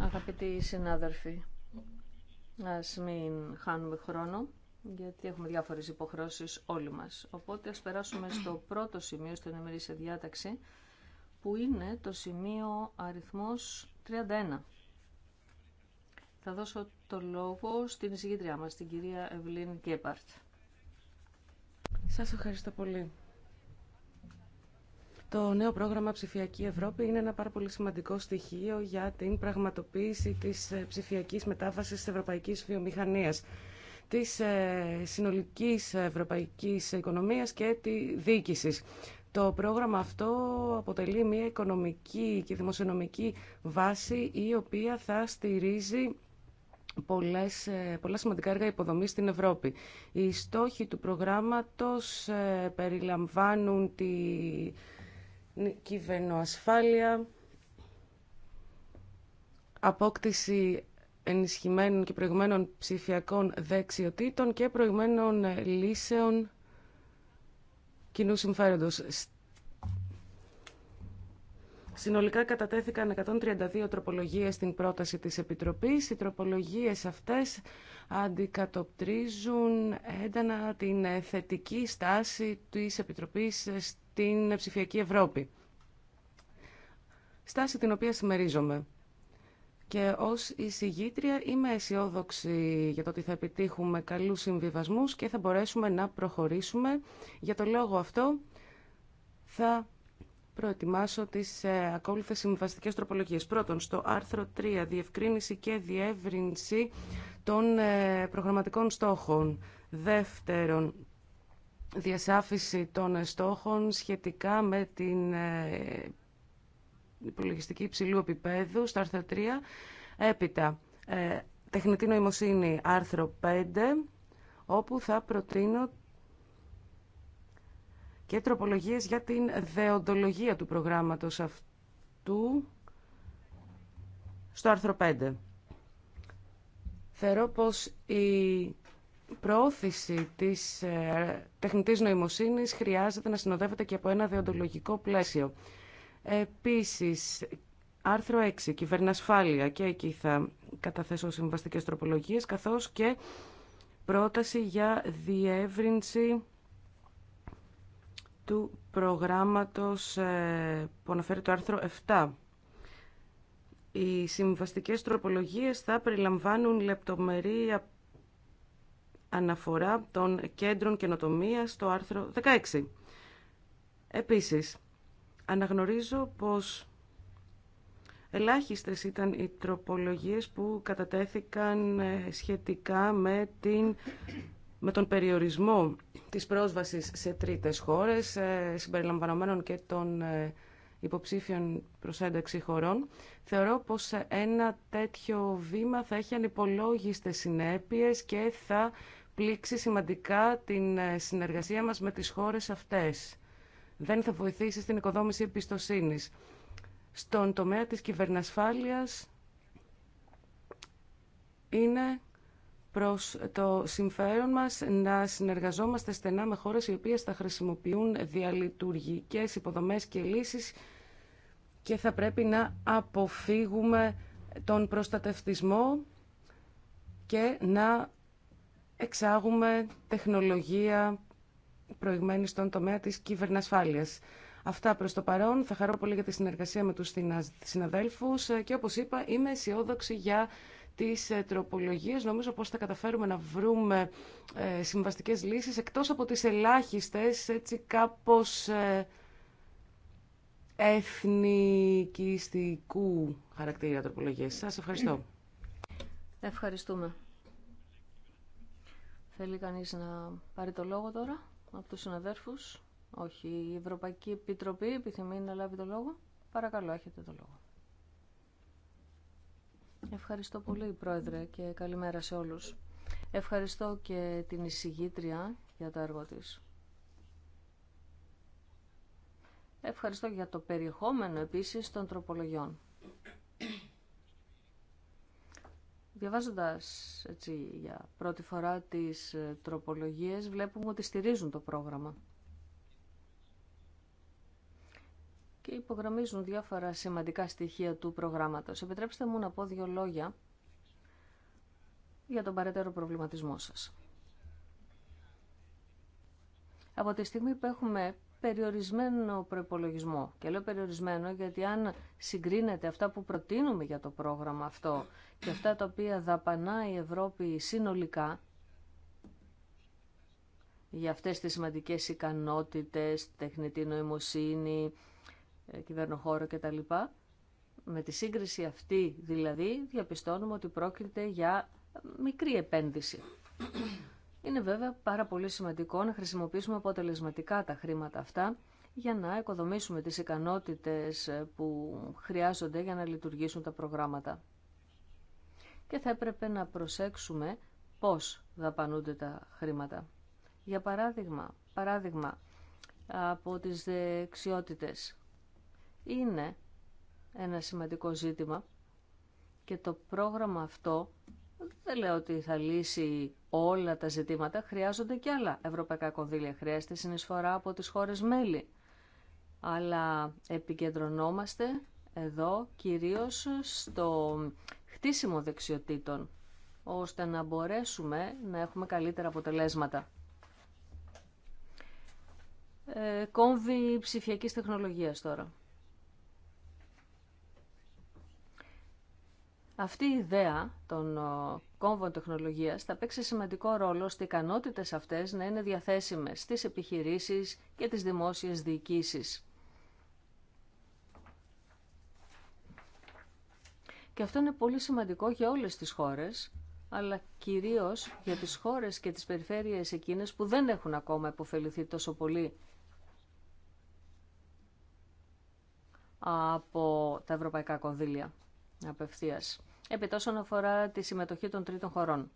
Αγαπητοί συνάδελφοι, ας μην χάνουμε χρόνο, γιατί έχουμε διάφορε υποχρεώσεις όλοι μας. Οπότε ας περάσουμε στο πρώτο σημείο, στην ημερήσια διάταξη, που είναι το σημείο αριθμός 31. Θα δώσω το λόγο στην εισηγητριά μας, την κυρία Ευλίν Γκέπαρτ. Σας ευχαριστώ πολύ. Το νέο πρόγραμμα Ψηφιακή Ευρώπη είναι ένα πάρα πολύ σημαντικό στοιχείο για την πραγματοποίηση της ε, ψηφιακής μετάβασης της ευρωπαϊκής βιομηχανίας, της ε, συνολικής ευρωπαϊκής οικονομίας και τη διοίκησης. Το πρόγραμμα αυτό αποτελεί μια οικονομική και δημοσιονομική βάση η οποία θα στηρίζει πολλές, ε, πολλά σημαντικά έργα υποδομής στην Ευρώπη. Οι στόχοι του προγράμματος περιλαμβάνουν τη κυβερνοασφάλεια, απόκτηση ενισχυμένων και προηγμένων ψηφιακών δεξιοτήτων και προηγμένων ε, λύσεων κοινού συμφέροντος. Συνολικά κατατέθηκαν 132 τροπολογίες στην πρόταση της Επιτροπής. Οι τροπολογίες αυτές αντικατοπτρίζουν έντανα την ε, θετική στάση της Επιτροπής ε, την ψηφιακή Ευρώπη. Στάση την οποία συμμερίζομαι. Και ως εισηγήτρια είμαι αισιόδοξη για το ότι θα επιτύχουμε καλούς συμβιβασμούς και θα μπορέσουμε να προχωρήσουμε. Για το λόγο αυτό θα προετοιμάσω τις ε, ακόλουθες συμβαστικές τροπολογίες. Πρώτον, στο άρθρο 3, διευκρίνηση και διεύρυνση των ε, προγραμματικών στόχων. Δεύτερον, διασάφηση των στόχων σχετικά με την ε, υπολογιστική υψηλού επίπεδου στο άρθρο 3. Έπειτα, ε, τεχνητή νοημοσύνη άρθρο 5, όπου θα προτείνω και τροπολογίες για την δεοντολογία του προγράμματος αυτού στο άρθρο 5. Θεωρώ πως η πρόθεση της ε, τεχνητής νοημοσύνης χρειάζεται να συνοδεύεται και από ένα διοντολογικό πλαίσιο. Επίσης, άρθρο 6, κυβερνασφάλεια, και εκεί θα καταθέσω συμβαστικές τροπολογίες, καθώς και πρόταση για διεύρυνση του προγράμματος ε, που αναφέρει το άρθρο 7. Οι συμβαστικές τροπολογίες θα περιλαμβάνουν λεπτομερή αναφορά των κέντρων καινοτομία στο άρθρο 16. Επίσης, αναγνωρίζω πως ελάχιστες ήταν οι τροπολογίες που κατατέθηκαν ε, σχετικά με, την, με τον περιορισμό της πρόσβασης σε τρίτες χώρες, ε, συμπεριλαμβανομένων και των ε, υποψήφιων προς ένταξη χωρών, θεωρώ πως ένα τέτοιο βήμα θα έχει ανυπολόγιστες συνέπειες και θα πλήξει σημαντικά την ε, συνεργασία μας με τις χώρες αυτές. Δεν θα βοηθήσει στην οικοδόμηση εμπιστοσύνη. Στον τομέα της κυβερνασφάλειας είναι προς το συμφέρον μας να συνεργαζόμαστε στενά με χώρες οι οποίες θα χρησιμοποιούν διαλειτουργικές υποδομές και λύσεις και θα πρέπει να αποφύγουμε τον προστατευτισμό και να εξάγουμε τεχνολογία προηγμένη στον τομέα της κυβερνασφάλειας. Αυτά προς το παρόν. Θα χαρώ πολύ για τη συνεργασία με τους συναδέλφους ε, και όπως είπα είμαι αισιόδοξη για τις ε, τροπολογίες. Νομίζω πως θα καταφέρουμε να βρούμε ε, συμβαστικές λύσεις εκτός από τις ελάχιστες έτσι κάπως εθνικιστικού χαρακτήρα τροπολογίες. Σας ευχαριστώ. Ευχαριστούμε. Θέλει κανείς να πάρει το λόγο τώρα από τους συναδέρφους. Όχι, η Ευρωπαϊκή Επιτροπή επιθυμεί να λάβει το λόγο. Παρακαλώ, έχετε το λόγο. Ευχαριστώ πολύ, Πρόεδρε, και καλημέρα σε όλους. Ευχαριστώ και την εισηγήτρια για το έργο της. Ευχαριστώ για το περιεχόμενο επίσης των τροπολογιών. Διαβάζοντας έτσι για πρώτη φορά τις ε, τροπολογίες βλέπουμε ότι στηρίζουν το πρόγραμμα και υπογραμμίζουν διάφορα σημαντικά στοιχεία του προγράμματος. Επιτρέψτε μου να πω δύο λόγια για τον παρέτερο προβληματισμό σας. Από τη στιγμή που έχουμε περιορισμένο προπολογισμό. Και λέω περιορισμένο γιατί αν συγκρίνεται αυτά που προτείνουμε για το πρόγραμμα αυτό και αυτά τα οποία δαπανά η Ευρώπη συνολικά για αυτές τις σημαντικές ικανότητες, τεχνητή νοημοσύνη, ε, κυβερνοχώρο κτλ. Με τη σύγκριση αυτή δηλαδή διαπιστώνουμε ότι πρόκειται για μικρή επένδυση. Είναι βέβαια πάρα πολύ σημαντικό να χρησιμοποιήσουμε αποτελεσματικά τα χρήματα αυτά για να οικοδομήσουμε τις ικανότητες ε, που χρειάζονται για να λειτουργήσουν τα προγράμματα. Και θα έπρεπε να προσέξουμε πώς δαπανούνται τα χρήματα. Για παράδειγμα, παράδειγμα από τις δεξιότητες. Είναι ένα σημαντικό ζήτημα και το πρόγραμμα αυτό δεν λέω ότι θα λύσει όλα τα ζητήματα, χρειάζονται και άλλα ευρωπαϊκά κονδύλια. Χρειάζεται συνεισφορά από τις χώρες μέλη. Αλλά επικεντρωνόμαστε εδώ κυρίως στο χτίσιμο δεξιοτήτων, ώστε να μπορέσουμε να έχουμε καλύτερα αποτελέσματα. Ε, κόμβη ψηφιακής τεχνολογίας τώρα. Αυτή η ιδέα των ε, κόμβων τεχνολογίας θα παίξει σημαντικό ρόλο στις ικανότητες αυτές να είναι διαθέσιμες στις επιχειρήσεις και τις δημόσιες διοικήσεις. Και αυτό είναι πολύ σημαντικό για όλες τις χώρες, αλλά κυρίως για τις χώρες και τις περιφέρειες εκείνες που δεν έχουν ακόμα επωφεληθεί τόσο πολύ από τα ευρωπαϊκά κονδύλια απευθείας. αφορά τη συμμετοχή των τρίτων χωρών.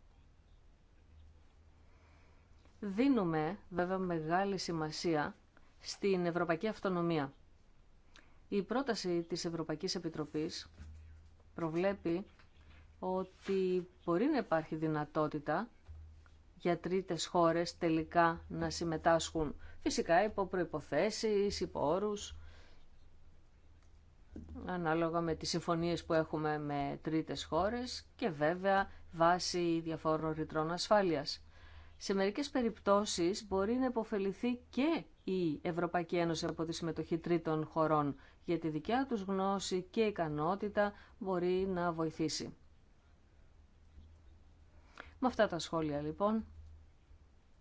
Δίνουμε βέβαια μεγάλη σημασία στην Ευρωπαϊκή Αυτονομία. Η πρόταση της Ευρωπαϊκής Επιτροπής προβλέπει ότι μπορεί να υπάρχει δυνατότητα για τρίτες χώρες τελικά να συμμετάσχουν. Φυσικά υπό προϋποθέσεις, υπό όρους ανάλογα με τις συμφωνίες που έχουμε με τρίτες χώρες και βέβαια βάσει διαφόρων ρητρών ασφάλειας. Σε μερικές περιπτώσεις μπορεί να υποφεληθεί και η Ευρωπαϊκή Ένωση από τη συμμετοχή τρίτων χωρών, γιατί η δικιά τους γνώση και ικανότητα μπορεί να βοηθήσει. Με αυτά τα σχόλια λοιπόν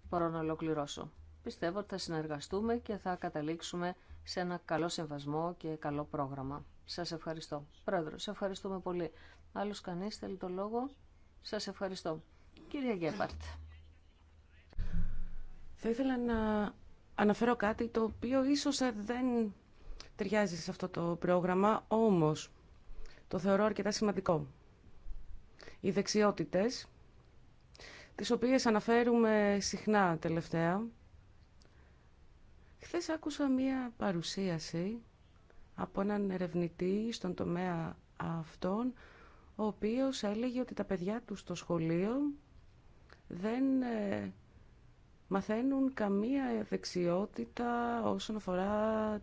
μπορώ να ολοκληρώσω. Πιστεύω ότι θα συνεργαστούμε και θα καταλήξουμε σε ένα καλό σεβασμό και καλό πρόγραμμα. Σας ευχαριστώ. Πρόεδρο, σε ευχαριστούμε πολύ. Άλλος κανεί θέλει το λόγο. Σας ευχαριστώ. Κύριε Γκέπαρτ. Θα ήθελα να αναφέρω κάτι το οποίο ίσως δεν ταιριάζει σε αυτό το πρόγραμμα, όμως το θεωρώ αρκετά σημαντικό. Οι δεξιότητες, τις οποίες αναφέρουμε συχνά τελευταία, Χθε άκουσα μία παρουσίαση από έναν ερευνητή στον τομέα αυτών ο οποίος έλεγε ότι τα παιδιά του στο σχολείο δεν ε, μαθαίνουν καμία δεξιότητα όσον αφορά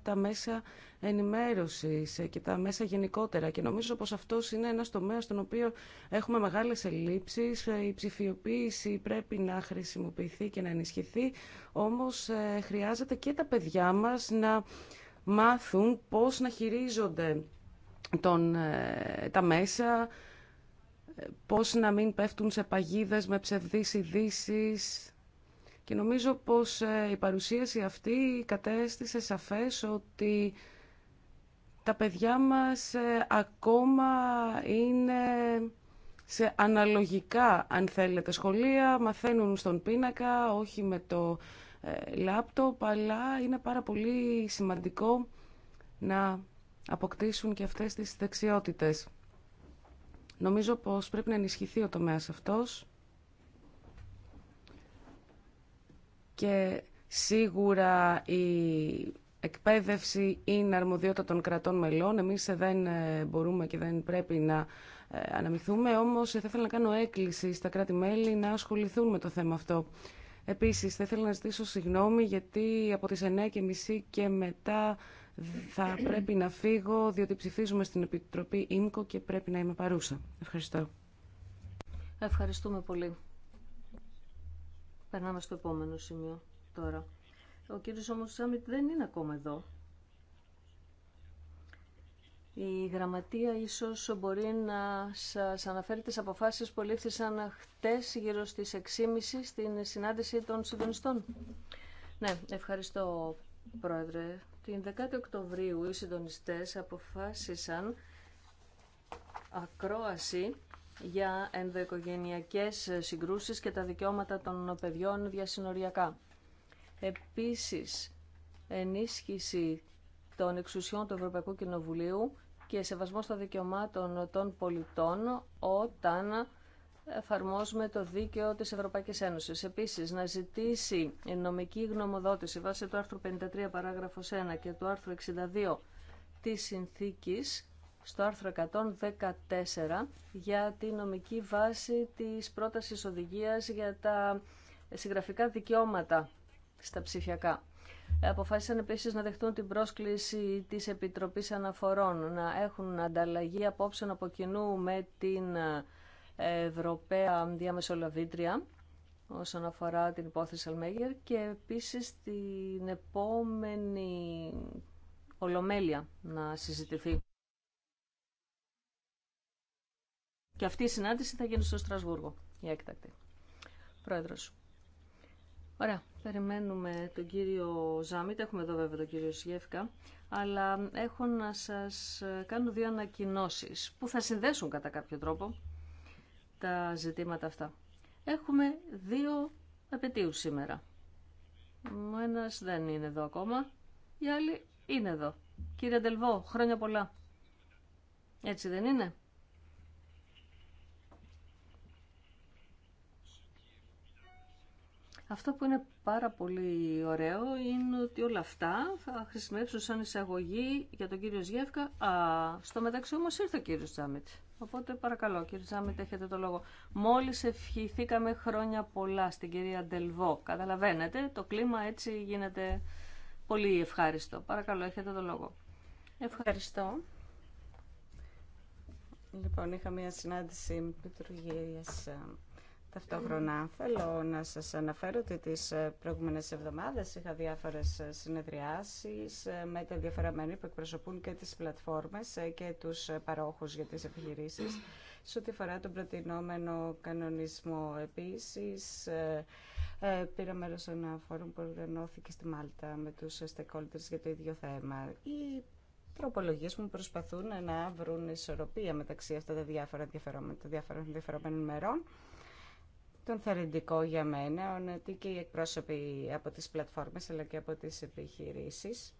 τα μέσα ενημέρωσης και τα μέσα γενικότερα. Και νομίζω πως αυτό είναι ένας τομέας στον οποίο έχουμε μεγάλες ελλείψεις. Η ψηφιοποίηση πρέπει να χρησιμοποιηθεί και να ενισχυθεί, όμως ε, χρειάζεται και τα παιδιά μας να μάθουν πώς να χειρίζονται τον, ε, τα μέσα, ε, πώς να μην πέφτουν σε παγίδες με ψευδείς ειδήσει και νομίζω πως ε, η παρουσίαση αυτή κατέστησε σαφές ότι τα παιδιά μας ε, ακόμα είναι σε αναλογικά, αν θέλετε, σχολεία, μαθαίνουν στον πίνακα, όχι με το ε, λάπτοπ, αλλά είναι πάρα πολύ σημαντικό να αποκτήσουν και αυτές τις δεξιότητες. Νομίζω πως πρέπει να ενισχυθεί ο τομέας αυτός και σίγουρα η εκπαίδευση είναι αρμοδιότητα των κρατών μελών. Εμείς δεν ε, μπορούμε και δεν πρέπει να ε, αναμειχθούμε, όμως ε, θα ήθελα να κάνω έκκληση στα κράτη-μέλη να ασχοληθούν με το θέμα αυτό. Επίσης, θα ήθελα να ζητήσω συγγνώμη γιατί από τις 9.30 και μετά θα πρέπει να φύγω, διότι ψηφίζουμε στην Επιτροπή ΙΜΚΟ και πρέπει να είμαι παρούσα. Ευχαριστώ. Ευχαριστούμε πολύ. Περνάμε στο επόμενο σημείο τώρα. Ο κύριος όμως Σάμιτ δεν είναι ακόμα εδώ. Η γραμματεία ίσως μπορεί να σας αναφέρει τις αποφάσεις που λήφθησαν χτες γύρω στις 6.30 στην συνάντηση των συντονιστών. Ναι, ευχαριστώ Πρόεδρε. Την 10 Οκτωβρίου οι συντονιστές αποφάσισαν ακρόαση για ενδοοικογενειακές συγκρούσεις και τα δικαιώματα των παιδιών διασυνοριακά. Επίσης, ενίσχυση των εξουσιών του Ευρωπαϊκού Κοινοβουλίου και σεβασμό των δικαιωμάτων των πολιτών όταν εφαρμόζουμε το δίκαιο της Ευρωπαϊκής Ένωσης. Επίσης, να ζητήσει νομική γνωμοδότηση βάσει του άρθρου 53 παράγραφος 1 και του άρθρου 62 της συνθήκης στο άρθρο 114 για τη νομική βάση της πρότασης οδηγίας για τα συγγραφικά δικαιώματα στα ψηφιακά. Αποφάσισαν επίσης να δεχτούν την πρόσκληση της Επιτροπής Αναφορών να έχουν ανταλλαγή απόψεων από κοινού με την Ευρωπαία Διαμεσολαβήτρια όσον αφορά την υπόθεση Αλμέγερ και επίσης την επόμενη Ολομέλεια να συζητηθεί. Και αυτή η συνάντηση θα γίνει στο Στρασβούργο, η έκτακτη. πρόεδρο. Ωραία. Περιμένουμε τον κύριο Ζάμιτ. Έχουμε εδώ βέβαια τον κύριο Σιέφκα. Αλλά έχω να σας κάνω δύο ανακοινώσει που θα συνδέσουν κατά κάποιο τρόπο τα ζητήματα αυτά. Έχουμε δύο επαιτίους σήμερα. Ο ένα δεν είναι εδώ ακόμα, οι άλλοι είναι εδώ. Κύριε Ντελβό, χρόνια πολλά. Έτσι δεν είναι. Αυτό που είναι πάρα πολύ ωραίο είναι ότι όλα αυτά θα χρησιμεύσουν σαν εισαγωγή για τον κύριο Ζιεύκα. Α, στο μεταξύ όμως ήρθε ο κύριο Τζάμιτ. Οπότε παρακαλώ κύριε Τζάμιτ έχετε το λόγο. Μόλις ευχηθήκαμε χρόνια πολλά στην κυρία Ντελβό. Καταλαβαίνετε το κλίμα έτσι γίνεται πολύ ευχάριστο. Παρακαλώ έχετε το λόγο. Ευχαριστώ. Λοιπόν, είχα μία συνάντηση με την Ταυτόχρονα θέλω να σας αναφέρω ότι τις ε, προηγούμενες εβδομάδες είχα διάφορες ε, συνεδριάσεις ε, με τα ενδιαφεραμένοι που εκπροσωπούν και τις πλατφόρμες και τους παρόχους για τις επιχειρήσεις σε ό,τι αφορά τον προτινόμενο κανονισμό. Επίσης, πήρα μέρος σε ένα φόρουμ που οργανώθηκε στη Μάλτα με τους stakeholders για το ίδιο θέμα. Οι τροπολογίες μου προσπαθούν να βρουν ισορροπία μεταξύ αυτών των διάφορων ενδιαφερομένων μερών τον θερεντικό για μένα ότι και οι εκπρόσωποι από τις πλατφόρμες αλλά και από τις επιχειρήσεις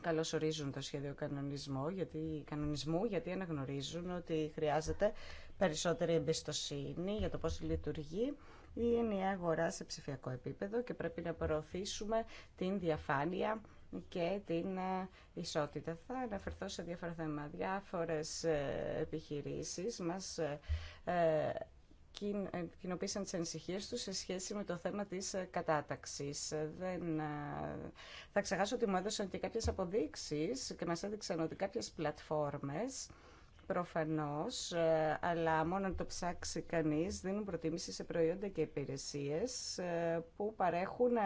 καλώς ορίζουν το σχέδιο γιατί, κανονισμού γιατί αναγνωρίζουν ότι χρειάζεται περισσότερη εμπιστοσύνη για το πώς λειτουργεί η ενιαία αγορά σε ψηφιακό επίπεδο και πρέπει να προωθήσουμε την διαφάνεια και την ε, ισότητα. Θα αναφερθώ σε διάφορα θέματα. Διάφορες ε, επιχειρήσεις μας ε, ε, κοινοποίησαν τις ανησυχίε τους σε σχέση με το θέμα της ε, κατάταξης. Ε, δεν... Θα ξεχάσω ότι μου έδωσαν και κάποιες αποδείξεις και μας έδειξαν ότι κάποιες πλατφόρμες Προφανώς, ε, αλλά μόνο αν το ψάξει κανείς, δίνουν προτίμηση σε προϊόντα και υπηρεσίες ε, που παρέχουν ε,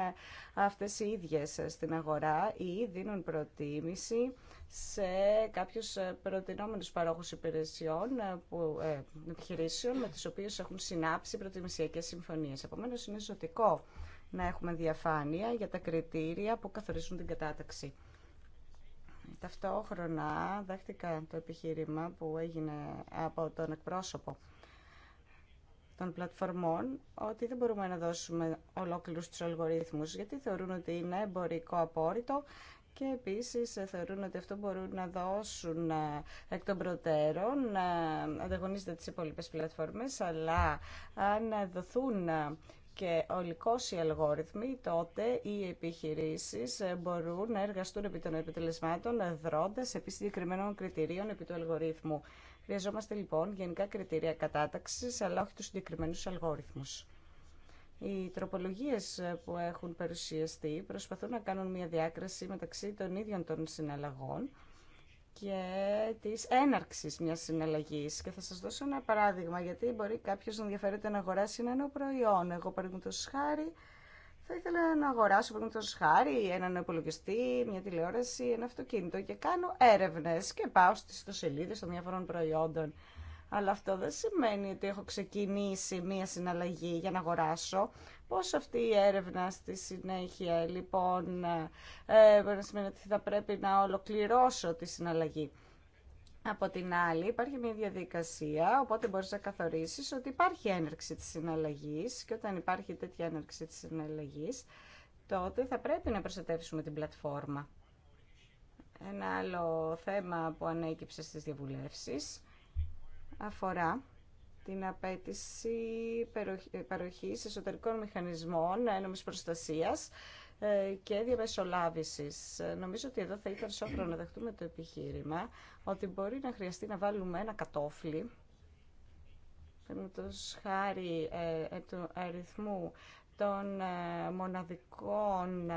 αυτές οι ίδιες στην αγορά ή δίνουν προτίμηση σε κάποιους προτινόμενους παρόχους υπηρεσιών που, ε, επιχειρήσεων με τις οποίες έχουν συνάψει προτιμησιακές συμφωνίες. Επομένως, είναι ζωτικό να έχουμε διαφάνεια για τα κριτήρια που καθορίζουν την κατάταξη. Ταυτόχρονα δέχτηκα το επιχείρημα που έγινε από τον εκπρόσωπο των πλατφορμών ότι δεν μπορούμε να δώσουμε ολόκληρους τους αλγορίθμους γιατί θεωρούν ότι είναι εμπορικό απόρριτο και επίσης θεωρούν ότι αυτό μπορούν να δώσουν ε, εκ των προτέρων, ε, ανταγωνίζονται τις υπόλοιπες πλατφόρμες, αλλά αν δοθούν ε, και οι αλγόριθμοι, τότε οι επιχειρήσεις ε, μπορούν να εργαστούν επί των επιτελεσμάτων ε, δρώντας επί συγκεκριμένων κριτηρίων επί του αλγορίθμου. Χρειαζόμαστε λοιπόν γενικά κριτήρια κατάταξης, αλλά όχι τους συγκεκριμένους αλγόριθμους. Οι τροπολογίες ε, που έχουν παρουσιαστεί προσπαθούν να κάνουν μια διάκριση μεταξύ των ίδιων των συναλλαγών, και της έναρξης μιας συναλλαγής. Και θα σας δώσω ένα παράδειγμα, γιατί μπορεί κάποιος να ενδιαφέρεται να αγοράσει ένα προϊόν. Εγώ, το χάρη, θα ήθελα να αγοράσω, το χάρη, έναν υπολογιστή, μια τηλεόραση, ένα αυτοκίνητο και κάνω έρευνες και πάω στις ιστοσελίδες των διάφορων προϊόντων. Αλλά αυτό δεν σημαίνει ότι έχω ξεκινήσει μία συναλλαγή για να αγοράσω. Πώς αυτή η έρευνα στη συνέχεια, λοιπόν, ε, να σημαίνει ότι θα πρέπει να ολοκληρώσω τη συναλλαγή. Από την άλλη υπάρχει μια διαδικασία, οπότε μπορείς να καθορίσεις ότι υπάρχει έναρξη της συναλλαγής και όταν υπάρχει τέτοια έναρξη της συναλλαγής, τότε θα πρέπει να προστατεύσουμε την πλατφόρμα. Ένα άλλο θέμα που ανέκυψε στις διαβουλεύσεις αφορά την απέτηση ε, παροχής εσωτερικών μηχανισμών ε, ένωμης προστασίας ε, και διαμεσολάβησης. Νομίζω ότι εδώ θα ήταν σόφρο να δεχτούμε το επιχείρημα ότι μπορεί να χρειαστεί να βάλουμε ένα κατόφλι με χάρη ε, του αριθμού των μοναδικών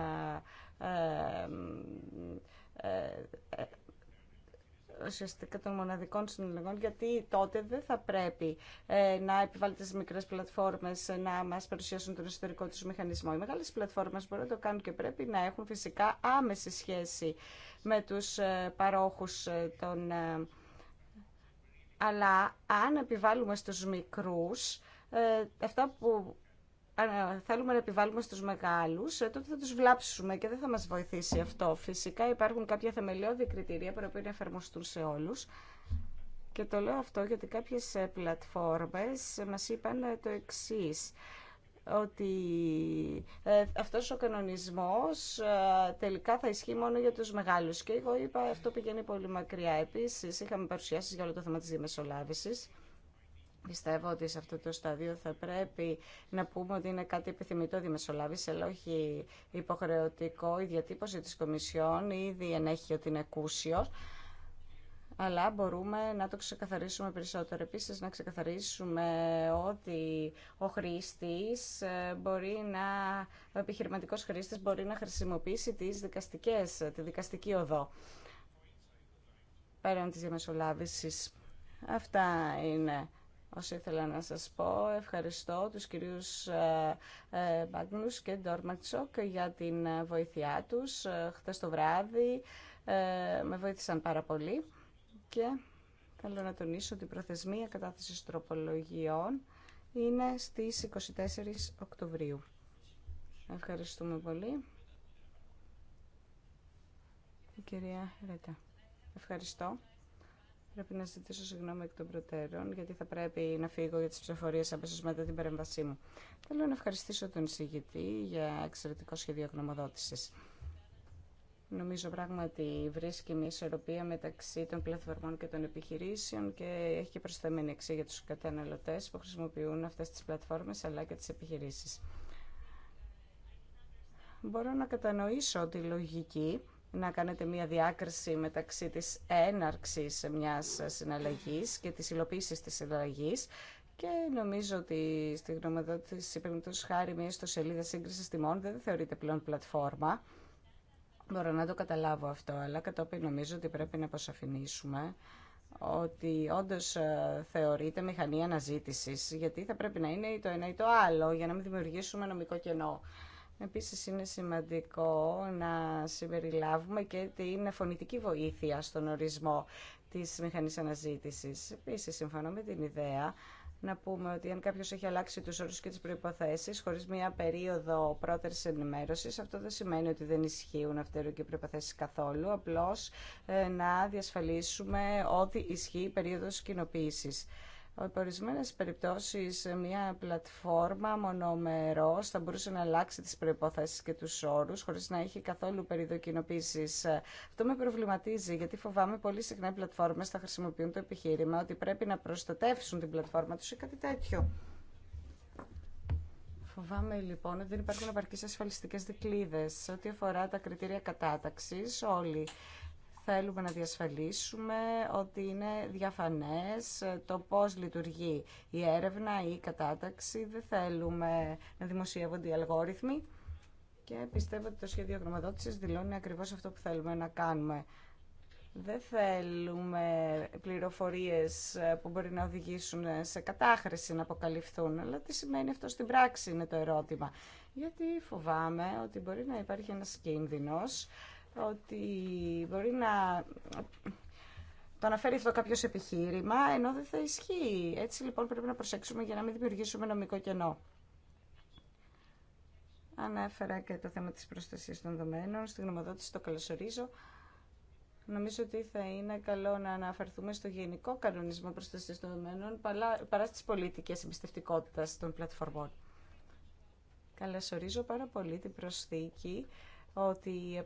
ουσιαστικά των μοναδικών συναλλαγών, γιατί τότε δεν θα πρέπει ε, να επιβάλλεται στις μικρές πλατφόρμες να μας παρουσιάσουν τον εσωτερικό τους μηχανισμό. Οι μεγάλες πλατφόρμες μπορούν να το κάνουν και πρέπει να έχουν φυσικά άμεση σχέση με τους ε, παρόχους ε, των... Αλλά αν επιβάλλουμε στους μικρούς, αυτά που θέλουμε να επιβάλλουμε στους μεγάλους, ε, τότε θα τους βλάψουμε και δεν θα μας βοηθήσει αυτό. Φυσικά υπάρχουν κάποια θεμελιώδη κριτήρια που πρέπει να εφαρμοστούν σε όλους. Και το λέω αυτό γιατί κάποιες ε, πλατφόρμες ε, μας είπαν το εξή: ότι ε, αυτός ο κανονισμός τελικά θα ισχύει μόνο για τους μεγάλους. Και εγώ είπα αυτό πηγαίνει πολύ μακριά. Επίσης είχαμε παρουσιάσεις για όλο το θέμα της διαμεσολάβησης. Πιστεύω ότι σε αυτό το στάδιο θα πρέπει να πούμε ότι είναι κάτι επιθυμητό διαμεσολάβηση, αλλά όχι υποχρεωτικό. Η διατύπωση της Κομισιόν ήδη ενέχει ότι είναι κούσιο, αλλά μπορούμε να το ξεκαθαρίσουμε περισσότερο. Επίσης, να ξεκαθαρίσουμε ότι ο χρήστης ε, μπορεί να, ο επιχειρηματικός χρήστης μπορεί να χρησιμοποιήσει τις δικαστικές, τη δικαστική οδό πέραν της διαμεσολάβησης. Αυτά είναι όσοι ήθελα να σας πω. Ευχαριστώ τους κυρίους ε, ε, Μπάγνους και Ντόρματσοκ για την ε, βοήθειά τους. Χθες το βράδυ με βοήθησαν πάρα πολύ και θέλω να τονίσω ότι η προθεσμία κατάθεσης τροπολογιών είναι στις 24 Οκτωβρίου. Ευχαριστούμε πολύ. κυρία Ρέτα. Ευχαριστώ. Πρέπει να ζητήσω συγγνώμη εκ των προτέρων, γιατί θα πρέπει να φύγω για τι ψηφοφορίε αμέσω μετά την παρέμβασή μου. Θέλω να ευχαριστήσω τον εισηγητή για εξαιρετικό σχέδιο γνωμοδότηση. Νομίζω πράγματι βρίσκει μια ισορροπία μεταξύ των πλατφορμών και των επιχειρήσεων και έχει και προσθέμενη αξία για του καταναλωτέ που χρησιμοποιούν αυτέ τι πλατφόρμε αλλά και τι επιχειρήσει. Μπορώ να κατανοήσω τη λογική να κάνετε μία διάκριση μεταξύ της έναρξης μιας συναλλαγής και της υλοποίησης της συναλλαγής και νομίζω ότι στη γνωμοδότηση περίπτωση χάρη μια ιστοσελίδα σύγκριση τιμών δεν θεωρείται πλέον πλατφόρμα. Μπορώ να το καταλάβω αυτό, αλλά κατόπιν νομίζω ότι πρέπει να αποσαφηνίσουμε ότι όντω ε, θεωρείται μηχανή αναζήτηση, γιατί θα πρέπει να είναι ή το ένα ή το άλλο για να μην δημιουργήσουμε νομικό κενό. Επίσης είναι σημαντικό να συμπεριλάβουμε και την φωνητική βοήθεια στον ορισμό της μηχανής αναζήτησης. Επίσης συμφωνώ με την ιδέα να πούμε ότι αν κάποιος έχει αλλάξει τους όρους και τις προϋποθέσεις χωρίς μια περίοδο πρώτερη ενημέρωσης, αυτό δεν σημαίνει ότι δεν ισχύουν αυτές οι προϋποθέσεις καθόλου. Απλώ ε, να διασφαλίσουμε ότι ισχύει η περίοδο κοινοποίηση ορισμένε περιπτώσεις μια πλατφόρμα μονομερό θα μπορούσε να αλλάξει τι προποθέσει και του όρου, χωρί να έχει καθόλου περιδοκινοποίηση. Αυτό με προβληματίζει γιατί φοβάμαι πολύ συχνά οι πλατφόρμες θα χρησιμοποιούν το επιχείρημα ότι πρέπει να προστατεύσουν την πλατφόρμα του ή κάτι τέτοιο. Φοβάμαι λοιπόν ότι δεν υπάρχουν ασφαλιστικέ ασφαλιστικές Σε Ό,τι αφορά τα κριτήρια κατάταξη όλοι θέλουμε να διασφαλίσουμε ότι είναι διαφανές το πώς λειτουργεί η έρευνα ή η κατάταξη. Δεν θέλουμε να δημοσιεύονται οι αλγόριθμοι και πιστεύω ότι το σχέδιο γραμματότησης δηλώνει ακριβώς αυτό που θέλουμε να κάνουμε. Δεν θέλουμε πληροφορίες που μπορεί να οδηγήσουν σε κατάχρηση να αποκαλυφθούν, αλλά τι σημαίνει αυτό στην πράξη είναι το ερώτημα. Γιατί φοβάμαι ότι μπορεί να υπάρχει ένας κίνδυνος ότι μπορεί να το αναφέρει αυτό κάποιο επιχείρημα, ενώ δεν θα ισχύει. Έτσι λοιπόν πρέπει να προσέξουμε για να μην δημιουργήσουμε νομικό κενό. Ανέφερα και το θέμα της προστασίας των δομένων. Στην γνωμοδότηση το καλωσορίζω. Νομίζω ότι θα είναι καλό να αναφερθούμε στο γενικό κανονισμό προστασίας των δομένων παρά στις πολιτικές εμπιστευτικότητας των πλατφορμών. Καλωσορίζω πάρα πολύ την προσθήκη ότι οι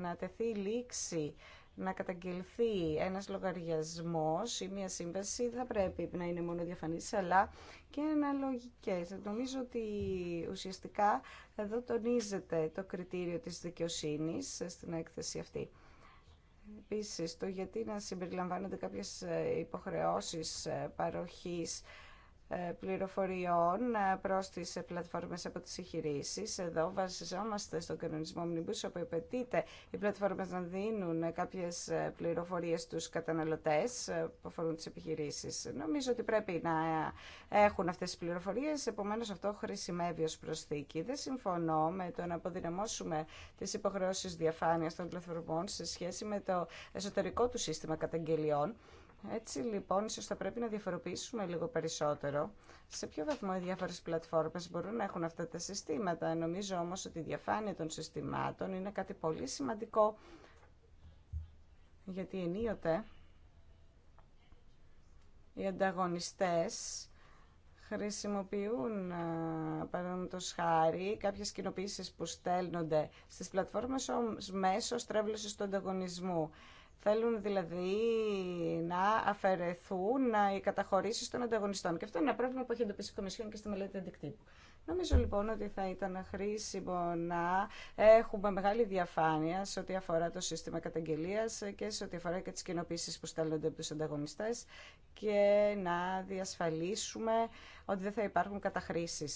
να τεθεί λήξη να καταγγελθεί ένας λογαριασμός ή μια σύμβαση θα πρέπει να είναι μόνο διαφανής αλλά και αναλογικές. Νομίζω ότι ουσιαστικά εδώ τονίζεται το κριτήριο της δικαιοσύνης στην έκθεση αυτή. Επίσης, το γιατί να συμπεριλαμβάνονται κάποιες υποχρεώσεις παροχής ε, πληροφοριών ε, προς τις ε, πλατφόρμες από τις εγχειρήσεις. Εδώ βασιζόμαστε στον κανονισμό μνημπούς όπου επαιτείται οι πλατφόρμες να δίνουν κάποιες πληροφορίες στους καταναλωτές που αφορούν τις επιχειρήσει. Νομίζω ότι πρέπει να έχουν αυτές τις πληροφορίες, επομένως αυτό χρησιμεύει ως προσθήκη. Δεν συμφωνώ με το να αποδυναμώσουμε τις υποχρεώσεις διαφάνειας των πλατφορμών σε σχέση με το εσωτερικό του σύστημα καταγγελιών έτσι λοιπόν, ίσως θα πρέπει να διαφοροποιήσουμε λίγο περισσότερο σε ποιο βαθμό οι διάφορες πλατφόρμες μπορούν να έχουν αυτά τα συστήματα. Νομίζω όμως ότι η διαφάνεια των συστημάτων είναι κάτι πολύ σημαντικό, γιατί ενίοτε οι ανταγωνιστές χρησιμοποιούν, παραδείγματο χάρη, κάποιες κοινοποίησεις που στέλνονται στις πλατφόρμες ως μέσος του ανταγωνισμού. Θέλουν δηλαδή να αφαιρεθούν οι καταχωρήσει των ανταγωνιστών. Και αυτό είναι ένα πρόβλημα που έχει εντοπίσει η Κομισιόν και στη μελέτη αντικτύπου. Νομίζω λοιπόν ότι θα ήταν χρήσιμο να έχουμε μεγάλη διαφάνεια σε ό,τι αφορά το σύστημα καταγγελία και σε ό,τι αφορά και τι κοινοποίησει που στέλνονται από του ανταγωνιστέ και να διασφαλίσουμε ότι δεν θα υπάρχουν καταχρήσει.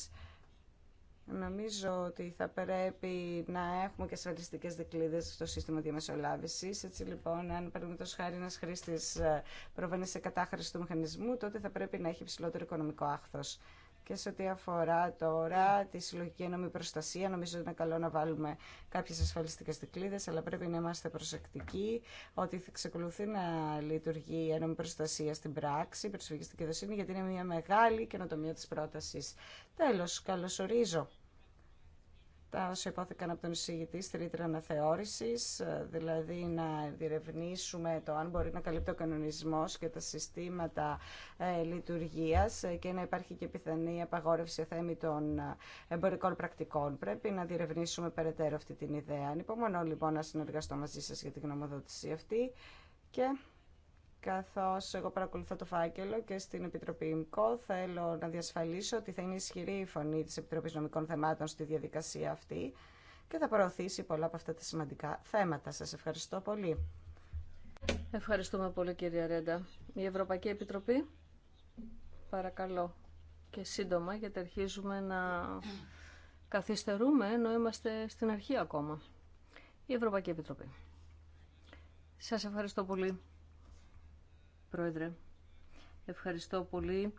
Νομίζω ότι θα πρέπει να έχουμε και ασφαλιστικέ δικλείδε στο σύστημα διαμεσολάβηση. Έτσι λοιπόν, αν παραδείγματο χάρη ένα χρήστη ε, προβαίνει σε κατάχρηση του μηχανισμού, τότε θα πρέπει να έχει υψηλότερο οικονομικό άχθο. Και σε ό,τι αφορά τώρα τη συλλογική ένωμη προστασία, νομίζω ότι είναι καλό να βάλουμε κάποιε ασφαλιστικέ δικλείδε, αλλά πρέπει να είμαστε προσεκτικοί ότι θα εξακολουθεί να λειτουργεί η ένωμη προστασία στην πράξη, η προσφυγική δικαιοσύνη, γιατί είναι μια μεγάλη καινοτομία τη πρόταση. Τέλο, καλωσορίζω τα όσα υπόθηκαν από τον εισηγητή στη ρήτρα αναθεώρηση, ε, δηλαδή να διερευνήσουμε το αν μπορεί να καλύπτει ο κανονισμό και τα συστήματα ε, λειτουργία ε, και να υπάρχει και πιθανή απαγόρευση θέμη των ε, εμπορικών πρακτικών. Πρέπει να διερευνήσουμε περαιτέρω αυτή την ιδέα. Ανυπομονώ λοιπόν να συνεργαστώ μαζί σα για την γνωμοδότηση αυτή και Καθώς εγώ παρακολουθώ το φάκελο και στην Επιτροπή ΙΜΚΟ θέλω να διασφαλίσω ότι θα είναι ισχυρή η φωνή της Επιτροπής Νομικών Θεμάτων στη διαδικασία αυτή και θα προωθήσει πολλά από αυτά τα σημαντικά θέματα. Σας ευχαριστώ πολύ. Ευχαριστούμε πολύ κυρία Ρέντα. Η Ευρωπαϊκή Επιτροπή, παρακαλώ και σύντομα γιατί αρχίζουμε να καθυστερούμε ενώ είμαστε στην αρχή ακόμα. Η Ευρωπαϊκή Επιτροπή. Σας ευχαριστώ πολύ. Πρόεδρε, ευχαριστώ πολύ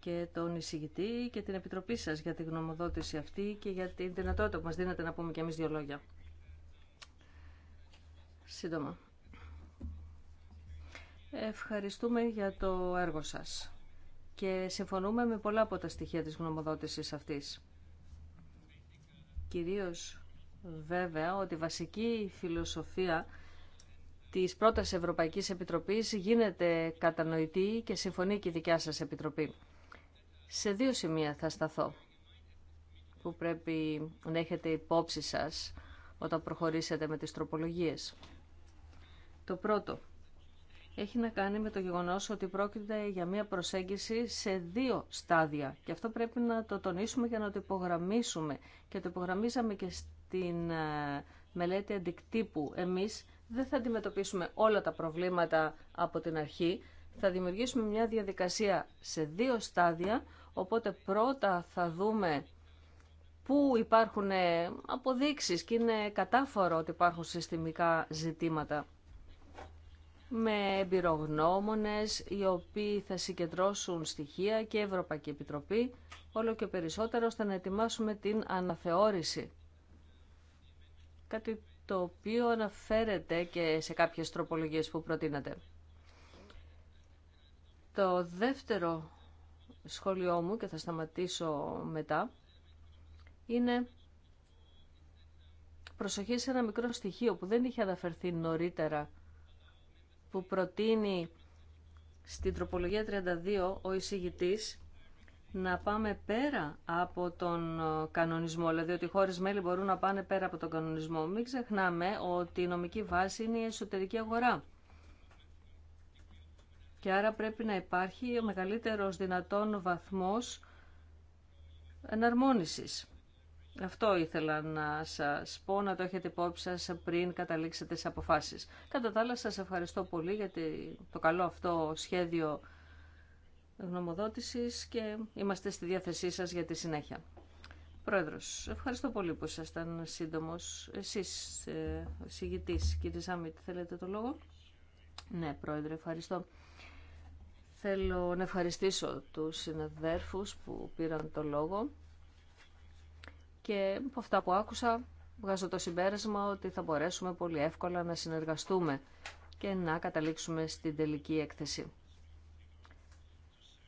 και τον εισηγητή και την Επιτροπή σας για τη γνωμοδότηση αυτή και για την δυνατότητα που μας δίνετε να πούμε και εμείς δύο λόγια. Σύντομα. Ευχαριστούμε για το έργο σας και συμφωνούμε με πολλά από τα στοιχεία της γνωμοδότησης αυτής. Κυρίως βέβαια ότι η βασική φιλοσοφία της πρώτας Ευρωπαϊκής Επιτροπής γίνεται κατανοητή και συμφωνεί και η δικιά σας Επιτροπή. Σε δύο σημεία θα σταθώ που πρέπει να έχετε υπόψη σας όταν προχωρήσετε με τις τροπολογίες. Το πρώτο έχει να κάνει με το γεγονός ότι πρόκειται για μια προσέγγιση σε δύο στάδια και αυτό πρέπει να το τονίσουμε για να το υπογραμμίσουμε και το υπογραμμίσαμε και στην ε, μελέτη αντικτύπου εμείς δεν θα αντιμετωπίσουμε όλα τα προβλήματα από την αρχή. Θα δημιουργήσουμε μια διαδικασία σε δύο στάδια, οπότε πρώτα θα δούμε πού υπάρχουν ε, αποδείξεις και είναι κατάφορο ότι υπάρχουν συστημικά ζητήματα με εμπειρογνώμονες οι οποίοι θα συγκεντρώσουν στοιχεία και Ευρωπαϊκή Επιτροπή όλο και περισσότερο ώστε να ετοιμάσουμε την αναθεώρηση. Κάτι το οποίο αναφέρεται και σε κάποιες τροπολογίες που προτείνατε. Το δεύτερο σχόλιο μου, και θα σταματήσω μετά, είναι προσοχή σε ένα μικρό στοιχείο που δεν είχε αναφερθεί νωρίτερα, που προτείνει στην τροπολογία 32 ο εισηγητής να πάμε πέρα από τον ε, κανονισμό, δηλαδή ότι οι χώρες μέλη μπορούν να πάνε πέρα από τον κανονισμό. Μην ξεχνάμε ότι η νομική βάση είναι η εσωτερική αγορά. Και άρα πρέπει να υπάρχει ο μεγαλύτερος δυνατόν βαθμός εναρμόνισης. Αυτό ήθελα να σας πω, να το έχετε υπόψη σας πριν καταλήξετε σε αποφάσεις. Κατά τα άλλα, σας ευχαριστώ πολύ για το καλό αυτό σχέδιο γνωμοδότησης και είμαστε στη διάθεσή σας για τη συνέχεια. Πρόεδρος, ευχαριστώ πολύ που ήσασταν σύντομος. Εσείς, ε, συγητής, κύριε Σάμιτ, θέλετε το λόγο. Ναι, Πρόεδρε, ευχαριστώ. Θέλω να ευχαριστήσω τους συναδέρφους που πήραν το λόγο και από αυτά που άκουσα βγάζω το συμπέρασμα ότι θα μπορέσουμε πολύ εύκολα να συνεργαστούμε και να καταλήξουμε στην τελική έκθεση.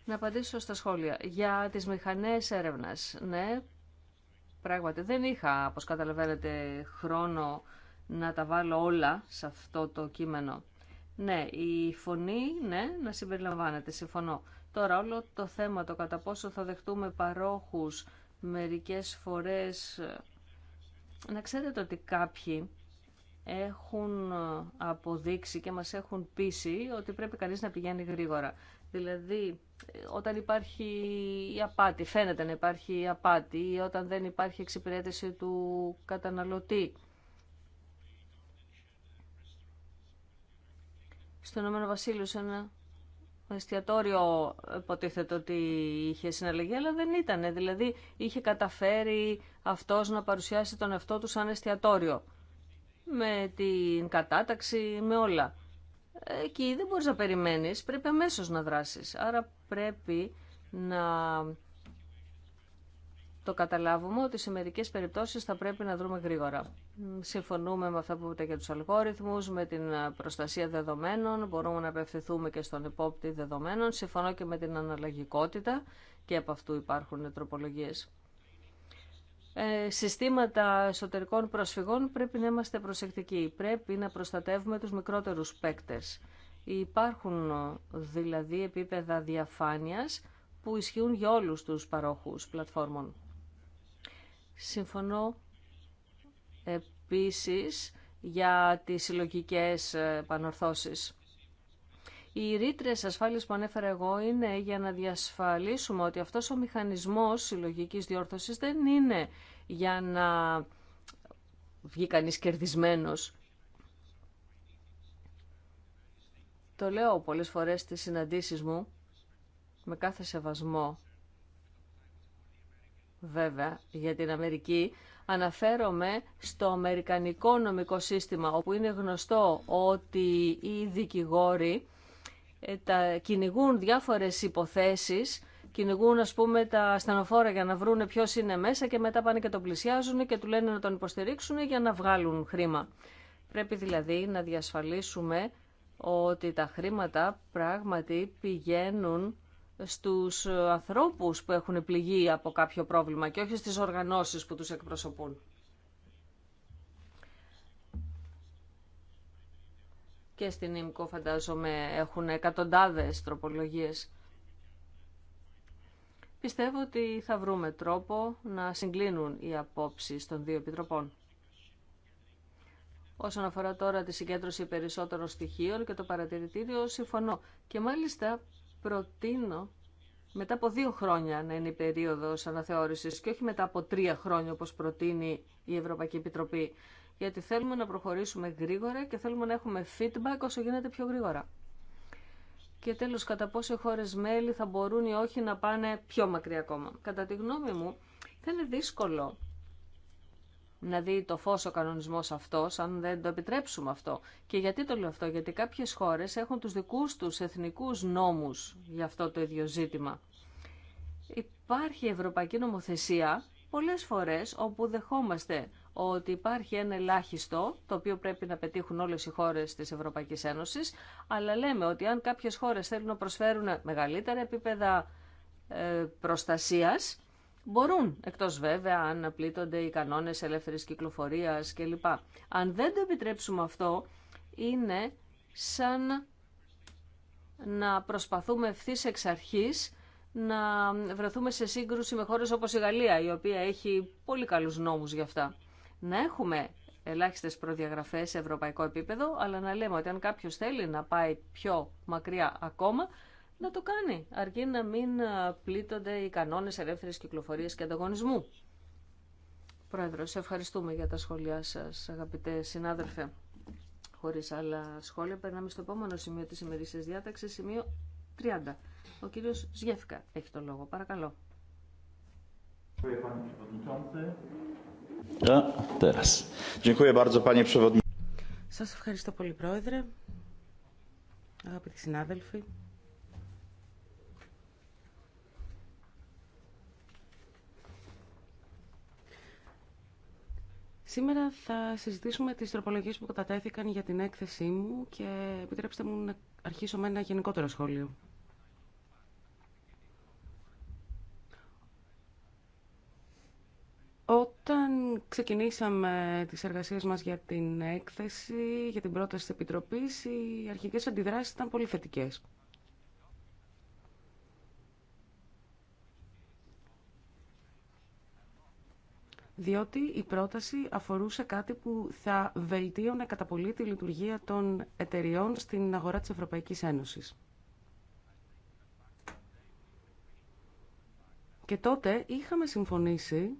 Να απαντήσω στα σχόλια. Για τις μηχανές έρευνας, ναι, πράγματι δεν είχα, όπως καταλαβαίνετε, χρόνο να τα βάλω όλα σε αυτό το κείμενο. Ναι, η φωνή, ναι, να συμπεριλαμβάνεται, συμφωνώ. Τώρα όλο το θέμα, το κατά πόσο θα δεχτούμε παρόχους μερικές φορές... Ε, να ξέρετε ότι κάποιοι έχουν ε, αποδείξει και μας έχουν πείσει ότι πρέπει κανείς να πηγαίνει γρήγορα. Δηλαδή, όταν υπάρχει απάτη, φαίνεται να υπάρχει η απάτη ή όταν δεν υπάρχει εξυπηρέτηση του καταναλωτή. Στο Ηνωμένο Βασίλειο, σε ένα εστιατόριο υποτίθεται ότι είχε συναλλαγή, αλλά δεν ήταν. Δηλαδή, είχε καταφέρει αυτός να παρουσιάσει τον εαυτό του σαν εστιατόριο. Με την κατάταξη, με όλα εκεί δεν μπορείς να περιμένεις, πρέπει αμέσως να δράσεις. Άρα πρέπει να το καταλάβουμε ότι σε μερικές περιπτώσεις θα πρέπει να δρούμε γρήγορα. Συμφωνούμε με αυτά που είπατε για τους αλγόριθμους, με την προστασία δεδομένων, μπορούμε να απευθυνθούμε και στον υπόπτη δεδομένων. Συμφωνώ και με την αναλλαγικότητα και από αυτού υπάρχουν τροπολογίες. Ε, συστήματα εσωτερικών προσφυγών πρέπει να είμαστε προσεκτικοί. Πρέπει να προστατεύουμε τους μικρότερους παίκτες. Υπάρχουν δηλαδή επίπεδα διαφάνειας που ισχύουν για όλους τους παρόχους πλατφόρμων. Συμφωνώ επίσης για τις συλλογικέ ε, πανορθώσεις. Οι ρήτρε ασφάλεια που ανέφερα εγώ είναι για να διασφαλίσουμε ότι αυτό ο μηχανισμός συλλογική διόρθωση δεν είναι για να βγει κανείς κερδισμένος. Το λέω πολλές φορές στις συναντήσεις μου, με κάθε σεβασμό βέβαια για την Αμερική, αναφέρομαι στο αμερικανικό νομικό σύστημα, όπου είναι γνωστό ότι οι δικηγόροι ε, τα κυνηγούν διάφορες υποθέσεις, κυνηγούν ας πούμε τα ασθενοφόρα για να βρούνε ποιο είναι μέσα και μετά πάνε και τον πλησιάζουν και του λένε να τον υποστηρίξουν για να βγάλουν χρήμα. Πρέπει δηλαδή να διασφαλίσουμε ότι τα χρήματα πράγματι πηγαίνουν στους ανθρώπους που έχουν πληγεί από κάποιο πρόβλημα και όχι στις οργανώσεις που τους εκπροσωπούν. και στην ΙΜΚΟ φαντάζομαι έχουν εκατοντάδες τροπολογίες. Πιστεύω ότι θα βρούμε τρόπο να συγκλίνουν οι απόψεις των δύο επιτροπών. Όσον αφορά τώρα τη συγκέντρωση περισσότερων στοιχείων και το παρατηρητήριο, συμφωνώ. Και μάλιστα προτείνω μετά από δύο χρόνια να είναι η περίοδος αναθεώρησης και όχι μετά από τρία χρόνια όπως προτείνει η Ευρωπαϊκή Επιτροπή γιατί θέλουμε να προχωρήσουμε γρήγορα και θέλουμε να έχουμε feedback όσο γίνεται πιο γρήγορα. Και τέλος, κατά πόσο οι χώρες μέλη θα μπορούν ή όχι να πάνε πιο μακριά ακόμα. Κατά τη γνώμη μου, θα είναι δύσκολο να δει το φως ο κανονισμός αυτός, αν δεν το επιτρέψουμε αυτό. Και γιατί το λέω αυτό, γιατί κάποιες χώρες έχουν τους δικούς τους εθνικούς νόμους για αυτό το ίδιο ζήτημα. Υπάρχει ευρωπαϊκή νομοθεσία πολλές φορές όπου δεχόμαστε ότι υπάρχει ένα ελάχιστο το οποίο πρέπει να πετύχουν όλες οι χώρες της Ευρωπαϊκής Ένωσης, αλλά λέμε ότι αν κάποιες χώρες θέλουν να προσφέρουν μεγαλύτερα επίπεδα ε, προστασίας, μπορούν, εκτός βέβαια αν πλήττονται οι κανόνες ελεύθερης κυκλοφορίας κλπ. Αν δεν το επιτρέψουμε αυτό, είναι σαν να προσπαθούμε ευθύ εξ αρχής να βρεθούμε σε σύγκρουση με χώρες όπως η Γαλλία, η οποία έχει πολύ καλούς νόμους γι' αυτά να έχουμε ελάχιστες προδιαγραφές σε ευρωπαϊκό επίπεδο, αλλά να λέμε ότι αν κάποιος θέλει να πάει πιο μακριά ακόμα, να το κάνει, αρκεί να μην πλήττονται οι κανόνες ελεύθερης κυκλοφορίας και ανταγωνισμού. Πρόεδρο, σε ευχαριστούμε για τα σχόλιά σας, αγαπητέ συνάδελφε. Χωρίς άλλα σχόλια, περνάμε στο επόμενο σημείο της ημερήσιας διάταξη, σημείο 30. Ο κύριος Ζιέφκα έχει το λόγο. Παρακαλώ. Σας ευχαριστώ πολύ, Πρόεδρε, αγαπητοί συνάδελφοι. Σήμερα θα συζητήσουμε τις τροπολογίες που κατατέθηκαν για την έκθεσή μου και επιτρέψτε μου να αρχίσω με ένα γενικότερο σχόλιο. Όταν ξεκινήσαμε τις εργασίες μας για την έκθεση, για την πρόταση της Επιτροπής, οι αρχικές αντιδράσεις ήταν πολύ θετικές. διότι η πρόταση αφορούσε κάτι που θα βελτίωνε κατά πολύ τη λειτουργία των εταιριών στην αγορά της Ευρωπαϊκής Ένωσης. Και τότε είχαμε συμφωνήσει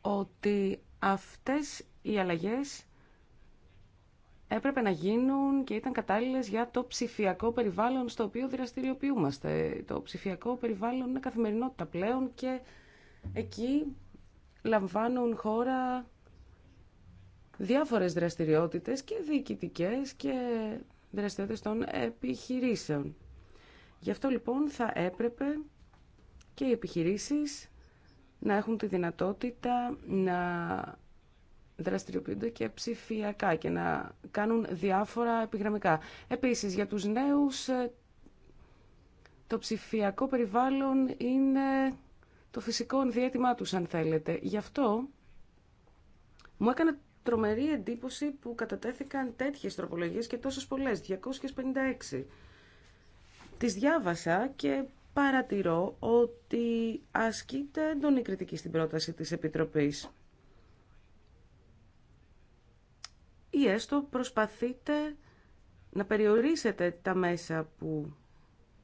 ότι αυτές οι αλλαγές έπρεπε να γίνουν και ήταν κατάλληλες για το ψηφιακό περιβάλλον στο οποίο δραστηριοποιούμαστε. Το ψηφιακό περιβάλλον είναι καθημερινότητα πλέον και εκεί λαμβάνουν χώρα διάφορες δραστηριότητες και διοικητικέ και δραστηριότητες των επιχειρήσεων. Γι' αυτό λοιπόν θα έπρεπε και οι επιχειρήσεις να έχουν τη δυνατότητα να δραστηριοποιούνται και ψηφιακά και να κάνουν διάφορα επιγραμμικά. Επίσης, για τους νέους, ε, το ψηφιακό περιβάλλον είναι το φυσικό ενδιέτημά τους, αν θέλετε. Γι' αυτό μου έκανε τρομερή εντύπωση που κατατέθηκαν τέτοιες τροπολογίες και τόσες πολλές, 256. Τις διάβασα και παρατηρώ ότι ασκείται έντονη κριτική στην πρόταση της Επιτροπής. Ή έστω προσπαθείτε να περιορίσετε τα μέσα που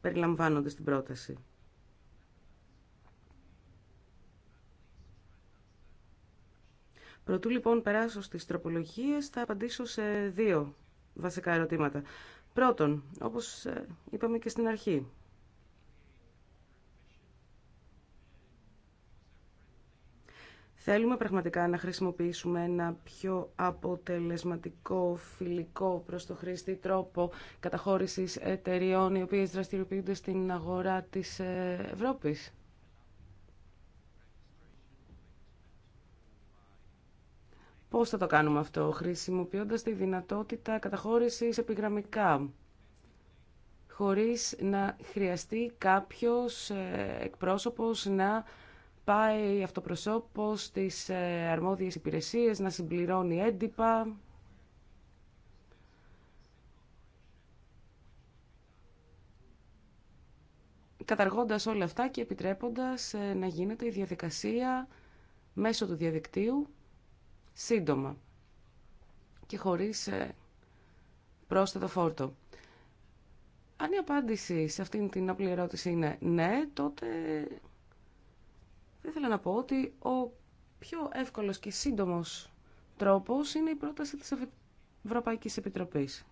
περιλαμβάνονται στην πρόταση. Προτού λοιπόν περάσω στις τροπολογίες, θα απαντήσω σε δύο βασικά ερωτήματα. Πρώτον, όπως ε, είπαμε και στην αρχή, Θέλουμε πραγματικά να χρησιμοποιήσουμε ένα πιο αποτελεσματικό, φιλικό προς το χρήστη τρόπο καταχώρησης εταιριών οι οποίες δραστηριοποιούνται στην αγορά της ε, Ευρώπης. Πώς θα το κάνουμε αυτό, χρησιμοποιώντας τη δυνατότητα καταχώρησης επιγραμμικά, χωρίς να χρειαστεί κάποιος ε, εκπρόσωπος να πάει αυτοπροσώπως στις ε, αρμόδιες υπηρεσίες να συμπληρώνει έντυπα. Καταργώντας όλα αυτά και επιτρέποντας ε, να γίνεται η διαδικασία μέσω του διαδικτύου σύντομα και χωρίς ε, πρόσθετο φόρτο. Αν η απάντηση σε αυτήν την απλή ερώτηση είναι ναι, τότε θα ήθελα να πω ότι ο πιο εύκολος και σύντομος τρόπος είναι η πρόταση της Ευρωπαϊκής Επιτροπής.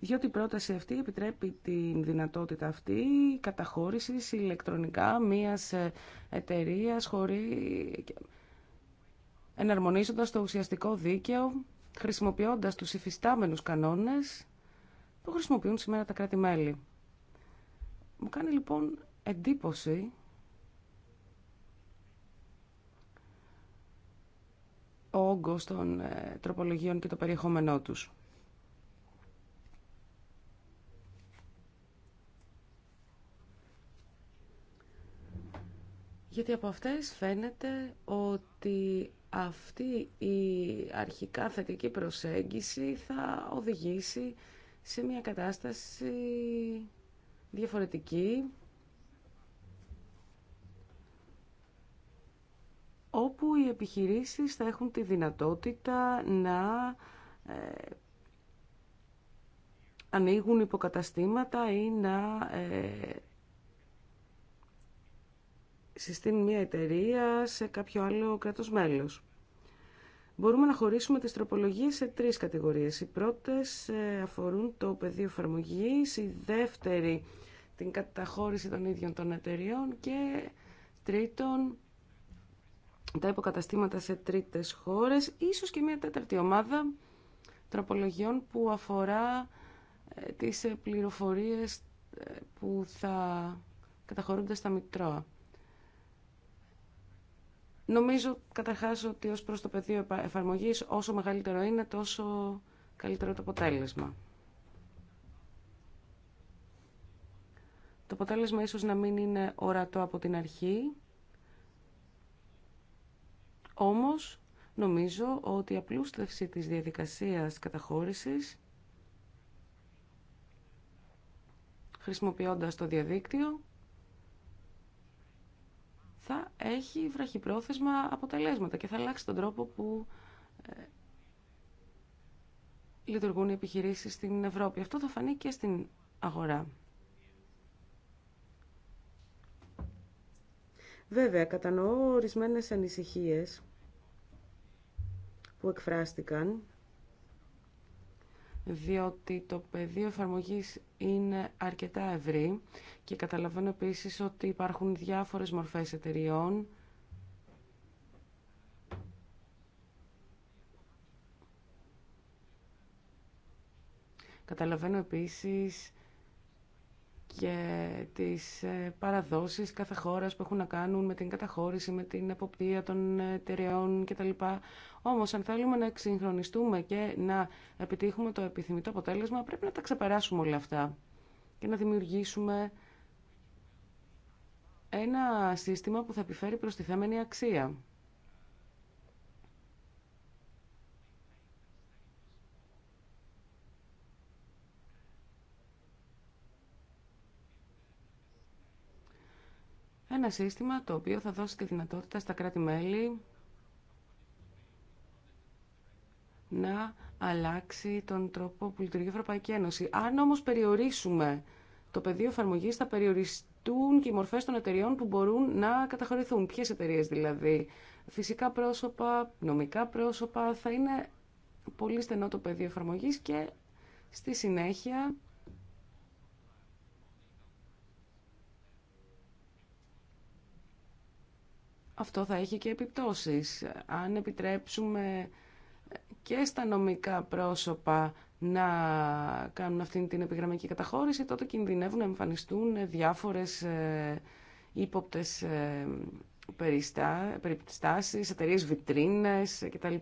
διότι η πρόταση αυτή επιτρέπει την δυνατότητα αυτή καταχώρησης ηλεκτρονικά μίας ε, εταιρείας χωρί... εναρμονίζοντας το ουσιαστικό δίκαιο, χρησιμοποιώντας τους υφιστάμενους κανόνες που χρησιμοποιούν σήμερα τα κράτη-μέλη. Μου κάνει λοιπόν εντύπωση ο όγκος των ε, τροπολογίων και το περιεχόμενό τους. Γιατί από αυτές φαίνεται ότι αυτή η αρχικά θετική προσέγγιση θα οδηγήσει σε μια κατάσταση διαφορετική όπου οι επιχειρήσεις θα έχουν τη δυνατότητα να ε, ανοίγουν υποκαταστήματα ή να ε, συστήνουν μια εταιρεία σε κάποιο άλλο κράτος μέλος. Μπορούμε να χωρίσουμε τις τροπολογίες σε τρεις κατηγορίες. Οι πρώτες ε, αφορούν το πεδίο εφαρμογή, η δεύτερη την καταχώρηση των ίδιων των εταιριών και τρίτον τα υποκαταστήματα σε τρίτες χώρες, ίσως και μια τέταρτη ομάδα τροπολογιών που αφορά ε, τις ε, πληροφορίες που θα καταχωρούνται στα Μητρώα. Νομίζω καταρχάς ότι ω προ το πεδίο εφαρμογή, όσο μεγαλύτερο είναι τόσο καλύτερο το αποτέλεσμα. Το αποτέλεσμα ίσως να μην είναι ορατό από την αρχή, όμως νομίζω ότι η απλούστευση της διαδικασίας καταχώρησης χρησιμοποιώντας το διαδίκτυο θα έχει βραχυπρόθεσμα αποτελέσματα και θα αλλάξει τον τρόπο που ε, λειτουργούν οι επιχειρήσεις στην Ευρώπη. Αυτό θα φανεί και στην αγορά. Βέβαια, κατανοώ ορισμένες ανησυχίες που εκφράστηκαν διότι το πεδίο εφαρμογής είναι αρκετά ευρύ και καταλαβαίνω επίσης ότι υπάρχουν διάφορες μορφές εταιριών Καταλαβαίνω επίσης και τις ε, παραδόσεις κάθε χώρας που έχουν να κάνουν με την καταχώρηση, με την εποπτεία των εταιρεών κτλ. Όμως αν θέλουμε να εξυγχρονιστούμε και να επιτύχουμε το επιθυμητό αποτέλεσμα πρέπει να τα ξεπεράσουμε όλα αυτά και να δημιουργήσουμε ένα σύστημα που θα επιφέρει προστιθέμενη αξία. Ένα σύστημα το οποίο θα δώσει τη δυνατότητα στα κράτη-μέλη να αλλάξει τον τρόπο που λειτουργεί η Ευρωπαϊκή Ένωση. Αν όμως περιορίσουμε το πεδίο εφαρμογή, θα περιοριστούν και οι μορφές των εταιριών που μπορούν να καταχωρηθούν. Ποιες εταιρείε δηλαδή, φυσικά πρόσωπα, νομικά πρόσωπα, θα είναι πολύ στενό το πεδίο εφαρμογή και στη συνέχεια αυτό θα έχει και επιπτώσεις. Αν επιτρέψουμε και στα νομικά πρόσωπα να κάνουν αυτή την επιγραμμική καταχώρηση, τότε κινδυνεύουν να εμφανιστούν διάφορες ε, ύποπτες ε, περιστάσεις, εταιρείες βιτρίνες κτλ.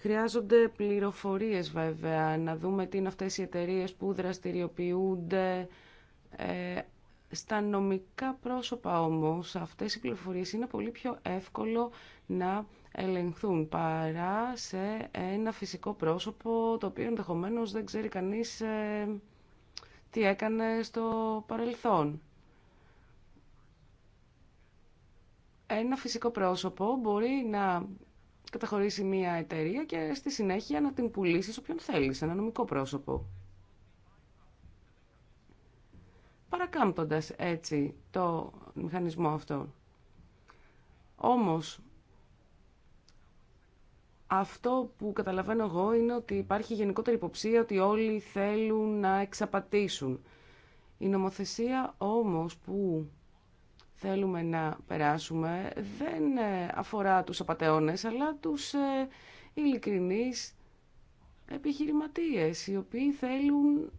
Χρειάζονται πληροφορίες βέβαια, να δούμε τι είναι αυτές οι εταιρείες που δραστηριοποιούνται. Ε, στα νομικά πρόσωπα όμως αυτές οι πληροφορίες είναι πολύ πιο εύκολο να ελεγχθούν παρά σε ένα φυσικό πρόσωπο το οποίο ενδεχομένω δεν ξέρει κανείς ε, τι έκανε στο παρελθόν. Ένα φυσικό πρόσωπο μπορεί να καταχωρήσει μια εταιρεία και στη συνέχεια να την πουλήσει όποιον θέλει, σε ένα νομικό πρόσωπο. Παρακάμπτοντας έτσι το μηχανισμό αυτό. Όμως, αυτό που καταλαβαίνω εγώ είναι ότι υπάρχει γενικότερη υποψία ότι όλοι θέλουν να εξαπατήσουν. Η νομοθεσία όμως που θέλουμε να περάσουμε δεν ε, αφορά τους απατεώνες, αλλά τους ε, ειλικρινείς επιχειρηματίες, οι οποίοι θέλουν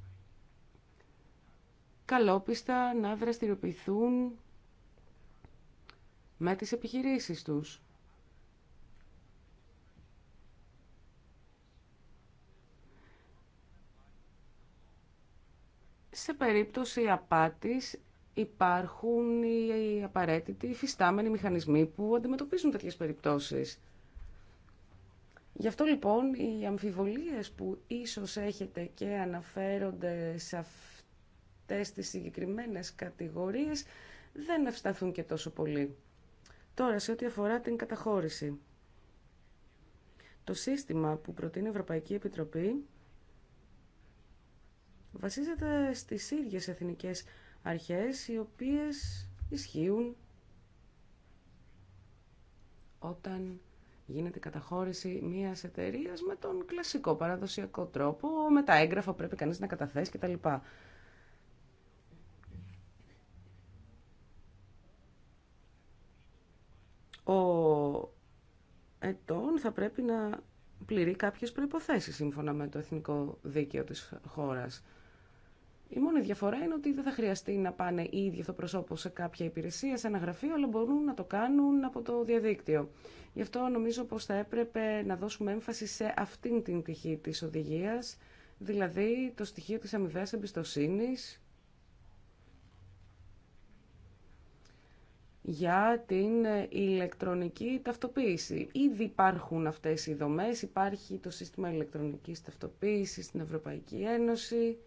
καλόπιστα να δραστηριοποιηθούν με τις επιχειρήσεις τους. Σε περίπτωση απάτης υπάρχουν οι απαραίτητοι φυστάμενοι μηχανισμοί που αντιμετωπίζουν τέτοιες περιπτώσεις. Γι' αυτό λοιπόν οι αμφιβολίες που ίσως έχετε και αναφέρονται σε αυτές τις συγκεκριμένες κατηγορίες δεν ευσταθούν και τόσο πολύ. Τώρα σε ό,τι αφορά την καταχώρηση. Το σύστημα που προτείνει η Ευρωπαϊκή Επιτροπή βασίζεται στις ίδιες εθνικές αρχές οι οποίες ισχύουν όταν γίνεται καταχώρηση μιας εταιρείας με τον κλασικό παραδοσιακό τρόπο, με τα έγγραφα πρέπει κανείς να καταθέσει κτλ. Ο ετών θα πρέπει να πληρεί κάποιες προϋποθέσεις σύμφωνα με το εθνικό δίκαιο της χώρας. Η μόνη διαφορά είναι ότι δεν θα χρειαστεί να πάνε οι ίδιοι προσώπο σε κάποια υπηρεσία, σε ένα γραφείο, αλλά μπορούν να το κάνουν από το διαδίκτυο. Γι' αυτό νομίζω πως θα έπρεπε να δώσουμε έμφαση σε αυτήν την πτυχή της οδηγίας, δηλαδή το στοιχείο της αμοιβαία εμπιστοσύνη. για την ηλεκτρονική ταυτοποίηση. Ήδη υπάρχουν αυτές οι δομές, υπάρχει το σύστημα ηλεκτρονικής ταυτοποίησης στην Ευρωπαϊκή Ένωση.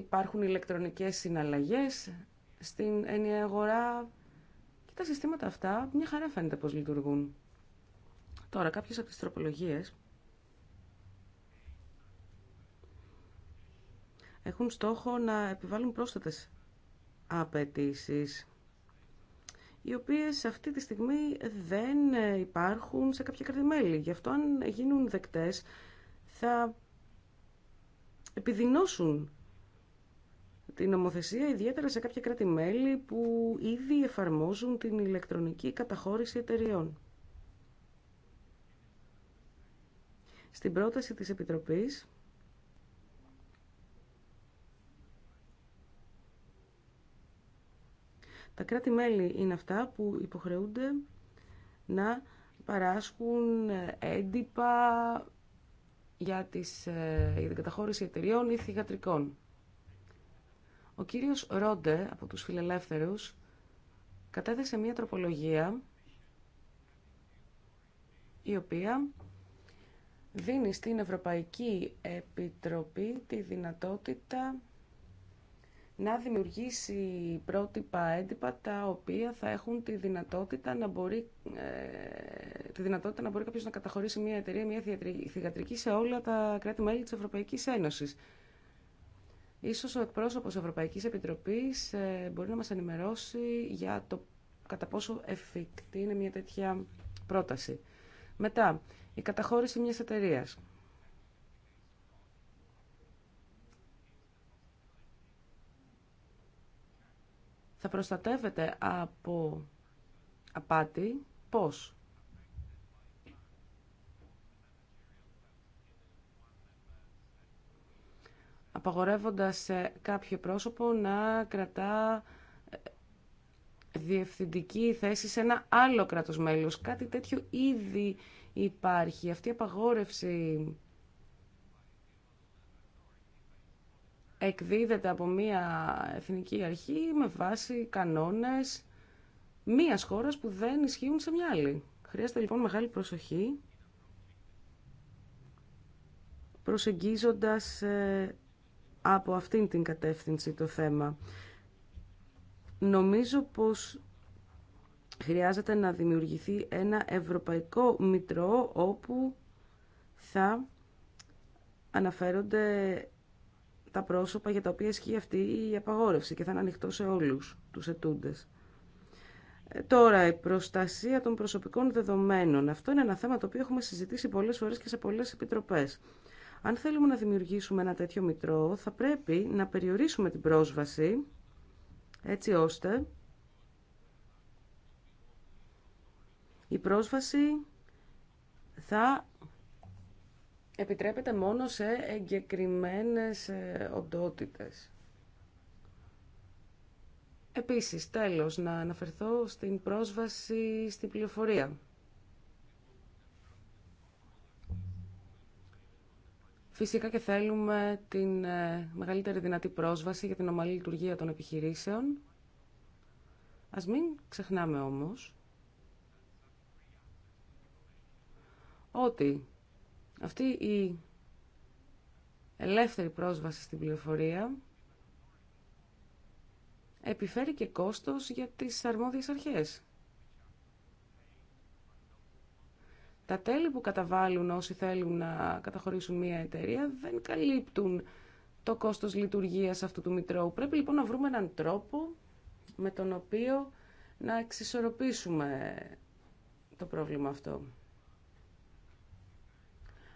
υπάρχουν ηλεκτρονικές συναλλαγές στην ενιαία αγορά και τα συστήματα αυτά μια χαρά φαίνεται πως λειτουργούν. Τώρα, κάποιες από τις τροπολογίες έχουν στόχο να επιβάλλουν πρόσθετες απαιτήσει οι οποίες αυτή τη στιγμή δεν υπάρχουν σε κάποια κρατημέλη. Γι' αυτό αν γίνουν δεκτές θα επιδεινώσουν την νομοθεσία, ιδιαίτερα σε κάποια κράτη-μέλη που ήδη εφαρμόζουν την ηλεκτρονική καταχώρηση εταιριών. Στην πρόταση της Επιτροπής τα κράτη-μέλη είναι αυτά που υποχρεούνται να παράσχουν έντυπα για, τις, ε, για την καταχώρηση εταιριών ή θηγατρικών. Ο κύριος Ρόντε από τους φιλελεύθερους κατέθεσε μία τροπολογία η οποία δίνει στην Ευρωπαϊκή Επιτροπή τη δυνατότητα να δημιουργήσει πρότυπα έντυπα τα οποία θα έχουν τη δυνατότητα να μπορεί, ε, τη δυνατότητα να μπορεί κάποιος να καταχωρήσει μια εταιρεία, μια θηγατρική σε όλα τα κράτη-μέλη της Ευρωπαϊκής Ένωσης. Ίσως ο εκπρόσωπος Ευρωπαϊκής Επιτροπής ε, μπορεί να μας ενημερώσει για το κατά πόσο εφικτή είναι μια τέτοια πρόταση. Μετά, η καταχώρηση μιας εταιρεία. Θα προστατεύεται από απάτη πώς. απαγορεύοντας κάποιο πρόσωπο να κρατά ε, διευθυντική θέση σε ένα άλλο κράτος μέλος. Κάτι τέτοιο ήδη υπάρχει. Αυτή η απαγόρευση εκδίδεται από μια εθνική αρχή με βάση κανόνες μίας χώρας που δεν ισχύουν σε μια άλλη. Χρειάζεται λοιπόν μεγάλη προσοχή προσεγγίζοντας ε, από αυτήν την κατεύθυνση το θέμα. Νομίζω πως χρειάζεται να δημιουργηθεί ένα ευρωπαϊκό μητρό όπου θα αναφέρονται τα πρόσωπα για τα οποία ισχύει αυτή η απαγόρευση και θα είναι ανοιχτό σε όλους τους ετούντες. Ε, τώρα, η προστασία των προσωπικών δεδομένων. Αυτό είναι ένα θέμα το οποίο έχουμε συζητήσει πολλές φορές και σε πολλές επιτροπές. Αν θέλουμε να δημιουργήσουμε ένα τέτοιο μητρό, θα πρέπει να περιορίσουμε την πρόσβαση, έτσι ώστε η πρόσβαση θα επιτρέπεται μόνο σε εγκεκριμένες ε, οντότητες. Επίσης, τέλος, να αναφερθώ στην πρόσβαση στην πληροφορία. Φυσικά και θέλουμε την ε, μεγαλύτερη δυνατή πρόσβαση για την ομαλή λειτουργία των επιχειρήσεων. Ας μην ξεχνάμε όμως ότι αυτή η ελεύθερη πρόσβαση στην πληροφορία επιφέρει και κόστος για τις αρμόδιες αρχές. Τα τέλη που καταβάλουν όσοι θέλουν να καταχωρήσουν μια εταιρεία δεν καλύπτουν το κόστος λειτουργίας αυτού του Μητρώου. Πρέπει λοιπόν να βρούμε έναν τρόπο με τον οποίο να εξισορροπήσουμε το πρόβλημα αυτό.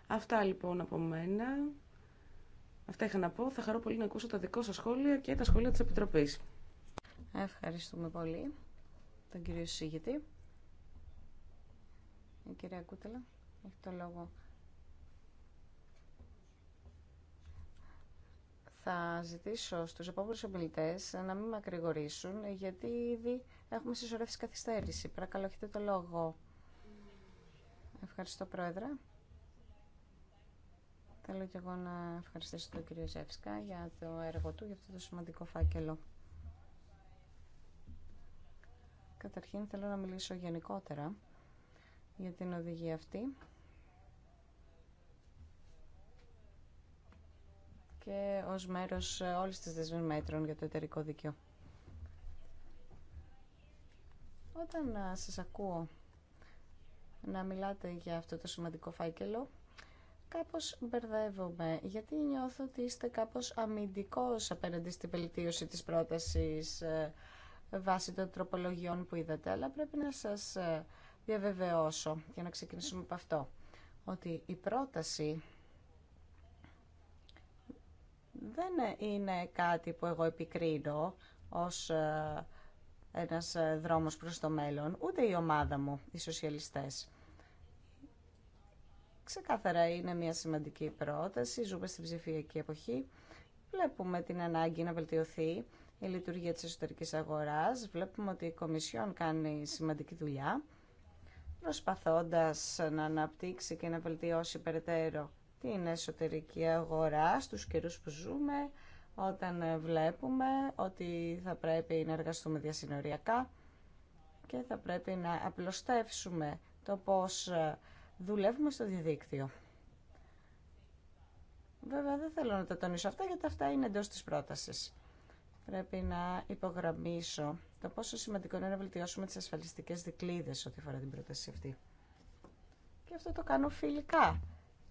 Αυτά λοιπόν από μένα. Αυτά είχα να πω. Θα χαρώ πολύ να ακούσω τα δικό σας σχόλια και τα σχόλια της Επιτροπής. Ευχαριστούμε πολύ τον κύριο Συγητή. Η κυρία Κούτελα έχει το λόγο. Θα ζητήσω στους επόμενους ομιλητές να μην με ακρηγορήσουν γιατί ήδη έχουμε συσσωρεύσει καθυστέρηση. Παρακαλώ, έχετε το λόγο. Ευχαριστώ, Πρόεδρε. Θέλω και εγώ να ευχαριστήσω τον κύριο Ζεύσκα για το έργο του, για αυτό το σημαντικό φάκελο. Καταρχήν θέλω να μιλήσω γενικότερα για την οδηγία αυτή. και ως μέρος όλης της δεσμής μέτρων για το εταιρικό δίκαιο. Όταν σας ακούω να μιλάτε για αυτό το σημαντικό φάκελο, κάπως μπερδεύομαι, γιατί νιώθω ότι είστε κάπως αμυντικός απέναντι στην βελτίωση της πρότασης ε, βάσει των τροπολογιών που είδατε, αλλά πρέπει να σας ε, διαβεβαιώσω για να ξεκινήσουμε από αυτό ότι η πρόταση δεν είναι κάτι που εγώ επικρίνω ως ε, ένας ε, δρόμος προς το μέλλον, ούτε η ομάδα μου, οι σοσιαλιστές. Ξεκάθαρα είναι μια σημαντική πρόταση, ζούμε στην ψηφιακή εποχή, βλέπουμε την ανάγκη να βελτιωθεί η λειτουργία της εσωτερικής αγοράς, βλέπουμε ότι η Κομισιόν κάνει σημαντική δουλειά προσπαθώντας να αναπτύξει και να βελτιώσει περαιτέρω την εσωτερική αγορά στους καιρούς που ζούμε, όταν βλέπουμε ότι θα πρέπει να εργαστούμε διασυνοριακά και θα πρέπει να απλωστεύσουμε το πώς δουλεύουμε στο διαδίκτυο. Βέβαια δεν θέλω να τα τονίσω αυτά γιατί αυτά είναι εντός της πρότασης. Πρέπει να υπογραμμίσω το πόσο σημαντικό είναι να βελτιώσουμε τις ασφαλιστικές δικλείδες ό,τι αφορά την πρόταση αυτή. Και αυτό το κάνω φιλικά.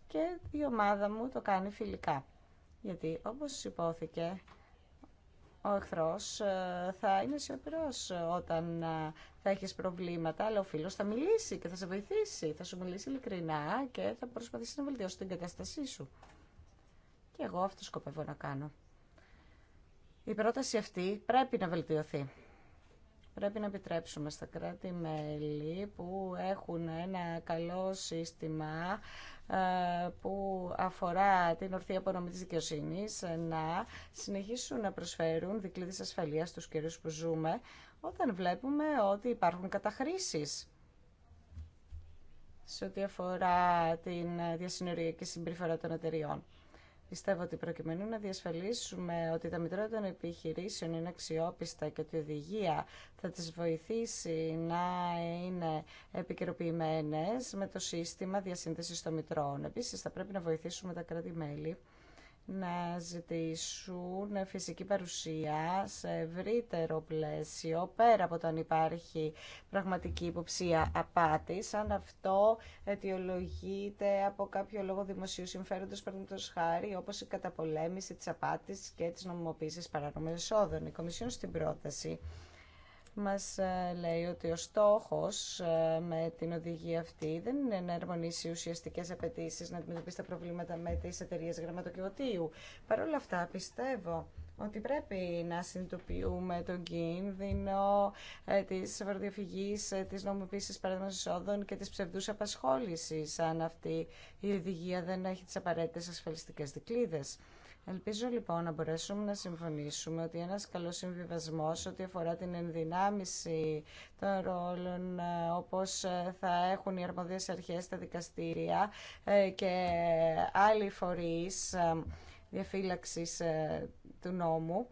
Και η ομάδα μου το κάνει φιλικά. Γιατί όπως υπόθηκε, ο εχθρός ε, θα είναι σιωπηρός όταν ε, θα έχεις προβλήματα, αλλά ο φίλος θα μιλήσει και θα σε βοηθήσει, θα σου μιλήσει ειλικρινά και θα προσπαθήσει να βελτιώσει την κατάστασή σου. Και εγώ αυτό σκοπεύω να κάνω. Η πρόταση αυτή πρέπει να βελτιωθεί. Πρέπει να επιτρέψουμε στα κράτη-μέλη που έχουν ένα καλό σύστημα ε, που αφορά την ορθή απονομή της δικαιοσύνης να συνεχίσουν να προσφέρουν δικλείδες ασφαλείας στους κυρίους που ζούμε όταν βλέπουμε ότι υπάρχουν καταχρήσεις σε ό,τι αφορά την διασυνοριακή συμπεριφορά των εταιριών. Πιστεύω ότι προκειμένου να διασφαλίσουμε ότι τα μητρώα των επιχειρήσεων είναι αξιόπιστα και ότι η οδηγία θα τις βοηθήσει να είναι επικαιροποιημένες με το σύστημα διασύνδεσης των μητρώων. Επίσης θα πρέπει να βοηθήσουμε τα κράτη-μέλη να ζητήσουν φυσική παρουσία σε ευρύτερο πλαίσιο, πέρα από το αν υπάρχει πραγματική υποψία απάτης, αν αυτό αιτιολογείται από κάποιο λόγο δημοσίου συμφέροντος, παραδείγματος χάρη, όπως η καταπολέμηση της απάτης και της νομιμοποίησης παράνομων εσόδων. Η Κομισιόν στην πρόταση μας ε, λέει ότι ο στόχος ε, με την οδηγία αυτή δεν είναι να ερμονίσει ουσιαστικές απαιτήσει να αντιμετωπίσει τα προβλήματα με τις εταιρείε γραμματοκιβωτίου. Παρ' όλα αυτά πιστεύω ότι πρέπει να συνειδητοποιούμε τον κίνδυνο ε, της βαρδιοφυγής, της νομοποίησης παράδειγμας εισόδων και της ψευδούς απασχόλησης αν αυτή η οδηγία δεν έχει τις απαραίτητες ασφαλιστικές δικλείδες. Ελπίζω λοιπόν να μπορέσουμε να συμφωνήσουμε ότι ένας καλός συμβιβασμός ό,τι αφορά την ενδυνάμιση των ρόλων ε, όπως ε, θα έχουν οι αρμοδίες αρχές στα δικαστήρια ε, και άλλοι φορείς διαφύλαξης του νόμου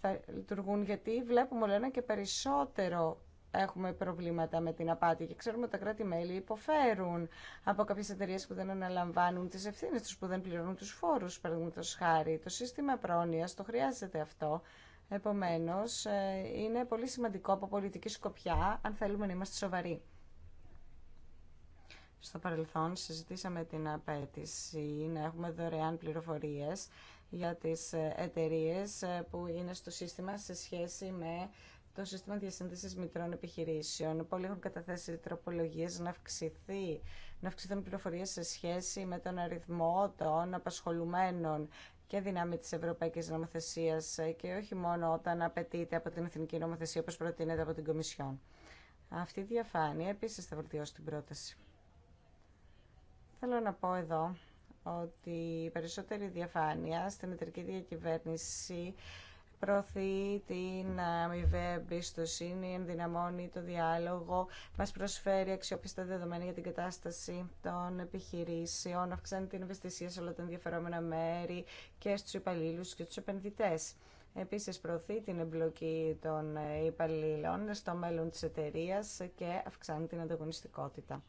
θα λειτουργούν γιατί βλέπουμε όλο ένα και περισσότερο έχουμε προβλήματα με την απάτη και ξέρουμε ότι τα κράτη-μέλη υποφέρουν από κάποιες εταιρείε που δεν αναλαμβάνουν τις ευθύνες τους, που δεν πληρώνουν τους φόρους, παραδείγματο χάρη. Το σύστημα πρόνοιας το χρειάζεται αυτό. Επομένως, ε, είναι πολύ σημαντικό από πολιτική σκοπιά, αν θέλουμε να είμαστε σοβαροί. Στο παρελθόν συζητήσαμε την απέτηση να έχουμε δωρεάν πληροφορίες για τις ε, εταιρείες ε, που είναι στο σύστημα σε σχέση με το σύστημα διασύνδεσης μικρών επιχειρήσεων. Πολλοί έχουν καταθέσει τροπολογίες να αυξηθεί, να αυξηθούν πληροφορίες σε σχέση με τον αριθμό των απασχολουμένων και δυνάμει της Ευρωπαϊκής Νομοθεσίας και όχι μόνο όταν απαιτείται από την Εθνική Νομοθεσία όπως προτείνεται από την Κομισιόν. Αυτή η διαφάνεια επίσης θα βελτιώσει την πρόταση. Θέλω να πω εδώ ότι η περισσότερη διαφάνεια στην εταιρική διακυβέρνηση προωθεί την αμοιβαία εμπιστοσύνη, ενδυναμώνει το διάλογο, μας προσφέρει αξιόπιστα δεδομένα για την κατάσταση των επιχειρήσεων, αυξάνει την ευαισθησία σε όλα τα ενδιαφερόμενα μέρη και στους υπαλλήλους και τους επενδυτές. Επίσης προωθεί την εμπλοκή των υπαλλήλων στο μέλλον της εταιρείας και αυξάνει την ανταγωνιστικότητα.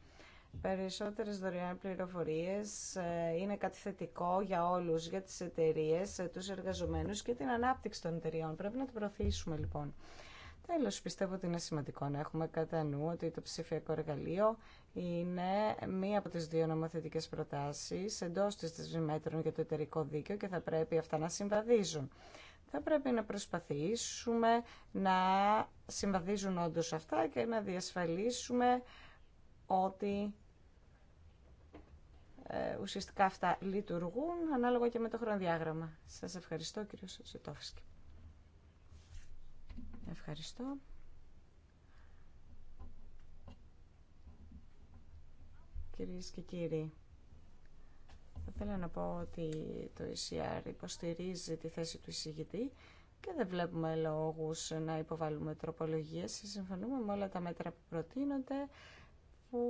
Περισσότερες δωρεάν πληροφορίες ε, είναι κάτι θετικό για όλους, για τις εταιρείες, ε, τους εργαζομένους και την ανάπτυξη των εταιριών. Πρέπει να την προωθήσουμε λοιπόν. Τέλος, πιστεύω ότι είναι σημαντικό να έχουμε κατά νου ότι το ψηφιακό εργαλείο είναι μία από τις δύο νομοθετικές προτάσεις εντός της δεσμημέτρων για το εταιρικό δίκαιο και θα πρέπει αυτά να συμβαδίζουν. Θα πρέπει να προσπαθήσουμε να συμβαδίζουν όντως αυτά και να διασφαλίσουμε ότι ε, ουσιαστικά αυτά λειτουργούν ανάλογα και με το χρονοδιάγραμμα. Σας ευχαριστώ κύριο Σωτόφσκι. Ευχαριστώ. Κυρίες και κύριοι, θα ήθελα να πω ότι το ECR υποστηρίζει τη θέση του εισηγητή και δεν βλέπουμε λόγους να υποβάλουμε τροπολογίες. Συμφωνούμε με όλα τα μέτρα που προτείνονται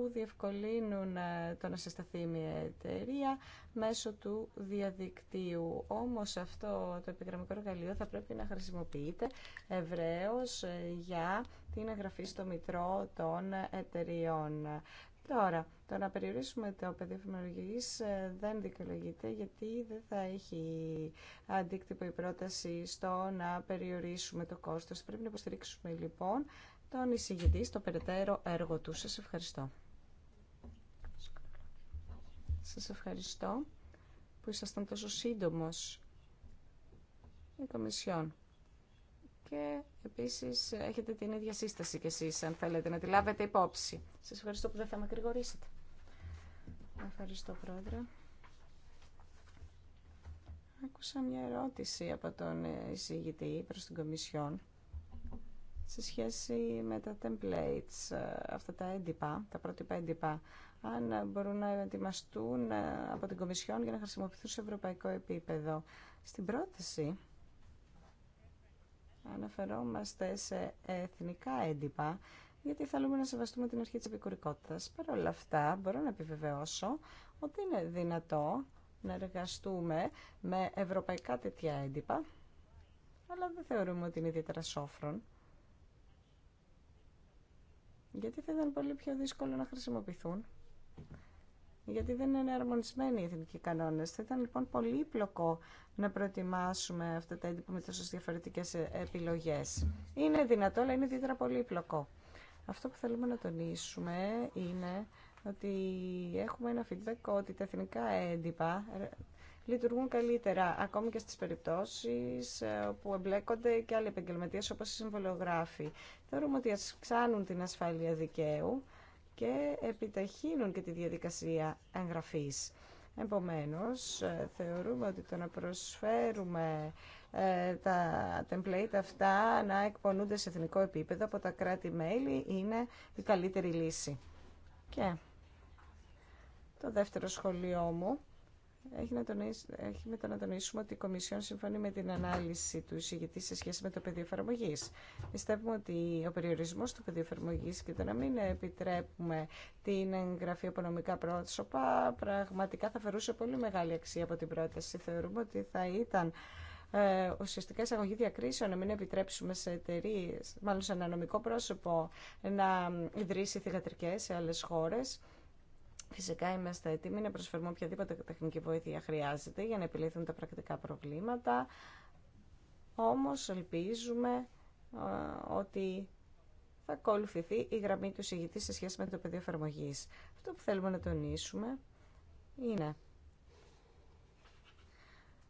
διευκολύνουν ε, το να συσταθεί μια εταιρεία μέσω του διαδικτύου. Όμως αυτό το επιγραμμικό εργαλείο θα πρέπει να χρησιμοποιείται ευρέως ε, για την εγγραφή στο Μητρό των εταιριών. Τώρα, το να περιορίσουμε το πεδίο εφημερογή ε, δεν δικαιολογείται γιατί δεν θα έχει αντίκτυπο η πρόταση στο να περιορίσουμε το κόστος. Πρέπει να υποστηρίξουμε λοιπόν τον εισηγητή στο περαιτέρω έργο του. Σας ευχαριστώ. Σας ευχαριστώ που ήσασταν τόσο σύντομος η Κομισιόν. Και επίσης έχετε την ίδια σύσταση κι εσείς, αν θέλετε, να τη λάβετε υπόψη. Σας ευχαριστώ που δεν θα με κρηγορήσετε. Ευχαριστώ, Πρόεδρε. Άκουσα μια ερώτηση από τον εισηγητή προς την Κομισιόν σε σχέση με τα templates, ε, αυτά τα έντυπα, τα πρότυπα έντυπα αν μπορούν να ετοιμαστούν ε, από την Κομισιόν για να χρησιμοποιηθούν σε ευρωπαϊκό επίπεδο. Στην πρόταση αναφερόμαστε σε εθνικά έντυπα, γιατί θέλουμε να σεβαστούμε την αρχή της επικουρικότητας. Παρ' όλα αυτά, μπορώ να επιβεβαιώσω ότι είναι δυνατό να εργαστούμε με ευρωπαϊκά τέτοια έντυπα, αλλά δεν θεωρούμε ότι είναι ιδιαίτερα σόφρον. Γιατί θα ήταν πολύ πιο δύσκολο να χρησιμοποιηθούν γιατί δεν είναι αρμονισμένοι οι εθνικοί κανόνες. Θα ήταν λοιπόν πολύ πλοκό να προετοιμάσουμε αυτά τα έντυπα με τόσες διαφορετικές ε, επιλογές. Είναι δυνατό, αλλά είναι ιδιαίτερα πολύ πλοκό. Αυτό που θέλουμε να τονίσουμε είναι ότι έχουμε ένα feedback ότι τα εθνικά έντυπα ε, λειτουργούν καλύτερα, ακόμη και στις περιπτώσεις ε, που εμπλέκονται και άλλοι επαγγελματίε όπως οι συμβολογράφοι. Θεωρούμε ότι αυξάνουν την ασφάλεια δικαίου και επιταχύνουν και τη διαδικασία εγγραφής. Επομένως, ε, θεωρούμε ότι το να προσφέρουμε ε, τα template αυτά να εκπονούνται σε εθνικό επίπεδο από τα κράτη-μέλη είναι η καλύτερη λύση. Και το δεύτερο σχολείο μου έχει, μετά να τονίσουμε ότι η Κομισιόν συμφωνεί με την ανάλυση του εισηγητή σε σχέση με το πεδίο εφαρμογή. Πιστεύουμε ότι ο περιορισμό του πεδίου εφαρμογή και το να μην επιτρέπουμε την εγγραφή νομικά πρόσωπα πραγματικά θα φερούσε πολύ μεγάλη αξία από την πρόταση. Θεωρούμε ότι θα ήταν ε, ουσιαστικά εισαγωγή διακρίσεων, να μην επιτρέψουμε σε εταιρείε, μάλλον σε ένα νομικό πρόσωπο, να ιδρύσει θηγατρικέ σε άλλε χώρε. Φυσικά είμαστε έτοιμοι να προσφέρουμε οποιαδήποτε τεχνική βοήθεια χρειάζεται για να επιλύθουν τα πρακτικά προβλήματα. Όμως ελπίζουμε ε, ότι θα ακολουθηθεί η γραμμή του συγητή σε σχέση με το πεδίο εφαρμογή. Αυτό που θέλουμε να τονίσουμε είναι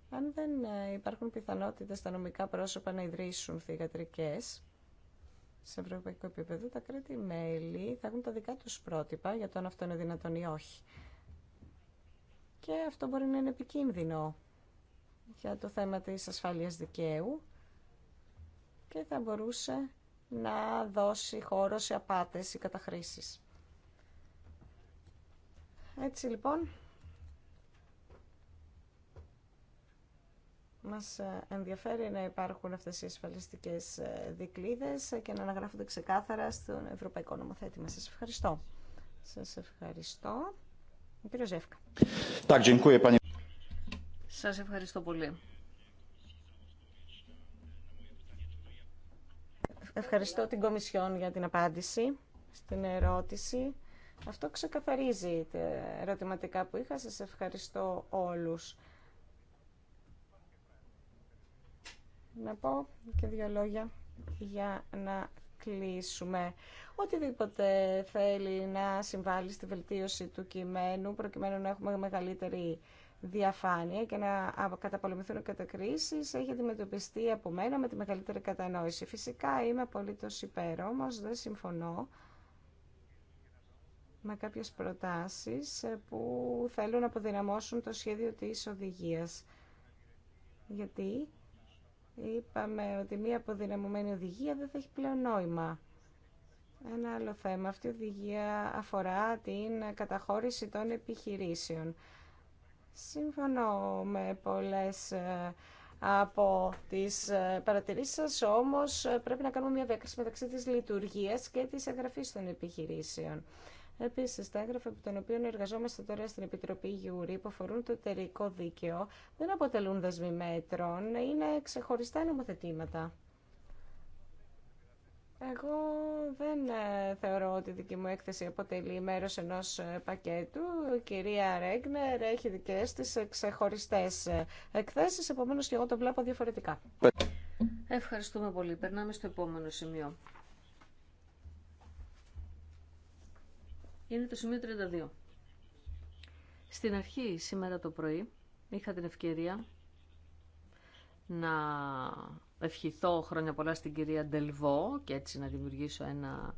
αν δεν ε, υπάρχουν πιθανότητες τα νομικά πρόσωπα να ιδρύσουν θηγατρικές, σε ευρωπαϊκό επίπεδο, τα κράτη-μέλη θα έχουν τα δικά τους πρότυπα για το αν αυτό είναι δυνατόν ή όχι. Και αυτό μπορεί να είναι επικίνδυνο για το θέμα της ασφάλειας δικαίου και θα μπορούσε να δώσει χώρο σε απάτες ή καταχρήσεις. Έτσι λοιπόν, Μας ε, ενδιαφέρει να υπάρχουν αυτές οι ασφαλιστικές ε, δικλίδες και να αναγράφονται ξεκάθαρα στον Ευρωπαϊκό Νομοθέτημα. Σας ευχαριστώ. Σας ευχαριστώ. Κύριο Ζεύκα. Σας ευχαριστώ πολύ. Ευχαριστώ την Κομισιόν για την απάντηση στην ερώτηση. Αυτό ξεκαθαρίζει τα ερωτηματικά που είχα. Σας ευχαριστώ όλους. να πω και δύο λόγια για να κλείσουμε. Οτιδήποτε θέλει να συμβάλλει στη βελτίωση του κειμένου, προκειμένου να έχουμε μεγαλύτερη διαφάνεια και να καταπολεμηθούν οι κατακρίσει, έχει αντιμετωπιστεί από μένα με τη μεγαλύτερη κατανόηση. Φυσικά είμαι απολύτω υπέρ, όμω δεν συμφωνώ με κάποιες προτάσεις που θέλουν να αποδυναμώσουν το σχέδιο της οδηγίας. Γιατί Είπαμε ότι μία αποδυναμωμένη οδηγία δεν θα έχει πλέον νόημα. Ένα άλλο θέμα. Αυτή η οδηγία αφορά την καταχώρηση των επιχειρήσεων. Σύμφωνο με πολλές ε, από τις ε, παρατηρήσεις σας, όμως ε, πρέπει να κάνουμε μια διάκριση μεταξύ της λειτουργίας και της εγγραφής των επιχειρήσεων. Επίση, τα έγγραφα από τον οποίο εργαζόμαστε τώρα στην Επιτροπή Γιούρη, που αφορούν το εταιρικό δίκαιο, δεν αποτελούν δεσμοί μέτρων, είναι ξεχωριστά νομοθετήματα. Εγώ δεν ε, θεωρώ ότι η δική μου έκθεση αποτελεί μέρος ενός ε, πακέτου. Η κυρία Ρέγνερ έχει δικές της ε, ξεχωριστές εκθέσεις, επομένως και εγώ το βλέπω διαφορετικά. Ευχαριστούμε πολύ. Περνάμε στο επόμενο σημείο. είναι το σημείο 32. Στην αρχή σήμερα το πρωί είχα την ευκαιρία να ευχηθώ χρόνια πολλά στην κυρία Ντελβό και έτσι να δημιουργήσω ένα,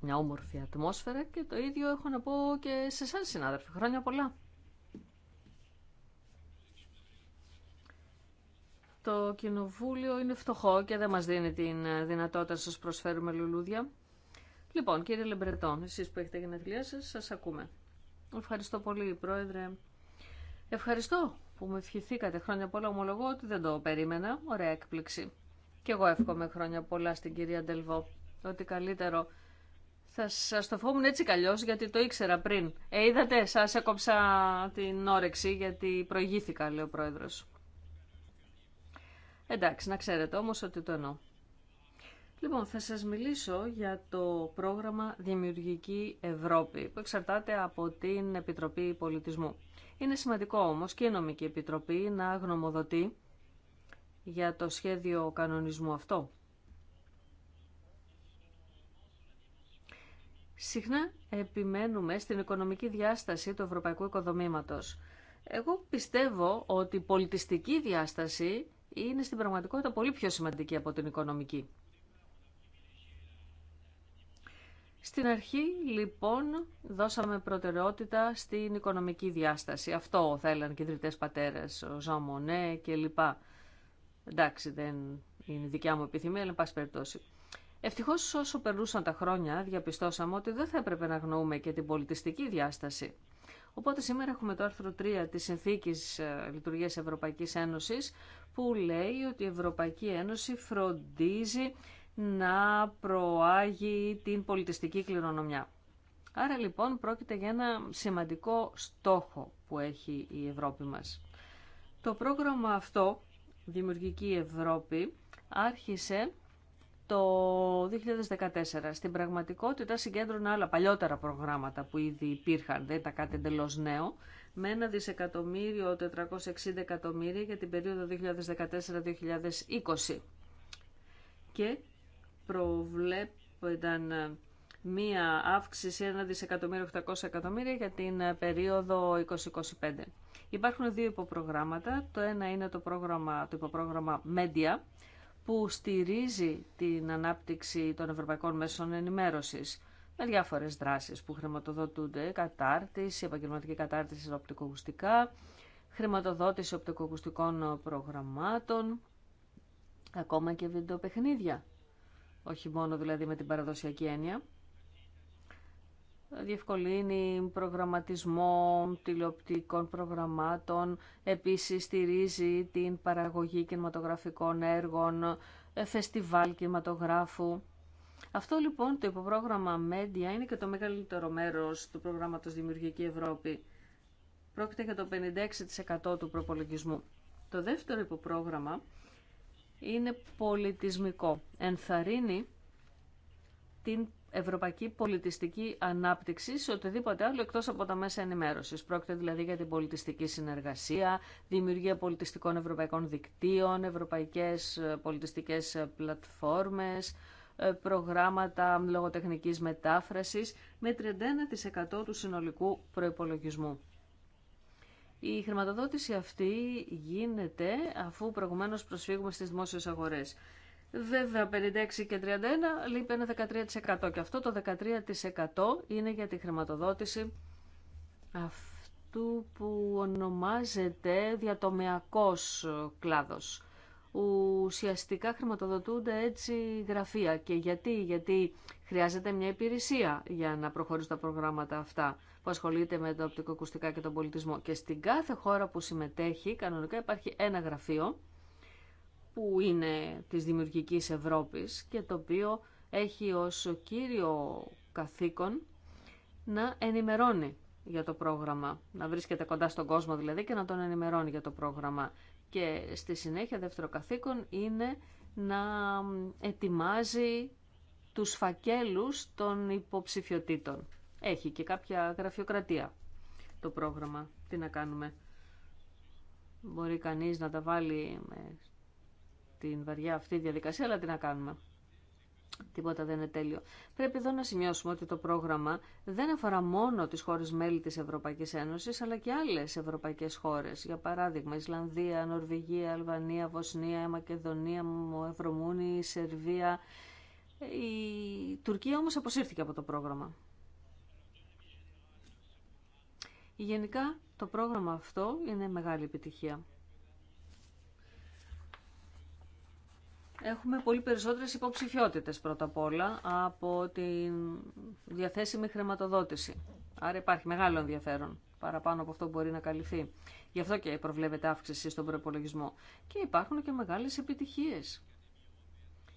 μια όμορφη ατμόσφαιρα και το ίδιο έχω να πω και σε εσάς συνάδελφοι. Χρόνια πολλά. Το κοινοβούλιο είναι φτωχό και δεν μας δίνει την δυνατότητα να σας προσφέρουμε λουλούδια. Λοιπόν, κύριε Λεμπρετόν, εσεί που έχετε γενεθλία σα σας ακούμε. Ευχαριστώ πολύ, Πρόεδρε. Ευχαριστώ που με ευχηθήκατε χρόνια πολλά. Ομολογώ ότι δεν το περίμενα. Ωραία έκπληξη. Και εγώ εύχομαι χρόνια πολλά στην κυρία Ντελβό. Ότι καλύτερο θα σα το φοβούν έτσι καλώ γιατί το ήξερα πριν. Ε, είδατε, σα έκοψα την όρεξη γιατί προηγήθηκα, λέει ο πρόεδρο. Εντάξει, να ξέρετε όμω ότι το εννοώ. Λοιπόν, θα σας μιλήσω για το πρόγραμμα Δημιουργική Ευρώπη που εξαρτάται από την Επιτροπή Πολιτισμού. Είναι σημαντικό όμως και η Νομική Επιτροπή να γνωμοδοτεί για το σχέδιο κανονισμού αυτό. Συχνά επιμένουμε στην οικονομική διάσταση του ευρωπαϊκού οικοδομήματος. Εγώ πιστεύω ότι η πολιτιστική διάσταση είναι στην πραγματικότητα πολύ πιο σημαντική από την οικονομική. Στην αρχή, λοιπόν, δώσαμε προτεραιότητα στην οικονομική διάσταση. Αυτό θέλαν και οι πατέρες, ο Ζαμονέ και λοιπά. Εντάξει, δεν είναι δικιά μου επιθυμία, αλλά πάση περιπτώσει. Ευτυχώ, όσο περνούσαν τα χρόνια, διαπιστώσαμε ότι δεν θα έπρεπε να γνωρούμε και την πολιτιστική διάσταση. Οπότε σήμερα έχουμε το άρθρο 3 της Συνθήκης ε, Λειτουργίας Ευρωπαϊκής Ένωσης που λέει ότι η Ευρωπαϊκή Ένωση φροντίζει να προάγει την πολιτιστική κληρονομιά. Άρα λοιπόν πρόκειται για ένα σημαντικό στόχο που έχει η Ευρώπη μας. Το πρόγραμμα αυτό, Δημιουργική Ευρώπη, άρχισε το 2014. Στην πραγματικότητα συγκέντρωνε άλλα παλιότερα προγράμματα που ήδη υπήρχαν, δεν ήταν κάτι εντελώ νέο, με ένα δισεκατομμύριο 460 εκατομμύρια για την περίοδο 2014-2020. Και προβλέπονταν ε, μία αύξηση 1 δισεκατομμύριο 800 εκατομμύρια για την ε, περίοδο 2025. Υπάρχουν δύο υποπρογράμματα. Το ένα είναι το, πρόγραμμα, το υποπρόγραμμα Media που στηρίζει την ανάπτυξη των ευρωπαϊκών μέσων ενημέρωσης με διάφορες δράσεις που χρηματοδοτούνται, κατάρτιση, επαγγελματική κατάρτιση οπτικοακουστικά, χρηματοδότηση οπτικοακουστικών ε, προγραμμάτων, ακόμα και βιντεοπαιχνίδια όχι μόνο δηλαδή με την παραδοσιακή έννοια. Διευκολύνει προγραμματισμό τηλεοπτικών προγραμμάτων, επίσης στηρίζει την παραγωγή κινηματογραφικών έργων, ε, φεστιβάλ κινηματογράφου. Αυτό λοιπόν το υποπρόγραμμα Media είναι και το μεγαλύτερο μέρος του προγράμματος Δημιουργική Ευρώπη. Πρόκειται για το 56% του προπολογισμού. Το δεύτερο υποπρόγραμμα είναι πολιτισμικό. Ενθαρρύνει την ευρωπαϊκή πολιτιστική ανάπτυξη σε οτιδήποτε άλλο εκτός από τα μέσα ενημέρωσης. Πρόκειται δηλαδή για την πολιτιστική συνεργασία, δημιουργία πολιτιστικών ευρωπαϊκών δικτύων, ευρωπαϊκές ε, πολιτιστικές ε, πλατφόρμες, ε, προγράμματα λογοτεχνικής μετάφρασης με 31% του συνολικού προϋπολογισμού. Η χρηματοδότηση αυτή γίνεται αφού προηγουμένως προσφύγουμε στις δημόσιες αγορές. Βέβαια 56 και 31 λείπει ένα 13% και αυτό το 13% είναι για τη χρηματοδότηση αυτού που ονομάζεται διατομιακός κλάδος ουσιαστικά χρηματοδοτούνται έτσι γραφεία. Και γιατί, γιατί χρειάζεται μια υπηρεσία για να προχωρήσουν τα προγράμματα αυτά που ασχολείται με τα οπτικοακουστικά και τον πολιτισμό. Και στην κάθε χώρα που συμμετέχει κανονικά υπάρχει ένα γραφείο που είναι της Δημιουργικής Ευρώπης και το οποίο έχει ως κύριο καθήκον να ενημερώνει για το πρόγραμμα, να βρίσκεται κοντά στον κόσμο δηλαδή και να τον ενημερώνει για το πρόγραμμα. Και στη συνέχεια δεύτερο καθήκον είναι να ετοιμάζει τους φακέλους των υποψηφιωτήτων. Έχει και κάποια γραφειοκρατία το πρόγραμμα. Τι να κάνουμε. Μπορεί κανείς να τα βάλει με την βαριά αυτή διαδικασία, αλλά τι να κάνουμε. Τίποτα δεν είναι τέλειο. Πρέπει εδώ να σημειώσουμε ότι το πρόγραμμα δεν αφορά μόνο τις χώρες μέλη της Ευρωπαϊκής Ένωσης, αλλά και άλλες ευρωπαϊκές χώρες. Για παράδειγμα, Ισλανδία, Νορβηγία, Αλβανία, Βοσνία, Μακεδονία, Ευρωμούνη, Σερβία. Η Τουρκία όμως αποσύρθηκε από το πρόγραμμα. Γενικά, το πρόγραμμα αυτό είναι μεγάλη επιτυχία. έχουμε πολύ περισσότερες υποψηφιότητες πρώτα απ' όλα από τη διαθέσιμη χρηματοδότηση. Άρα υπάρχει μεγάλο ενδιαφέρον παραπάνω από αυτό που μπορεί να καλυφθεί. Γι' αυτό και προβλέπεται αύξηση στον προπολογισμό. Και υπάρχουν και μεγάλες επιτυχίες.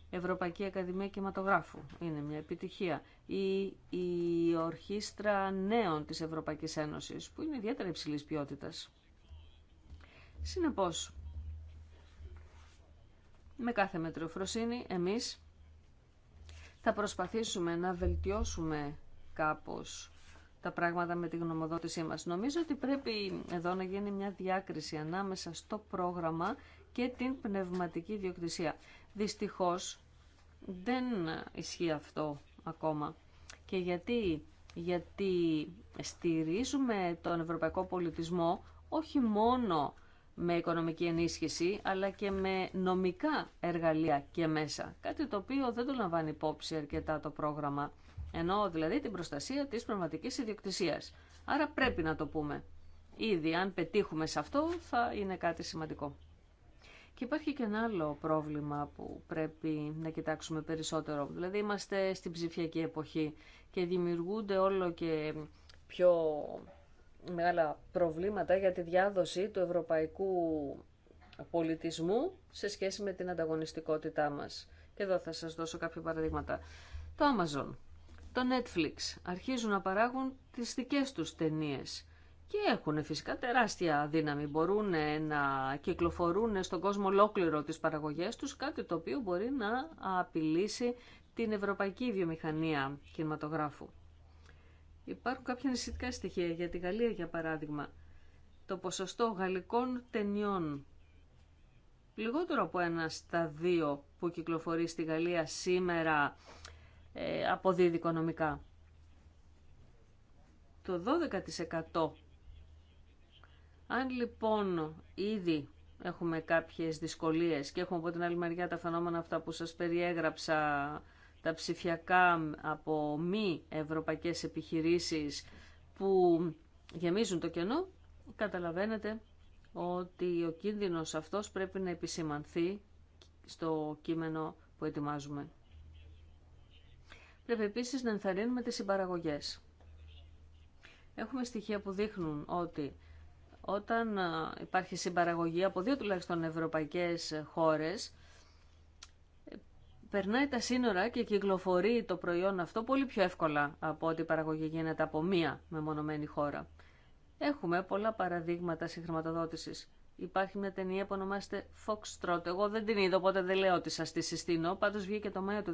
Ευρωπαϊκή Ακαδημία Κινηματογράφου είναι μια επιτυχία. Ή η, η ορχηστρα Νέων της Ευρωπαϊκής Ένωσης, που είναι ιδιαίτερα υψηλής ποιότητας με κάθε μετριοφροσύνη εμείς θα προσπαθήσουμε να βελτιώσουμε κάπως τα πράγματα με τη γνωμοδότησή μας. Νομίζω ότι πρέπει εδώ να γίνει μια διάκριση ανάμεσα στο πρόγραμμα και την πνευματική διοκτησία. Δυστυχώς δεν ισχύει αυτό ακόμα. Και γιατί, γιατί στηρίζουμε τον ευρωπαϊκό πολιτισμό όχι μόνο με οικονομική ενίσχυση, αλλά και με νομικά εργαλεία και μέσα. Κάτι το οποίο δεν το λαμβάνει υπόψη αρκετά το πρόγραμμα. Ενώ δηλαδή την προστασία της πραγματικής ιδιοκτησίας. Άρα πρέπει να το πούμε. Ήδη αν πετύχουμε σε αυτό θα είναι κάτι σημαντικό. Και υπάρχει και ένα άλλο πρόβλημα που πρέπει να κοιτάξουμε περισσότερο. Δηλαδή είμαστε στην ψηφιακή εποχή και δημιουργούνται όλο και πιο μεγάλα προβλήματα για τη διάδοση του ευρωπαϊκού πολιτισμού σε σχέση με την ανταγωνιστικότητά μας. Και εδώ θα σας δώσω κάποια παραδείγματα. Το Amazon, το Netflix αρχίζουν να παράγουν τις δικές τους ταινίες και έχουν φυσικά τεράστια δύναμη. Μπορούν να κυκλοφορούν στον κόσμο ολόκληρο τις παραγωγές τους, κάτι το οποίο μπορεί να απειλήσει την ευρωπαϊκή βιομηχανία κινηματογράφου. Υπάρχουν κάποια νησιτικά στοιχεία για τη Γαλλία, για παράδειγμα. Το ποσοστό γαλλικών ταινιών λιγότερο από ένα στα δύο που κυκλοφορεί στη Γαλλία σήμερα ε, αποδίδει οικονομικά. Το 12%. Αν λοιπόν ήδη έχουμε κάποιες δυσκολίες και έχουμε από την άλλη μεριά τα φαινόμενα αυτά που σας περιέγραψα τα ψηφιακά από μη ευρωπαϊκές επιχειρήσεις που γεμίζουν το κενό, καταλαβαίνετε ότι ο κίνδυνος αυτός πρέπει να επισημανθεί στο κείμενο που ετοιμάζουμε. Πρέπει επίσης να ενθαρρύνουμε τις συμπαραγωγές. Έχουμε στοιχεία που δείχνουν ότι όταν ε, υπάρχει συμπαραγωγή από δύο τουλάχιστον ευρωπαϊκές χώρες, περνάει τα σύνορα και κυκλοφορεί το προϊόν αυτό πολύ πιο εύκολα από ό,τι η παραγωγή γίνεται από μία μεμονωμένη χώρα. Έχουμε πολλά παραδείγματα συγχρηματοδότησης. Υπάρχει μια μεμονωμενη χωρα εχουμε πολλα παραδειγματα συγχρηματοδοτηση υπαρχει μια ταινια που ονομάζεται Fox Trot. Εγώ δεν την είδα, οπότε δεν λέω ότι σα τη συστήνω. Πάντω βγήκε το Μάιο του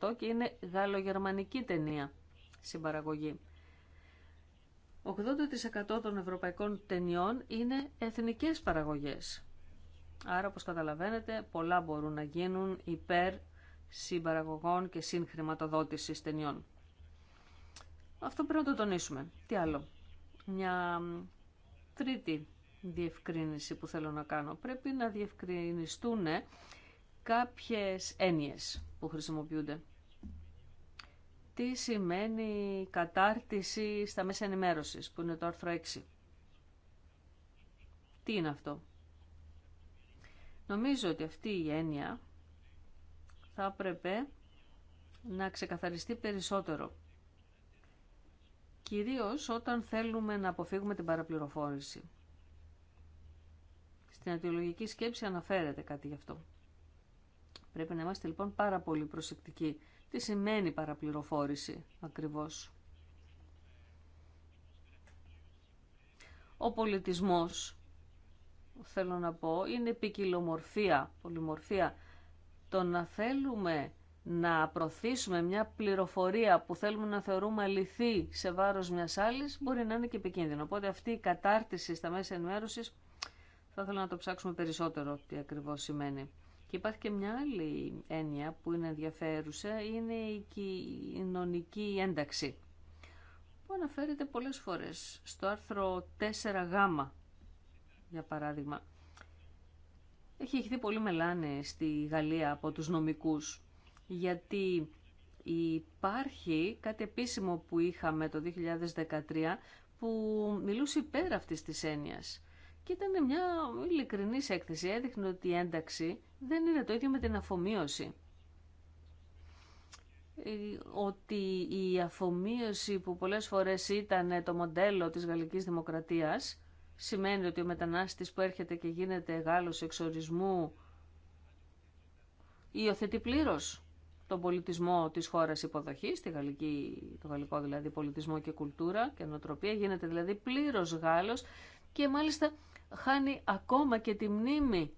2018 και είναι γαλλογερμανική ταινία συμπαραγωγή. 80% των ευρωπαϊκών ταινιών είναι εθνικές παραγωγές. Άρα, όπως καταλαβαίνετε, πολλά μπορούν να γίνουν υπέρ συμπαραγωγών και συγχρηματοδότηση ταινιών. Αυτό πρέπει να το τονίσουμε. Τι άλλο. Μια τρίτη διευκρίνηση που θέλω να κάνω. Πρέπει να διευκρινιστούν κάποιες έννοιες που χρησιμοποιούνται. Τι σημαίνει κατάρτιση στα μέσα ενημέρωσης, που είναι το άρθρο 6. Τι είναι αυτό. Νομίζω ότι αυτή η έννοια θα έπρεπε να ξεκαθαριστεί περισσότερο. Κυρίως όταν θέλουμε να αποφύγουμε την παραπληροφόρηση. Στην αιτιολογική σκέψη αναφέρεται κάτι γι' αυτό. Πρέπει να είμαστε λοιπόν πάρα πολύ προσεκτικοί. Τι σημαίνει παραπληροφόρηση ακριβώς. Ο πολιτισμός, θέλω να πω, είναι ποικιλομορφία, πολυμορφία το να θέλουμε να προωθήσουμε μια πληροφορία που θέλουμε να θεωρούμε αληθή σε βάρος μιας άλλης μπορεί να είναι και επικίνδυνο. Οπότε αυτή η κατάρτιση στα μέσα ενημέρωσης θα ήθελα να το ψάξουμε περισσότερο τι ακριβώς σημαίνει. Και υπάρχει και μια άλλη έννοια που είναι ενδιαφέρουσα, είναι η κοινωνική ένταξη που αναφέρεται πολλές φορές στο άρθρο 4Γ για παράδειγμα. Έχει ηχθεί πολύ μελάνε στη Γαλλία από τους νομικούς, γιατί υπάρχει κάτι επίσημο που είχαμε το 2013 που μιλούσε υπέρ αυτής της έννοιας. Και ήταν μια ειλικρινή έκθεση, έδειχνε ότι η ένταξη δεν είναι το ίδιο με την αφομοίωση ε, ότι η αφομοίωση που πολλές φορές ήταν το μοντέλο της γαλλικής δημοκρατίας Σημαίνει ότι ο μετανάστης που έρχεται και γίνεται Γάλλος εξορισμού υιοθετεί πλήρω τον πολιτισμό της χώρας υποδοχής, τη γαλλική, το γαλλικό δηλαδή πολιτισμό και κουλτούρα και νοοτροπία, γίνεται δηλαδή πλήρως Γάλλος και μάλιστα χάνει ακόμα και τη μνήμη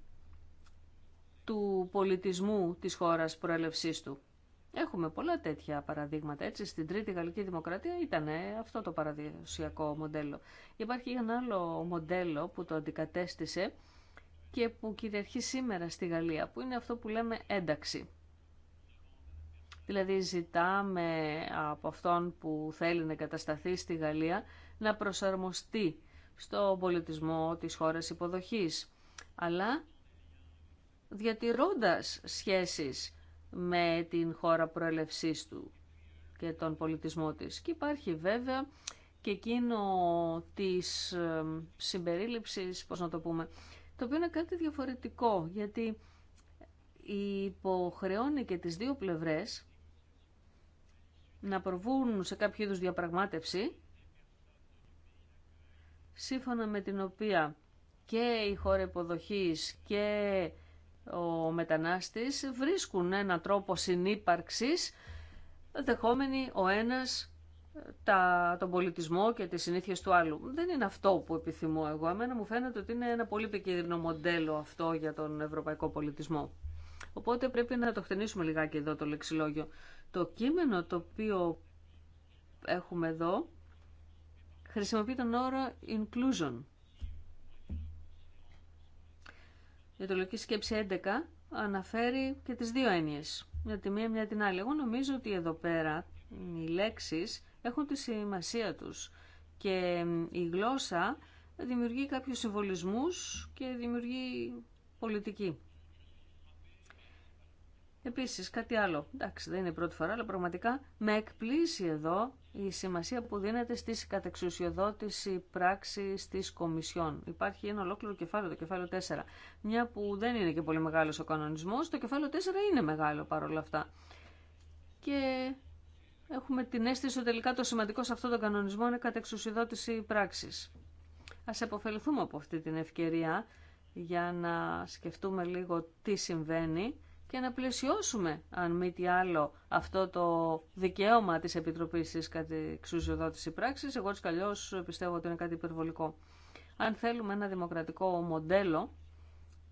του πολιτισμού της χώρας προέλευσής του. Έχουμε πολλά τέτοια παραδείγματα. Έτσι, στην Τρίτη Γαλλική Δημοκρατία ήταν αυτό το παραδοσιακό μοντέλο. Υπάρχει ένα άλλο μοντέλο που το αντικατέστησε και που κυριαρχεί σήμερα στη Γαλλία, που είναι αυτό που λέμε ένταξη. Δηλαδή ζητάμε από αυτόν που θέλει να κατασταθεί στη Γαλλία να προσαρμοστεί στο πολιτισμό της χώρας υποδοχής, αλλά διατηρώντας σχέσεις με την χώρα προελευσής του και τον πολιτισμό της. Και υπάρχει βέβαια και εκείνο της συμπερίληψης, πώς να το πούμε, το οποίο είναι κάτι διαφορετικό, γιατί υποχρεώνει και τις δύο πλευρές να προβούν σε κάποιο είδους διαπραγμάτευση, σύμφωνα με την οποία και η χώρα υποδοχής και ο μετανάστης βρίσκουν έναν τρόπο συνύπαρξης δεχόμενοι ο ένας τα, τον πολιτισμό και τις συνήθειες του άλλου. Δεν είναι αυτό που επιθυμώ εγώ. Εμένα μου φαίνεται ότι είναι ένα πολύ επικίνδυνο μοντέλο αυτό για τον ευρωπαϊκό πολιτισμό. Οπότε πρέπει να το χτενίσουμε λιγάκι εδώ το λεξιλόγιο. Το κείμενο το οποίο έχουμε εδώ χρησιμοποιεί τον όρο inclusion. Η ιδεολογική σκέψη 11 αναφέρει και τις δύο έννοιες. Μια τη μία, μια την άλλη. Εγώ νομίζω ότι εδώ πέρα οι λέξεις έχουν τη σημασία τους και η γλώσσα δημιουργεί κάποιους συμβολισμούς και δημιουργεί πολιτική. Επίσης, κάτι άλλο, εντάξει δεν είναι η πρώτη φορά, αλλά πραγματικά με εκπλήσει εδώ η σημασία που δίνεται στις κατεξουσιοδότηση πράξης της Κομισιόν. Υπάρχει ένα ολόκληρο κεφάλαιο, το κεφάλαιο 4. Μια που δεν είναι και πολύ μεγάλος ο κανονισμός, το κεφάλαιο 4 είναι μεγάλο παρόλα αυτά. Και έχουμε την αίσθηση ότι τελικά το σημαντικό σε αυτόν τον κανονισμό είναι κατεξουσιοδότηση πράξης. Ας επωφεληθούμε από αυτή την ευκαιρία για να σκεφτούμε λίγο τι συμβαίνει και να πλαισιώσουμε, αν μη τι άλλο, αυτό το δικαίωμα της Επιτροπής της Κατεξουσιοδότηση Πράξης. Εγώ καλλιώς πιστεύω ότι είναι κάτι υπερβολικό. Αν θέλουμε ένα δημοκρατικό μοντέλο,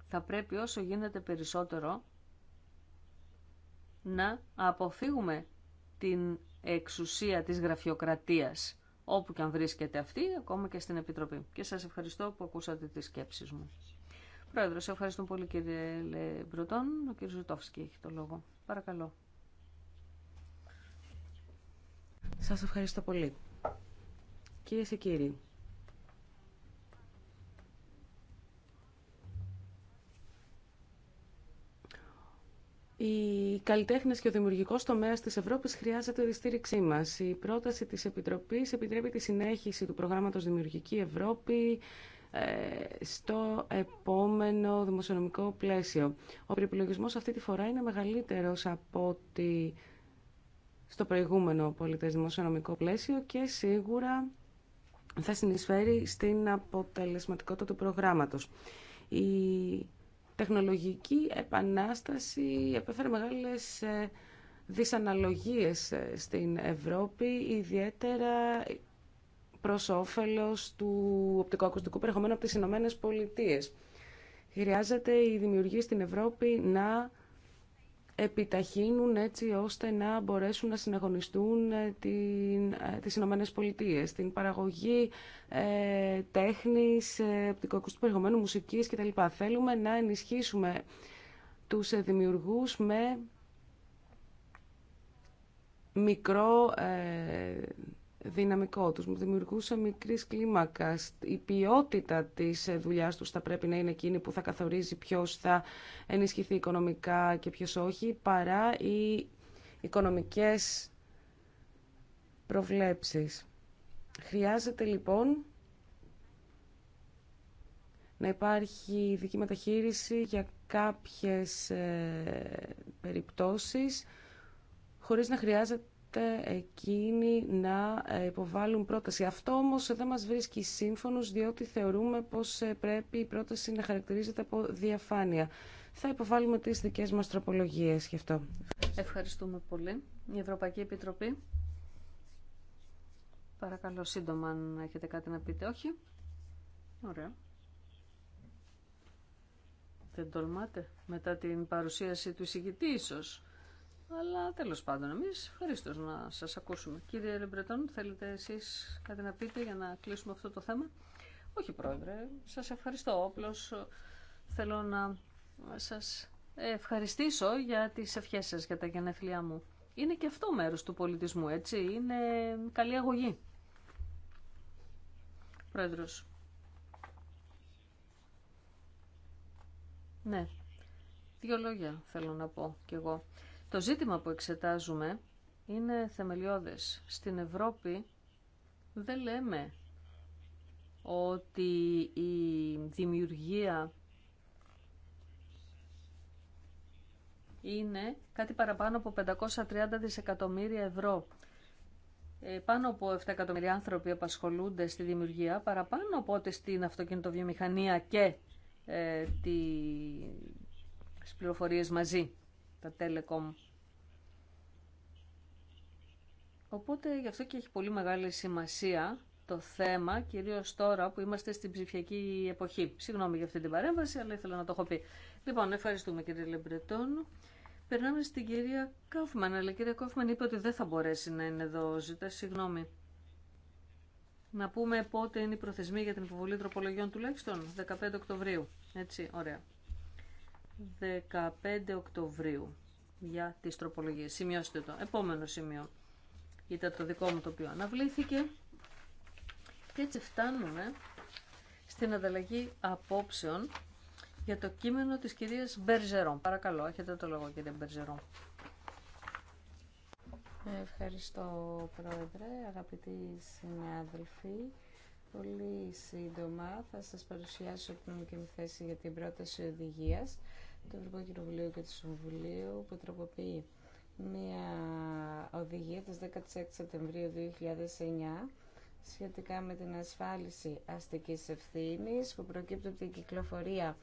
θα πρέπει όσο γίνεται περισσότερο να αποφύγουμε την εξουσία της γραφειοκρατίας, όπου και αν βρίσκεται αυτή, ακόμα και στην Επιτροπή. Και σας ευχαριστώ που ακούσατε τις σκέψεις μου. Πρόεδρος, ευχαριστούμε πολύ κύριε Λεμπρωτών. Ο κύριος Ζουτόφσκι έχει το λόγο. Παρακαλώ. Σας ευχαριστώ πολύ. Κυρίε και κύριοι, Οι καλλιτέχνε και ο δημιουργικό τομέα τη Ευρώπη χρειάζεται τη στήριξή μα. Η πρόταση τη Επιτροπή επιτρέπει τη συνέχιση του προγράμματο Δημιουργική Ευρώπη ε, στο επόμενο δημοσιονομικό πλαίσιο. Ο περιπολογισμό αυτή τη φορά είναι μεγαλύτερος από ότι στο προηγούμενο πολίτε δημοσιονομικό πλαίσιο και σίγουρα θα συνεισφέρει στην αποτελεσματικότητα του προγράμματος. Η τεχνολογική επανάσταση επέφερε μεγάλες ε, δυσαναλογίες ε, στην Ευρώπη, ιδιαίτερα Προ όφελο του οπτικοακουστικού περιεχομένου από τι Ηνωμένε Πολιτείε. Χρειάζεται οι δημιουργοί στην Ευρώπη να επιταχύνουν έτσι ώστε να μπορέσουν να συναγωνιστούν ε, την, ε, τις Ηνωμένε Πολιτείε, την παραγωγή ε, τέχνης, ε, οπτικοακουστικού περιεχομένου, μουσικής κτλ. Θέλουμε να ενισχύσουμε τους ε, δημιουργούς με μικρό δυναμικό τους, δημιουργούσε μικρή κλίμακα. Η ποιότητα της ε, δουλειάς τους θα πρέπει να είναι εκείνη που θα καθορίζει ποιος θα ενισχυθεί οικονομικά και ποιος όχι, παρά οι οικονομικές προβλέψεις. Χρειάζεται λοιπόν να υπάρχει δική μεταχείριση για κάποιες ε, περιπτώσεις χωρίς να χρειάζεται εκείνοι να ε, υποβάλουν πρόταση. Αυτό όμως δεν μας βρίσκει σύμφωνος διότι θεωρούμε πως ε, πρέπει η πρόταση να χαρακτηρίζεται από διαφάνεια. Θα υποβάλουμε τις δικές μας τροπολογίες γι' αυτό. Ευχαριστούμε πολύ. Η Ευρωπαϊκή Επιτροπή. Παρακαλώ σύντομα αν έχετε κάτι να πείτε. Όχι. Ωραία. Δεν τολμάτε. Μετά την παρουσίαση του εισηγητή ίσως αλλά τέλος πάντων εμείς ευχαριστώ να σας ακούσουμε. Κύριε Λεμπρετών, θέλετε εσεί κάτι να πείτε για να κλείσουμε αυτό το θέμα. Όχι πρόεδρε, σας ευχαριστώ. Απλώς ε, θέλω να σας ευχαριστήσω για τις ευχές σα για τα γενέθλιά μου. Είναι και αυτό μέρος του πολιτισμού, έτσι. Είναι καλή αγωγή. Προέδρο. Ναι. Δύο λόγια θέλω να πω κι εγώ. Το ζήτημα που εξετάζουμε είναι θεμελιώδες. Στην Ευρώπη δεν λέμε ότι η δημιουργία είναι κάτι παραπάνω από 530 δισεκατομμύρια ευρώ. Ε, πάνω από 7 εκατομμύρια άνθρωποι απασχολούνται στη δημιουργία, παραπάνω από ό,τι στην αυτοκινητοβιομηχανία και ε, τη... πληροφορίες μαζί τα telecom. Οπότε γι' αυτό και έχει πολύ μεγάλη σημασία το θέμα, κυρίως τώρα που είμαστε στην ψηφιακή εποχή. Συγγνώμη για αυτή την παρέμβαση, αλλά ήθελα να το έχω πει. Λοιπόν, ευχαριστούμε κύριε Λεμπρετών. Περνάμε στην κυρία Κάφμαν, αλλά η κυρία Κάφμαν είπε ότι δεν θα μπορέσει να είναι εδώ. Ζητά συγγνώμη. Να πούμε πότε είναι η προθεσμία για την υποβολή τροπολογιών τουλάχιστον, 15 Οκτωβρίου. Έτσι, ωραία. 15 Οκτωβρίου για τις τροπολογίες. Σημειώστε το. Επόμενο σημείο ήταν το δικό μου το οποίο αναβλήθηκε. Και έτσι φτάνουμε στην ανταλλαγή απόψεων για το κείμενο της κυρίας Μπερζερόν. Παρακαλώ, έχετε το λόγο κύριε Μπερζερόν. Ευχαριστώ Πρόεδρε, αγαπητοί συνάδελφοι. Πολύ σύντομα θα σας παρουσιάσω την θέση για την πρόταση οδηγίας του Ευρωπαϊκού Κοινοβουλίου και του Συμβουλίου που τροποποιεί μια οδηγία της 16 Σεπτεμβρίου 2009 σχετικά με την ασφάλιση αστικής ευθύνης που προκύπτει από την κυκλοφορία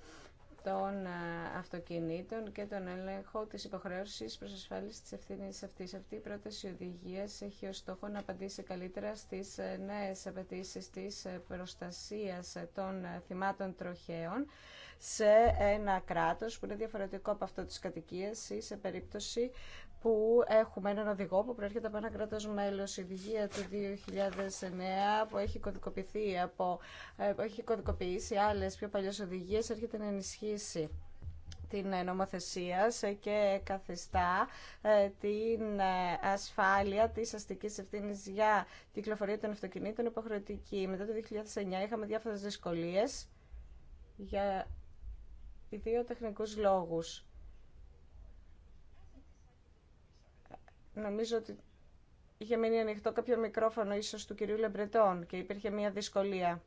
των ε, αυτοκινήτων και τον έλεγχο της υποχρέωσης προς ασφάλιση της ευθύνης αυτής. Αυτή η πρόταση οδηγίας έχει ως στόχο να απαντήσει καλύτερα στις ε, νέες απαιτήσει της ε, προστασίας των θυμάτων τροχαίων σε ένα κράτος που είναι διαφορετικό από αυτό της κατοικίας ή σε περίπτωση που έχουμε έναν οδηγό που προέρχεται από ένα κράτος μέλος η οδηγία του 2009 που έχει κωδικοποιηθεί ε, που έχει κωδικοποιήσει άλλες πιο παλιές οδηγίες έρχεται να ενισχύσει την ε, νομοθεσία και καθιστά ε, την ασφάλεια της αστικής ευθύνης για κυκλοφορία των αυτοκινήτων υποχρεωτική. Μετά το 2009 είχαμε διάφορες δυσκολίες για οι δύο τεχνικούς λόγους. Νομίζω ότι είχε μείνει ανοιχτό κάποιο μικρόφωνο ίσως του κυρίου Λεμπρετών και υπήρχε μια δυσκολία.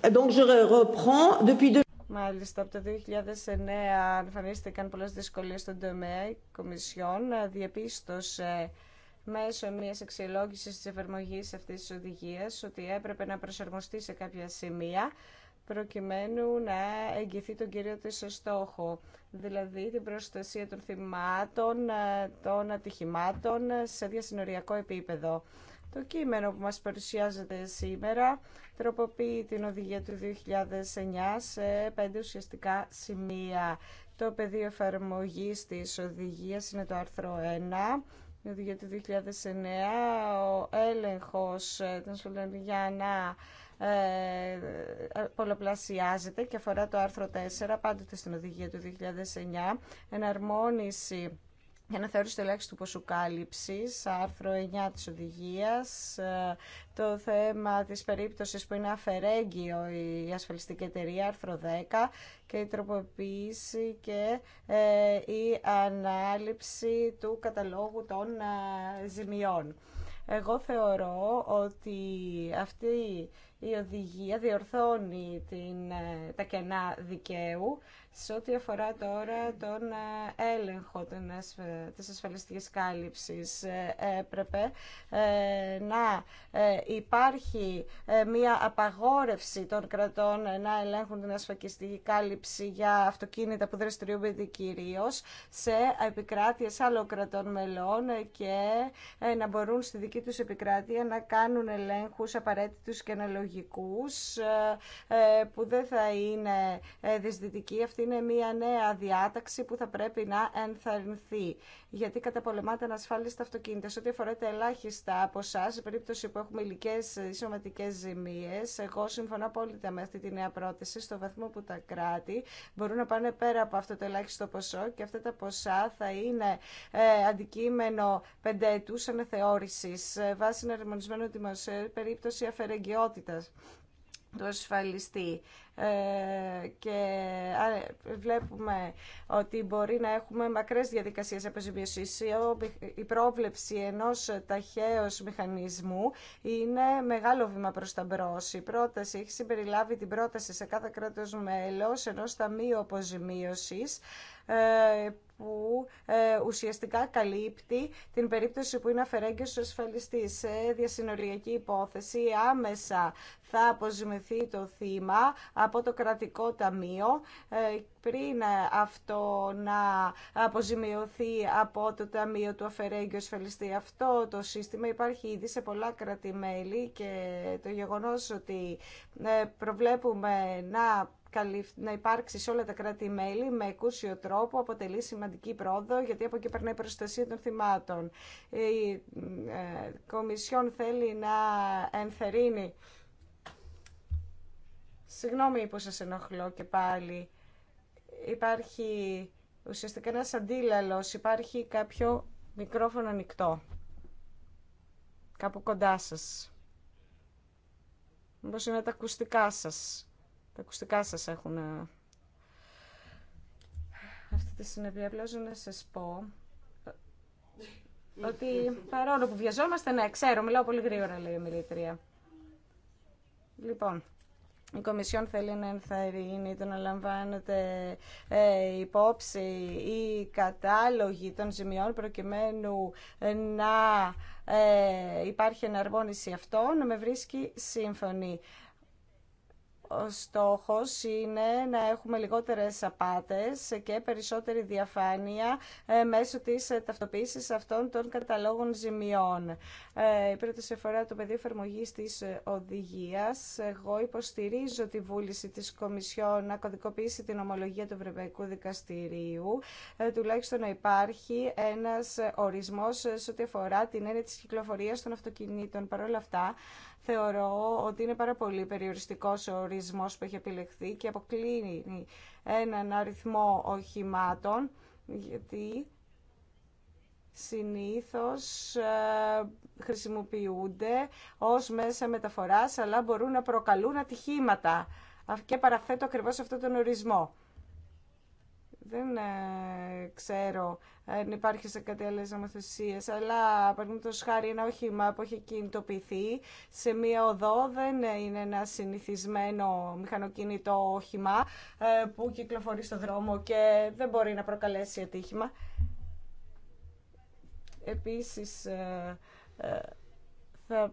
Ε, donc, je Μάλιστα, από το 2009 εμφανίστηκαν πολλές δυσκολίες στον τομέα. Η Κομισιόν μέσω μιας εξελόγησης της εφαρμογής αυτής της οδηγίας ότι έπρεπε να προσαρμοστεί σε κάποια σημεία προκειμένου να εγγυηθεί τον κύριο της στόχο, δηλαδή την προστασία των θυμάτων, ε, των ατυχημάτων σε διασυνοριακό επίπεδο. Το κείμενο που μας παρουσιάζεται σήμερα τροποποιεί την οδηγία του 2009 σε πέντε ουσιαστικά σημεία. Το πεδίο εφαρμογή της οδηγία είναι το άρθρο 1, η οδηγία του 2009, ο έλεγχος ε, των ε, πολλαπλασιάζεται και αφορά το άρθρο 4, πάντοτε στην οδηγία του 2009, εναρμόνιση για να θεωρήσει το ελάχιστο ποσού κάλυψη, άρθρο 9 της οδηγια ε, το θέμα τη περιπτωση που είναι αφαιρέγγυο η ασφαλιστική εταιρεία, άρθρο 10, και η τροποποίηση και ε, η ανάληψη του καταλόγου των ζημιών. Εγώ θεωρώ ότι αυτή η οδηγία διορθώνει την, ε, τα κενά δικαίου σε ό,τι αφορά τώρα τον ε, έλεγχο της ασφαλιστικής κάλυψης ε, έπρεπε ε, να υπάρχει μια απαγόρευση των κρατών να ελέγχουν την ασφαλιστική κάλυψη για αυτοκίνητα που δραστηριοποιούνται κυρίω σε επικράτειες άλλων κρατών μελών και να μπορούν στη δική τους επικράτεια να κάνουν ελέγχους απαραίτητους και αναλογικούς που δεν θα είναι δυσδυτικοί αυτή είναι μια νέα διάταξη που θα πρέπει να ενθαρρυνθεί. Γιατί καταπολεμάται ανασφάλιστα αυτοκίνητα. Σε ό,τι αφορά τα ελάχιστα από εσά, σε περίπτωση που έχουμε υλικέ ή σωματικέ ζημίε, εγώ συμφωνώ απόλυτα με αυτή τη νέα πρόταση, στο βαθμό που τα κράτη μπορούν να πάνε πέρα από αυτό το ελάχιστο ποσό και αυτά τα ποσά θα είναι ε, αντικείμενο πενταετού αναθεώρηση ε, βάσει ερμονισμένου δημοσίου περίπτωση αφαιρεγκαιότητα του ασφαλιστή ε, και βλέπουμε ότι μπορεί να έχουμε μακρές διαδικασίες αποζημίωσης. Η πρόβλεψη ενός ταχαίως μηχανισμού είναι μεγάλο βήμα προς τα μπρος. Η πρόταση έχει συμπεριλάβει την πρόταση σε κάθε κράτος μέλος ενός ταμείου αποζημίωσης ε, που ε, ουσιαστικά καλύπτει την περίπτωση που είναι αφαιρέγγιος ο ασφαλιστής σε διασυνοριακή υπόθεση. Άμεσα θα αποζημιωθεί το θύμα από το κρατικό ταμείο ε, πριν αυτό να αποζημιωθεί από το Ταμείο του Αφαιρέγγιου Ασφαλιστή. Αυτό το σύστημα υπάρχει ήδη σε πολλά και το γεγονός ότι προβλέπουμε να να υπάρξει σε όλα τα κράτη-μέλη με εκούσιο τρόπο αποτελεί σημαντική πρόοδο, γιατί από εκεί περνάει η προστασία των θυμάτων. Η ε, Κομισιόν θέλει να ενθερίνει. Συγγνώμη που σας ενοχλώ και πάλι. Υπάρχει ουσιαστικά ένας αντίλαλος, υπάρχει κάποιο μικρόφωνο ανοιχτό. Κάπου κοντά σας. Μήπως είναι τα ακουστικά σας. Τα ακουστικά σας έχουν ε, αυτή τη συνεπία. Απλώς να σας πω ε, ότι παρόλο που βιαζόμαστε, ναι, ξέρω, μιλάω πολύ γρήγορα, λέει η μιλήτρια. Λοιπόν, η Κομισιόν θέλει να ενθαρρύνει το να λαμβάνεται ε, υπόψη ή κατάλογοι των ζημιών προκειμένου να ε, υπάρχει εναρμόνιση αυτών, με βρίσκει σύμφωνη. Ο στόχος είναι να έχουμε λιγότερες απάτες και περισσότερη διαφάνεια ε, μέσω της ε, ταυτοποίησης αυτών των καταλόγων ζημιών. Ε, η πρώτη φορά το πεδίο εφαρμογή της οδηγίας. Εγώ υποστηρίζω τη βούληση της Κομισιόν να κωδικοποιήσει την ομολογία του Ευρωπαϊκού Δικαστηρίου, τουλάχιστον να υπάρχει ένας ορισμός σε ό,τι αφορά την έννοια της κυκλοφορίας των αυτοκινήτων. Παρ' όλα αυτά, θεωρώ ότι είναι πάρα πολύ περιοριστικός ο ορισμός που έχει επιλεχθεί και αποκλίνει έναν αριθμό οχημάτων, γιατί συνήθως ε, χρησιμοποιούνται ως μέσα μεταφοράς, αλλά μπορούν να προκαλούν ατυχήματα. Και παραθέτω ακριβώς αυτόν τον ορισμό δεν ε, ξέρω αν υπάρχει σε κάτι άλλε νομοθεσίες, αλλά παραδείγματο χάρη ένα όχημα που έχει κινητοποιηθεί σε μία οδό δεν είναι ένα συνηθισμένο μηχανοκίνητο όχημα ε, που κυκλοφορεί στο δρόμο και δεν μπορεί να προκαλέσει ατύχημα. Επίσης, ε, θα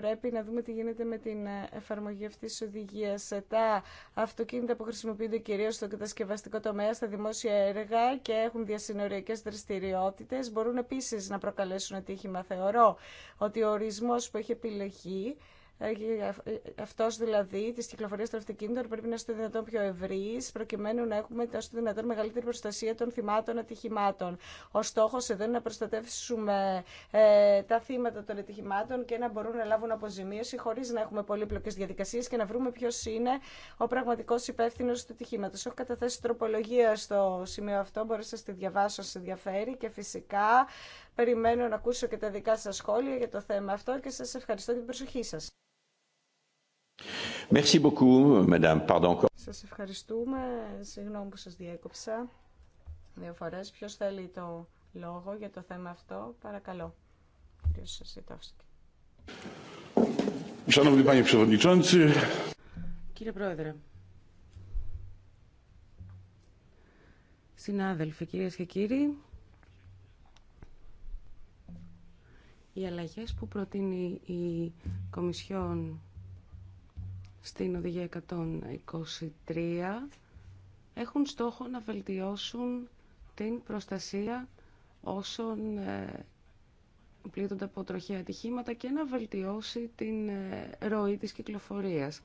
πρέπει να δούμε τι γίνεται με την ε, εφαρμογή αυτή τη οδηγία. Τα αυτοκίνητα που χρησιμοποιούνται κυρίως στο κατασκευαστικό τομέα, στα δημόσια έργα και έχουν διασυνοριακές δραστηριότητες μπορούν επίσης να προκαλέσουν ατύχημα. Θεωρώ ότι ο ορισμό που έχει επιλεγεί ε, αυτό δηλαδή τη κυκλοφορία των αυτοκίνητων πρέπει να είναι στο δυνατόν πιο ευρύ, προκειμένου να έχουμε τόσο δυνατόν μεγαλύτερη προστασία των θυμάτων ατυχημάτων. Ο στόχο εδώ είναι να προστατεύσουμε ε, τα θύματα των ατυχημάτων και να μπορούν να λάβουν αποζημίωση χωρί να έχουμε πολύπλοκε διαδικασίε και να βρούμε ποιο είναι ο πραγματικό υπεύθυνο του ατυχήματο. Έχω καταθέσει τροπολογία στο σημείο αυτό, μπορεί να τη διαβάσω αν σα ενδιαφέρει και φυσικά περιμένω να ακούσω και τα δικά σα σχόλια για το θέμα αυτό και σα ευχαριστώ για την προσοχή σα. Merci Σας ευχαριστούμε. Συγγνώμη που σας διέκοψα δύο φορές. Ποιος θέλει το λόγο για το θέμα αυτό, παρακαλώ. Κύριε Πρόεδρε, συνάδελφοι, κυρίες και κύριοι, οι αλλαγές που προτείνει η Κομισιόν στην Οδηγία 123 έχουν στόχο να βελτιώσουν την προστασία όσων ε, πλήττονται από τροχαία ατυχήματα και να βελτιώσει την ε, ροή της κυκλοφορίας.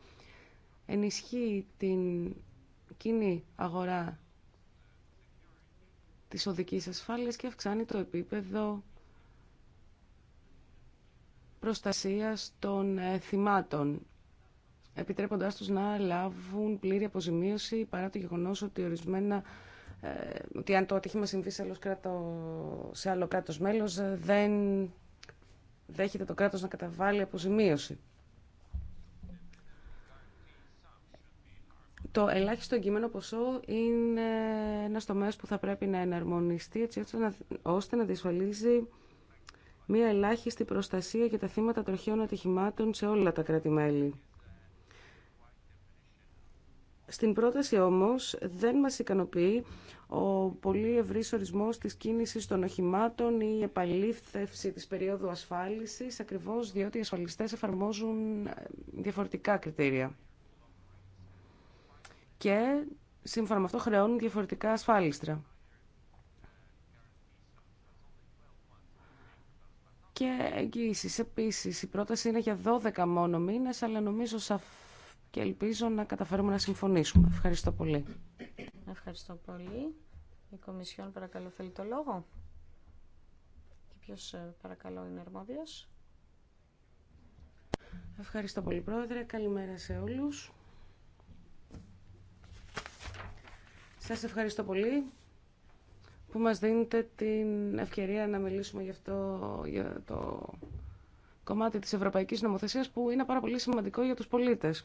Ενισχύει την κοινή αγορά της οδικής ασφάλειας και αυξάνει το επίπεδο προστασίας των ε, θυμάτων επιτρέποντάς τους να λάβουν πλήρη αποζημίωση παρά το γεγονός ότι ορισμένα ε, ότι αν το ατύχημα συμβεί σε άλλο, κράτο, σε κράτος μέλος δεν δέχεται το κράτος να καταβάλει αποζημίωση. Το ελάχιστο εγκείμενο ποσό είναι ένα τομέα που θα πρέπει να εναρμονιστεί έτσι ώστε να διασφαλίζει μια ελάχιστη προστασία για τα θύματα τροχαίων ατυχημάτων σε όλα τα κράτη-μέλη. Στην πρόταση όμως δεν μας ικανοποιεί ο πολύ ευρύς ορισμός της κίνησης των οχημάτων ή η επαλήθευση της περίοδου ασφάλισης, ακριβώς διότι οι ασφαλιστές εφαρμόζουν ε, διαφορετικά κριτήρια. Και σύμφωνα με αυτό χρεώνουν διαφορετικά ασφάλιστρα. Και εγγύησεις επίσης. Η πρόταση συμφωνα με αυτο χρεωνουν διαφορετικα ασφαλιστρα και εγγυησης επισης η προταση ειναι για 12 μόνο μήνες, αλλά νομίζω σαφ και ελπίζω να καταφέρουμε να συμφωνήσουμε. Ευχαριστώ πολύ. Ευχαριστώ πολύ. Η Κομισιόν παρακαλώ θέλει το λόγο. Και ποιος ε, παρακαλώ είναι αρμόδιος. Ευχαριστώ πολύ Πρόεδρε. Καλημέρα σε όλους. Σας ευχαριστώ πολύ που μας δίνετε την ευκαιρία να μιλήσουμε γι' αυτό, για το κομμάτι της Ευρωπαϊκής Νομοθεσίας που είναι πάρα πολύ σημαντικό για τους πολίτες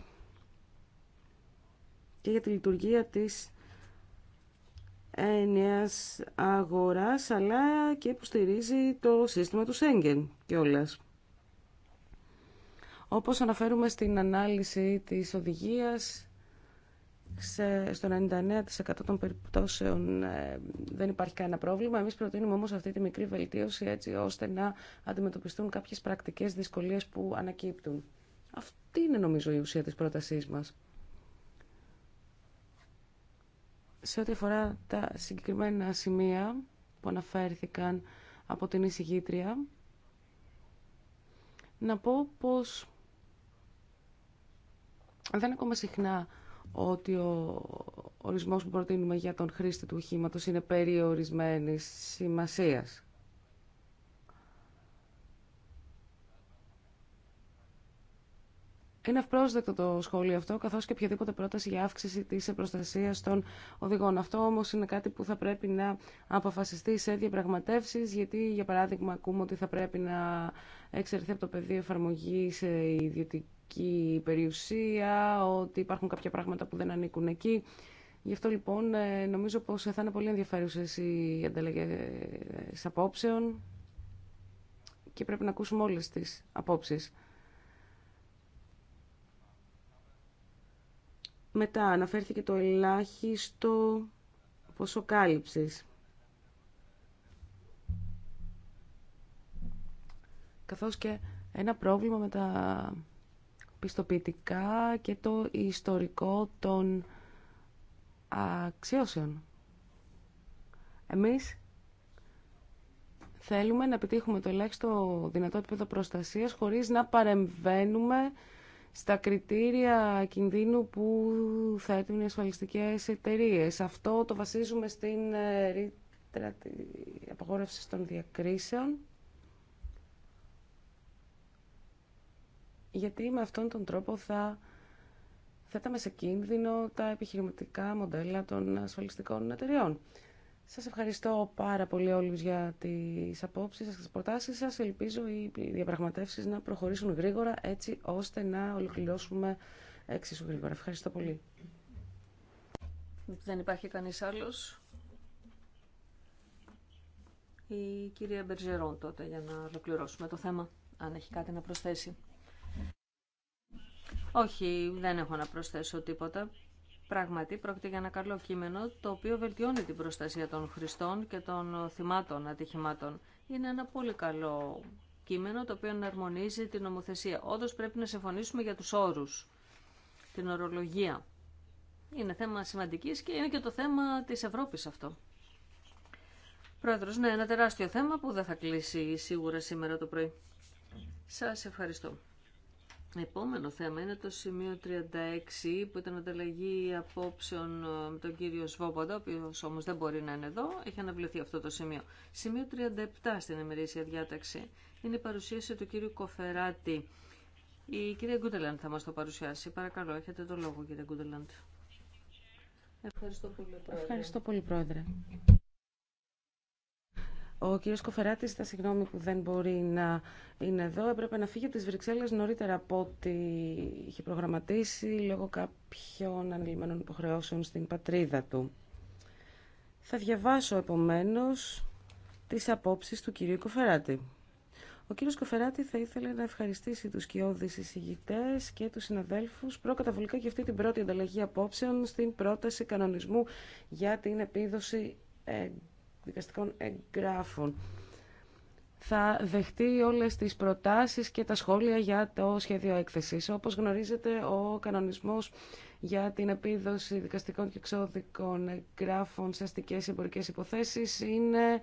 και για τη λειτουργία της ενιαίας αγοράς αλλά και υποστηρίζει το σύστημα του Σέγγεν όλας. Όπως αναφέρουμε στην ανάλυση της οδηγίας, σε, στο 99% των περιπτώσεων ε, δεν υπάρχει κανένα πρόβλημα. Εμείς προτείνουμε όμως αυτή τη μικρή βελτίωση έτσι ώστε να αντιμετωπιστούν κάποιες πρακτικές δυσκολίες που ανακύπτουν. Αυτή είναι νομίζω η ουσία της πρότασής μας. σε ό,τι αφορά τα συγκεκριμένα σημεία που αναφέρθηκαν από την εισηγήτρια, να πω πως δεν ακόμα συχνά ότι ο ορισμός που προτείνουμε για τον χρήστη του οχήματος είναι περιορισμένης σημασίας. Είναι ευπρόσδεκτο το σχόλιο αυτό, καθώ και οποιαδήποτε πρόταση για αύξηση τη προστασία των οδηγών. Αυτό όμω είναι κάτι που θα πρέπει να αποφασιστεί σε διαπραγματεύσει, γιατί για παράδειγμα ακούμε ότι θα πρέπει να εξαιρεθεί από το πεδίο εφαρμογή σε ιδιωτική περιουσία, ότι υπάρχουν κάποια πράγματα που δεν ανήκουν εκεί. Γι' αυτό λοιπόν ε, νομίζω πω θα είναι πολύ ενδιαφέρουσε οι ανταλλαγέ απόψεων και πρέπει να ακούσουμε όλε τι απόψει. Μετά αναφέρθηκε το ελάχιστο ποσό κάλυψης. Καθώς και ένα πρόβλημα με τα πιστοποιητικά και το ιστορικό των αξιώσεων. Εμείς θέλουμε να επιτύχουμε το ελάχιστο δυνατό επίπεδο προστασίας χωρίς να παρεμβαίνουμε στα κριτήρια κινδύνου που έτουν οι ασφαλιστικές εταιρείε. Αυτό το βασίζουμε στην ε, ρήτρα απαγόρευση των διακρίσεων. Γιατί με αυτόν τον τρόπο θα θέταμε σε κίνδυνο τα επιχειρηματικά μοντέλα των ασφαλιστικών εταιριών. Σας ευχαριστώ πάρα πολύ όλους για τις απόψεις σας τις προτάσεις σας. Ελπίζω οι διαπραγματεύσεις να προχωρήσουν γρήγορα έτσι ώστε να ολοκληρώσουμε έξισου γρήγορα. Ευχαριστώ πολύ. Δεν υπάρχει κανείς άλλος. Η κυρία Μπερζερόν τότε για να ολοκληρώσουμε το θέμα, αν έχει κάτι να προσθέσει. Όχι, δεν έχω να προσθέσω τίποτα. Πράγματι, πρόκειται για ένα καλό κείμενο το οποίο βελτιώνει την προστασία των χρηστών και των θυμάτων ατυχημάτων. Είναι ένα πολύ καλό κείμενο το οποίο εναρμονίζει την νομοθεσία. Όντω πρέπει να συμφωνήσουμε για του όρου, την ορολογία. Είναι θέμα σημαντική και είναι και το θέμα τη Ευρώπη αυτό. Πρόεδρος, ναι, ένα τεράστιο θέμα που δεν θα κλείσει σίγουρα σήμερα το πρωί. Σας ευχαριστώ. Επόμενο θέμα είναι το σημείο 36 που ήταν ανταλλαγή απόψεων ε, με τον κύριο Σβόποντα, ο οποίο όμω δεν μπορεί να είναι εδώ, έχει αναβληθεί αυτό το σημείο. Σημείο 37 στην ημερήσια διάταξη είναι η παρουσίαση του κύριου Κοφεράτη. Η κυρία Γκούντελαντ θα μας το παρουσιάσει. Παρακαλώ, έχετε το λόγο κύριε Γκούντελαντ. Ευχαριστώ πολύ, Πρόεδρε. Ευχαριστώ πολύ, Πρόεδρε. Ο κύριος Κοφεράτη, τα συγγνώμη που δεν μπορεί να είναι εδώ, έπρεπε να φύγει από τι Βρυξέλλες νωρίτερα από ό,τι είχε προγραμματίσει λόγω κάποιων ανελημμένων υποχρεώσεων στην πατρίδα του. Θα διαβάσω επομένως τις απόψεις του κυρίου Κοφεράτη. Ο κύριος Κοφεράτη θα ήθελε να ευχαριστήσει τους κοιόδης εισηγητέ και τους συναδέλφους προκαταβολικά για αυτή την πρώτη ανταλλαγή απόψεων στην πρόταση κανονισμού για την επίδοση δικαστικών εγγράφων. Θα δεχτεί όλες τις προτάσεις και τα σχόλια για το σχέδιο έκθεσης. Όπως γνωρίζετε, ο κανονισμός για την επίδοση δικαστικών και εξώδικων εγγράφων σε αστικές εμπορικές υποθέσεις είναι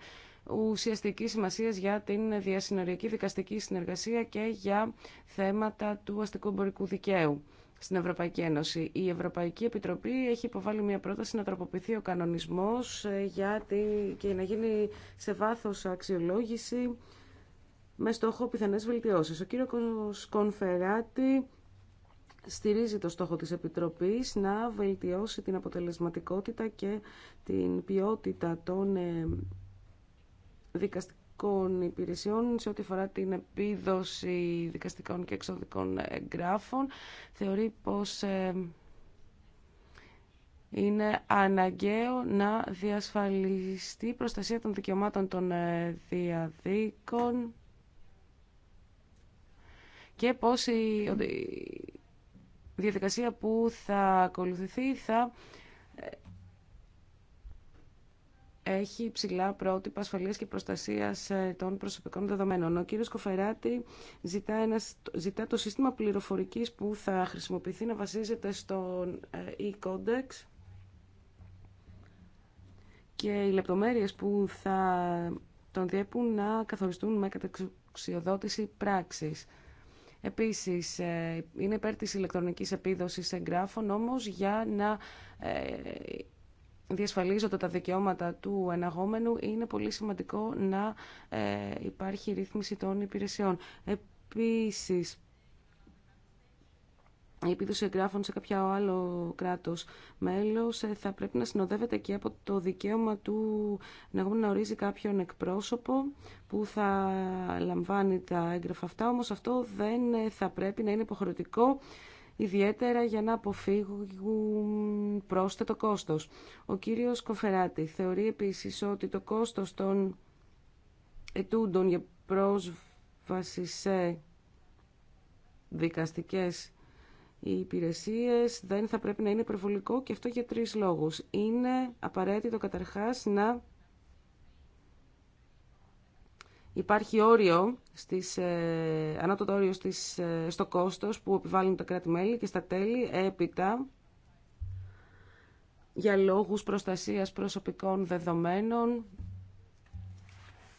ουσιαστική σημασία για την διασυνοριακή δικαστική συνεργασία και για θέματα του αστικού εμπορικού δικαίου στην Ευρωπαϊκή Ένωση. Η Ευρωπαϊκή Επιτροπή έχει υποβάλει μια πρόταση να τροποποιηθεί ο κανονισμός ε, και να γίνει σε βάθος αξιολόγηση με στόχο πιθανές βελτιώσεις. Ο κύριο Κονφεράτη στηρίζει το στόχο της Επιτροπής να βελτιώσει την αποτελεσματικότητα και την ποιότητα των ε, δικαστικών δικαστικών σε ό,τι αφορά την επίδοση δικαστικών και εξωδικών εγγράφων. Θεωρεί πως ε, είναι αναγκαίο να διασφαλιστεί η προστασία των δικαιωμάτων των ε, διαδίκων και πως η διαδικασία που θα ακολουθηθεί θα έχει υψηλά πρότυπα ασφαλεία και προστασία ε, των προσωπικών δεδομένων. Ο κύριος Κοφεράτη ζητά, ένα, ζητά το σύστημα πληροφορικής που θα χρησιμοποιηθεί να βασίζεται στον ε, e-codex και οι λεπτομέρειες που θα τον διέπουν να καθοριστούν με καταξιοδότηση πράξης. Επίσης, ε, είναι υπέρ της ηλεκτρονικής επίδοσης εγγράφων, όμως για να διασφαλίζονται τα δικαιώματα του εναγόμενου, είναι πολύ σημαντικό να ε, υπάρχει ρύθμιση των υπηρεσιών. Επίσης, η επίδοση εγγράφων σε κάποιο άλλο κράτος μέλος ε, θα πρέπει να συνοδεύεται και από το δικαίωμα του να να ορίζει κάποιον εκπρόσωπο που θα λαμβάνει τα έγγραφα αυτά, όμως αυτό δεν ε, θα πρέπει να είναι υποχρεωτικό ιδιαίτερα για να αποφύγουν πρόσθετο κόστος. Ο κύριος Κοφεράτη θεωρεί επίσης ότι το κόστος των ετούντων για πρόσβαση σε δικαστικές οι υπηρεσίες δεν θα πρέπει να είναι προβολικό και αυτό για τρεις λόγους. Είναι απαραίτητο καταρχάς να Υπάρχει όριο, στις, ε, ανά όριο στις, ε, στο κόστος που επιβάλλουν τα κράτη-μέλη και στα τέλη έπειτα για λόγους προστασίας προσωπικών δεδομένων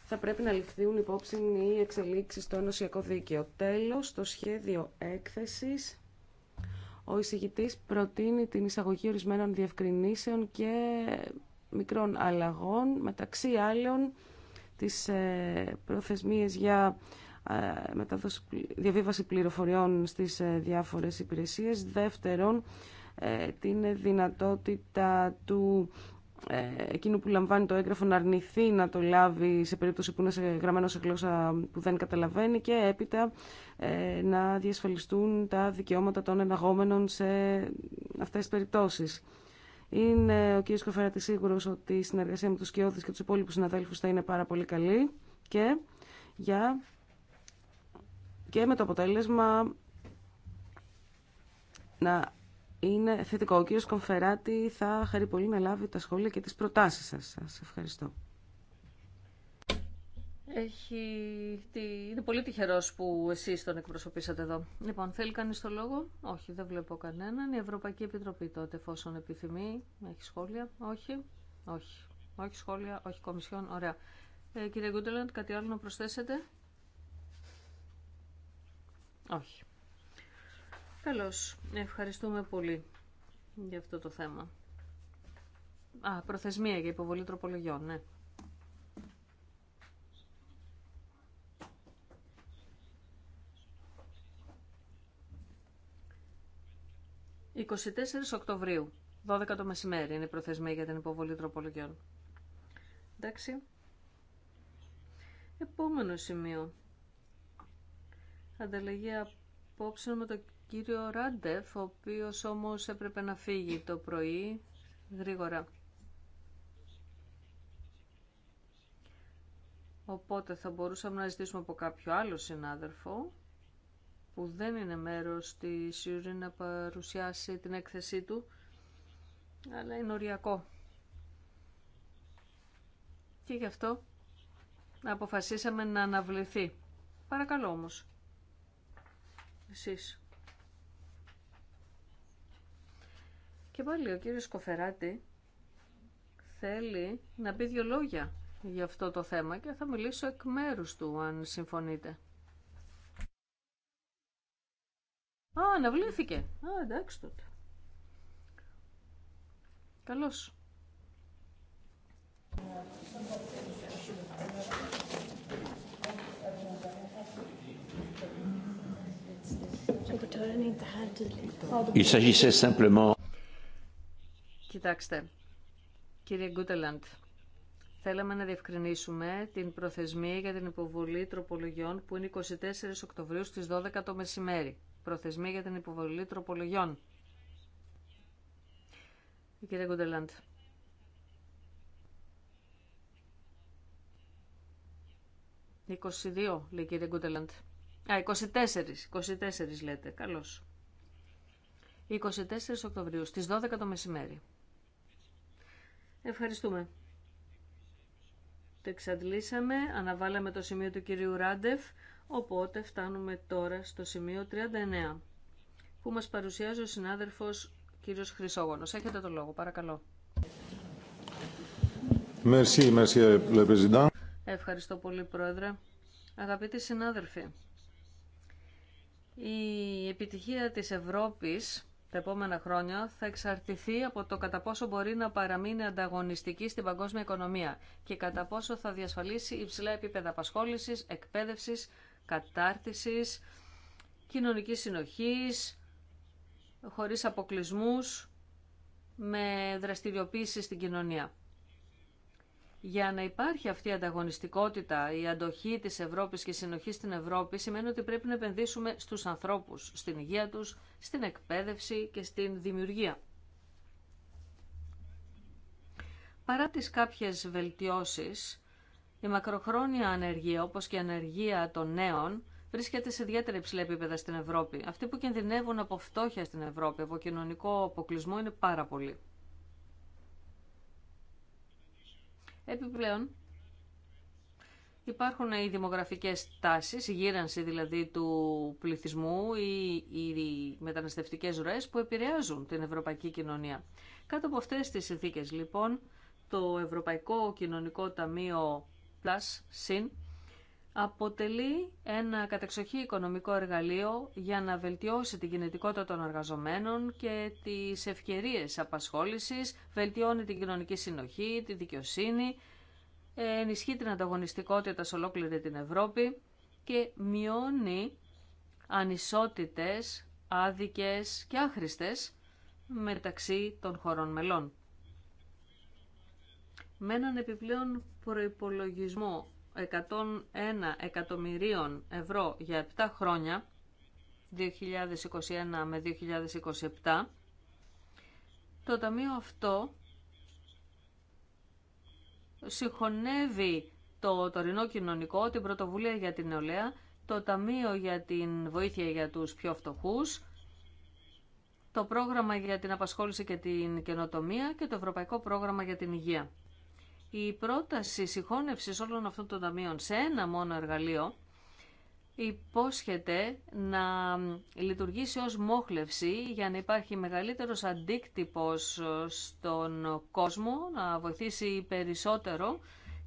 θα πρέπει να ληφθούν υπόψη οι εξελίξεις στο ενωσιακό δίκαιο. Τέλος, το σχέδιο έκθεσης. Ο εισηγητής προτείνει την εισαγωγή ορισμένων διευκρινήσεων και μικρών αλλαγών, μεταξύ άλλων τις ε, προθεσμίες για ε, μεταδόση, διαβίβαση πληροφοριών στις ε, διάφορες υπηρεσίες. Δεύτερον, την δυνατότητα του εκείνου που λαμβάνει το έγγραφο να αρνηθεί να το λάβει σε περίπτωση που είναι σε γραμμένο σε γλώσσα που δεν καταλαβαίνει και έπειτα να διασφαλιστούν τα δικαιώματα των εναγόμενων σε αυτές τις περιπτώσεις. Είναι ο κ. Κοφεράτη σίγουρο ότι η συνεργασία με τους Κιώδη και τους υπόλοιπου συναδέλφου θα είναι πάρα πολύ καλή και, για... και με το αποτέλεσμα να είναι θετικό. Ο κ. Κοφεράτη θα χαρεί πολύ να λάβει τα σχόλια και τις προτάσεις σας. Σας ευχαριστώ. Έχει... Είναι πολύ τυχερός που εσείς τον εκπροσωπήσατε εδώ. Λοιπόν, θέλει κανεί το λόγο. Όχι, δεν βλέπω κανέναν. Η Ευρωπαϊκή Επιτροπή τότε, εφόσον επιθυμεί. Έχει σχόλια. Όχι. Όχι. Όχι σχόλια. Όχι κομισιόν. Ωραία. Ε, κύριε Γκούντελαντ, κάτι άλλο να προσθέσετε. Όχι. Καλώ. Ευχαριστούμε πολύ για αυτό το θέμα. Α, προθεσμία για υποβολή τροπολογιών, ναι. 24 Οκτωβρίου, 12 το μεσημέρι είναι η προθεσμία για την υποβολή τροπολογιών. Εντάξει. Επόμενο σημείο. Ανταλλαγή απόψε με τον κύριο Ράντεφ, ο οποίος όμως έπρεπε να φύγει το πρωί γρήγορα. Οπότε θα μπορούσαμε να ζητήσουμε από κάποιο άλλο συνάδελφο που δεν είναι μέρος τη Ιουρή να παρουσιάσει την έκθεσή του, αλλά είναι οριακό. Και γι' αυτό αποφασίσαμε να αναβληθεί. Παρακαλώ όμως. Εσείς. Και πάλι ο κύριος Κοφεράτη θέλει να πει δύο λόγια για αυτό το θέμα και θα μιλήσω εκ μέρους του αν συμφωνείτε. Α, αναβλήθηκε. Α, εντάξει τότε. Καλώς. Κοιτάξτε, κύριε Γκούτελαντ, θέλαμε να διευκρινίσουμε την προθεσμία για την υποβολή τροπολογιών που είναι 24 Οκτωβρίου στις 12 το μεσημέρι προθεσμία για την υποβολή τροπολογιών. Η κυρία 22, λέει κύριε Γκούτελαντ. Α, 24, 24 λέτε. Καλώς. 24 Οκτωβρίου, στις 12 το μεσημέρι. Ευχαριστούμε. Το εξαντλήσαμε, αναβάλαμε το σημείο του κυρίου Ράντεφ. Οπότε φτάνουμε τώρα στο σημείο 39 που μας παρουσιάζει ο συνάδελφος κύριος Χρυσόγονος. Έχετε το λόγο, παρακαλώ. Merci, merci, le président. Ευχαριστώ πολύ, Πρόεδρε. Αγαπητοί συνάδελφοι, η επιτυχία της Ευρώπης τα επόμενα χρόνια θα εξαρτηθεί από το κατά πόσο μπορεί να παραμείνει ανταγωνιστική στην παγκόσμια οικονομία και κατά πόσο θα διασφαλίσει υψηλά επίπεδα απασχόλησης, εκπαίδευσης, κατάρτισης, κοινωνικής συνοχής, χωρίς αποκλεισμούς, με δραστηριοποίηση στην κοινωνία. Για να υπάρχει αυτή η ανταγωνιστικότητα, η αντοχή της Ευρώπης και η συνοχή στην Ευρώπη σημαίνει ότι πρέπει να επενδύσουμε στους ανθρώπους, στην υγεία τους, στην εκπαίδευση και στην δημιουργία. Παρά τις κάποιες βελτιώσεις, η μακροχρόνια ανεργία, όπως και η ανεργία των νέων, βρίσκεται σε ιδιαίτερα υψηλά επίπεδα στην Ευρώπη. Αυτοί που κινδυνεύουν από φτώχεια στην Ευρώπη, από κοινωνικό αποκλεισμό, είναι πάρα πολλοί. Επιπλέον, υπάρχουν οι δημογραφικές τάσεις, η γύρανση δηλαδή του πληθυσμού ή οι μεταναστευτικές ροές που επηρεάζουν την ευρωπαϊκή κοινωνία. Κάτω από αυτές τις συνθήκες λοιπόν, το Ευρωπαϊκό Κοινωνικό Ταμείο αποτελεί ένα κατεξοχή οικονομικό εργαλείο για να βελτιώσει την κινητικότητα των εργαζομένων και τις ευκαιρίες απασχόλησης, βελτιώνει την κοινωνική συνοχή, τη δικαιοσύνη, ενισχύει την ανταγωνιστικότητα σε ολόκληρη την Ευρώπη και μειώνει ανισότητες, άδικες και άχρηστες μεταξύ των χωρών μελών. Με επιπλέον προϋπολογισμό 101 εκατομμυρίων ευρώ για 7 χρόνια, 2021 με 2027, το ταμείο αυτό συγχωνεύει το τωρινό κοινωνικό, την πρωτοβουλία για την νεολαία, το Ταμείο για την Βοήθεια για τους Πιο Φτωχούς, το Πρόγραμμα για την Απασχόληση και την Καινοτομία και το Ευρωπαϊκό Πρόγραμμα για την Υγεία η πρόταση συγχώνευσης όλων αυτών των ταμείων σε ένα μόνο εργαλείο υπόσχεται να λειτουργήσει ως μόχλευση για να υπάρχει μεγαλύτερος αντίκτυπος στον κόσμο, να βοηθήσει περισσότερο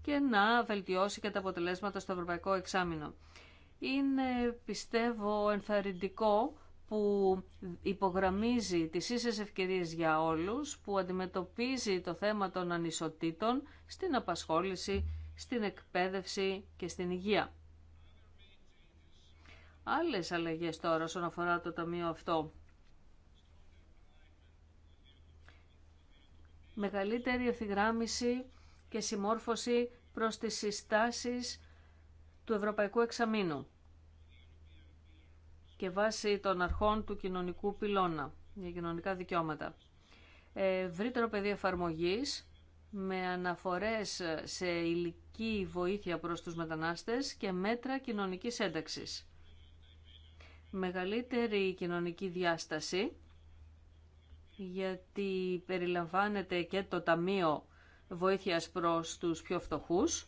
και να βελτιώσει και τα αποτελέσματα στο ευρωπαϊκό εξάμεινο. Είναι, πιστεύω, ενθαρρυντικό που υπογραμμίζει τις ίσες ευκαιρίες για όλους, που αντιμετωπίζει το θέμα των ανισοτήτων στην απασχόληση, στην εκπαίδευση και στην υγεία. Άλλες αλλαγές τώρα όσον αφορά το ταμείο αυτό. Μεγαλύτερη ευθυγράμμιση και συμμόρφωση προς τις συστάσεις του Ευρωπαϊκού Εξαμήνου και βάσει των αρχών του κοινωνικού πυλώνα για κοινωνικά δικαιώματα. Ε, ευρύτερο πεδίο εφαρμογή με αναφορές σε ηλική βοήθεια προς τους μετανάστες και μέτρα κοινωνικής ένταξης. Μεγαλύτερη κοινωνική διάσταση, γιατί περιλαμβάνεται και το Ταμείο Βοήθειας προς τους πιο φτωχούς.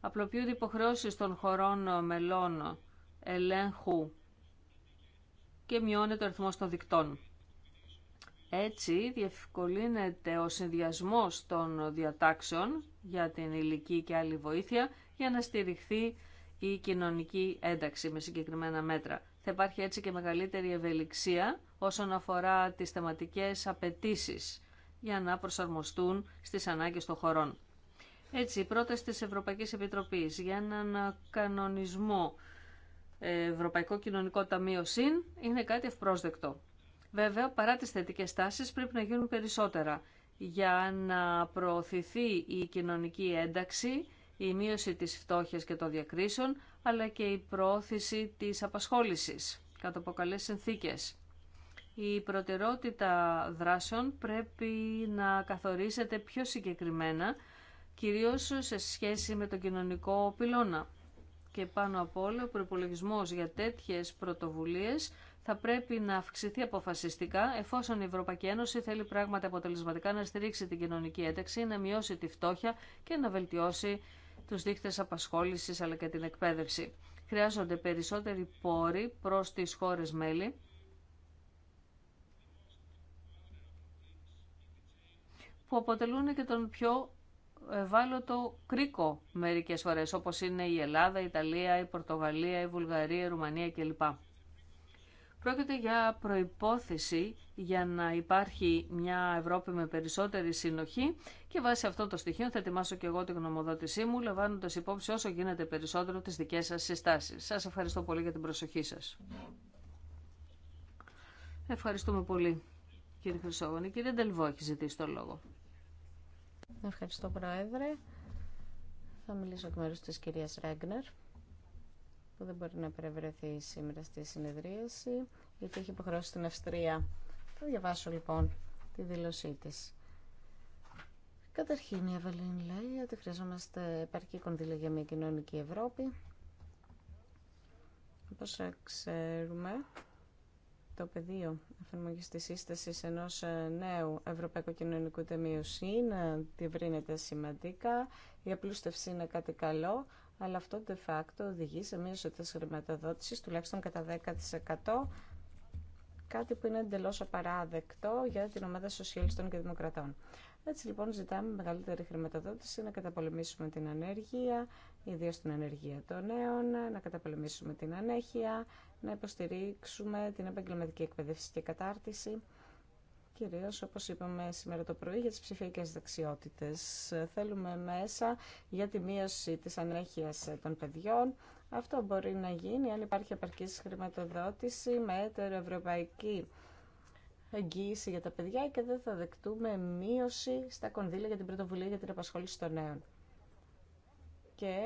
Απλοποιούνται υποχρεώσεις των χωρών μελών ελέγχου και μειώνεται ο αριθμός των δικτών. Έτσι διευκολύνεται ο συνδυασμός των διατάξεων για την ηλική και άλλη βοήθεια για να στηριχθεί η κοινωνική ένταξη με συγκεκριμένα μέτρα. Θα υπάρχει έτσι και μεγαλύτερη ευελιξία όσον αφορά τις θεματικές απαιτήσει για να προσαρμοστούν στις ανάγκες των χωρών. Έτσι, η πρόταση της Ευρωπαϊκής Επιτροπής για έναν κανονισμό Ευρωπαϊκό Κοινωνικό Ταμείο ΣΥΝ είναι κάτι ευπρόσδεκτο. Βέβαια, παρά τις θετικές τάσεις πρέπει να γίνουν περισσότερα για να προωθηθεί η κοινωνική ένταξη, η μείωση της φτώχειας και των διακρίσεων, αλλά και η προώθηση της απασχόλησης κατά από καλές Η προτερότητα δράσεων πρέπει να καθορίζεται πιο συγκεκριμένα, κυρίως σε σχέση με τον κοινωνικό πυλώνα και πάνω απ' όλα ο προπολογισμό για τέτοιε πρωτοβουλίες θα πρέπει να αυξηθεί αποφασιστικά εφόσον η Ευρωπαϊκή Ένωση θέλει πράγματα αποτελεσματικά να στηρίξει την κοινωνική ένταξη, να μειώσει τη φτώχεια και να βελτιώσει του δείχτε απασχόλησης αλλά και την εκπαίδευση. Χρειάζονται περισσότεροι πόροι προ τι χώρε μέλη που αποτελούν και τον πιο το κρίκο μερικές φορές, όπως είναι η Ελλάδα, η Ιταλία, η Πορτογαλία, η Βουλγαρία, η Ρουμανία κλπ. Πρόκειται για προϋπόθεση για να υπάρχει μια Ευρώπη με περισσότερη συνοχή και βάσει αυτό το στοιχείο θα ετοιμάσω και εγώ την γνωμοδότησή μου, λαμβάνοντα υπόψη όσο γίνεται περισσότερο τις δικές σας συστάσεις. Σας ευχαριστώ πολύ για την προσοχή σας. Ευχαριστούμε πολύ κύριε Χρυσόγονη. Κύριε Ντελβό έχει ζητήσει το λόγο. Ευχαριστώ, Πρόεδρε. Θα μιλήσω εκ μέρους της κυρίας Ρέγκνερ, που δεν μπορεί να παρευρεθεί σήμερα στη συνεδρίαση, γιατί έχει υποχρεώσει στην Αυστρία. Θα διαβάσω, λοιπόν, τη δήλωσή της. Καταρχήν, η Αβελίν λέει ότι χρειαζόμαστε επαρκή κονδύλια για μια κοινωνική Ευρώπη. Όπως ξέρουμε, το πεδίο εφαρμογή τη σύσταση ενό ε, νέου Ευρωπαϊκού Κοινωνικού Ταμείου ΣΥΝ διευρύνεται σημαντικά, η απλούστευση είναι κάτι καλό, αλλά αυτό de facto οδηγεί σε μείωση τη χρηματοδότηση τουλάχιστον κατά 10%, κάτι που είναι εντελώ απαράδεκτο για την ομάδα σοσιαλιστών και δημοκρατών. Έτσι λοιπόν ζητάμε μεγαλύτερη χρηματοδότηση, να καταπολεμήσουμε την ανέργεια, ιδίω την ανεργία των νέων, να καταπολεμήσουμε την ανέχεια, να υποστηρίξουμε την επαγγελματική εκπαίδευση και κατάρτιση, κυρίως όπως είπαμε σήμερα το πρωί για τις ψηφιακές δεξιότητες. Θέλουμε μέσα για τη μείωση της ανέχειας των παιδιών. Αυτό μπορεί να γίνει αν υπάρχει επαρκής χρηματοδότηση με ευρωπαϊκή εγγύηση για τα παιδιά και δεν θα δεκτούμε μείωση στα κονδύλια για την πρωτοβουλία για την απασχόληση των νέων και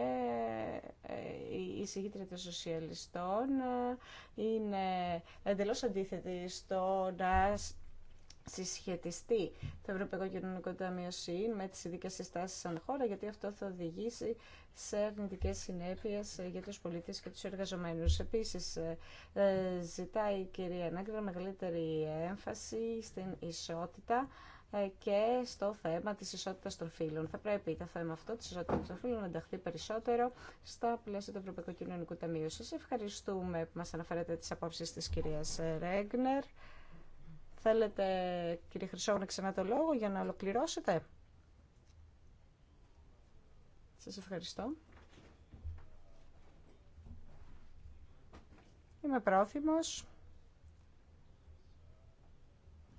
ε, η συγκήτρια των σοσιαλιστών ε, είναι εντελώς αντίθετη στο να συσχετιστεί το Ευρωπαϊκό Κοινωνικό Ταμείο ΣΥΝ με τις ειδικέ συστάσεις σαν χώρα, γιατί αυτό θα οδηγήσει σε αρνητικέ συνέπειε για τους πολίτες και τους εργαζομένους. Επίσης, ε, ζητάει η κυρία Νέγκρα μεγαλύτερη έμφαση στην ισότητα ε, και στο θέμα της ισότητας των φύλων. Θα πρέπει το θέμα αυτό της ισότητας των φύλων να ενταχθεί περισσότερο στα πλαίσια του Ευρωπαϊκού Κοινωνικού Ταμείου. Σας ευχαριστούμε που μας αναφέρετε τις απόψεις της κυρίας Ρέγνερ. Θέλετε, κύριε Χρυσόγνα, ξανά το λόγο για να ολοκληρώσετε. Σας ευχαριστώ. Είμαι πρόθυμος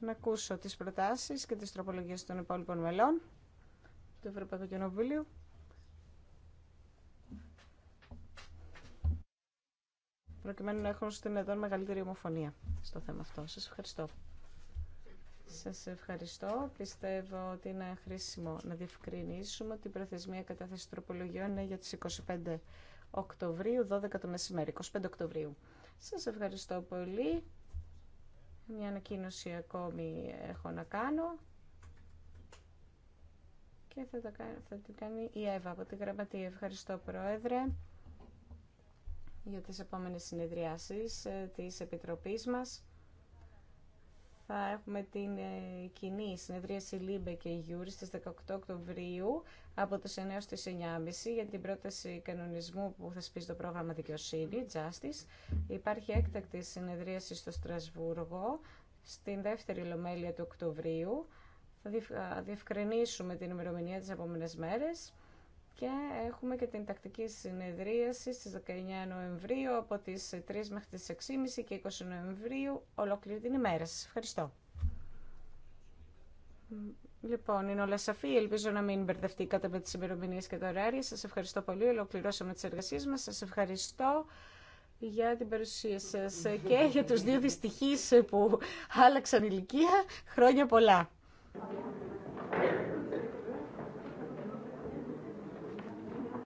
να ακούσω τις προτάσεις και τις τροπολογίες των υπόλοιπων μελών του Ευρωπαϊκού Κοινοβουλίου. προκειμένου να έχουν στην εδώ μεγαλύτερη ομοφωνία στο θέμα αυτό. Σας ευχαριστώ. Σας ευχαριστώ. Πιστεύω ότι είναι χρήσιμο να διευκρινίσουμε ότι η προθεσμία κατάθεση τροπολογιών είναι για τις 25 Οκτωβρίου, 12 το μεσημέρι, 25 Οκτωβρίου. Σας ευχαριστώ πολύ. Μια ανακοίνωση ακόμη έχω να κάνω και θα, θα την κάνει η Εύα από τη Γραμματεία. Ευχαριστώ Πρόεδρε για τις επόμενες συνεδριάσεις ε, της Επιτροπής μας θα έχουμε την ε, κοινή συνεδρίαση Λίμπε και Γιούρι στις 18 Οκτωβρίου από τις 9 στις 9.30 για την πρόταση κανονισμού που θα σπίσει το πρόγραμμα δικαιοσύνη, Justice. Υπάρχει έκτακτη συνεδρίαση στο Στρασβούργο στην δεύτερη λομέλεια του Οκτωβρίου. Θα διευκρινίσουμε την ημερομηνία τις επόμενες μέρες. Και έχουμε και την τακτική συνεδρίαση στις 19 Νοεμβρίου από τις 3 μέχρι τις 6.30 και 20 Νοεμβρίου ολόκληρη την ημέρα. Σας ευχαριστώ. Λοιπόν, είναι όλα σαφή. Ελπίζω να μην μπερδευτήκατε με τι ημερομηνίε και τα ωράρια. Σα ευχαριστώ πολύ. Ολοκληρώσαμε τι εργασίε μα. Σα ευχαριστώ για την παρουσία σα και για του δύο δυστυχεί που άλλαξαν ηλικία. Χρόνια πολλά.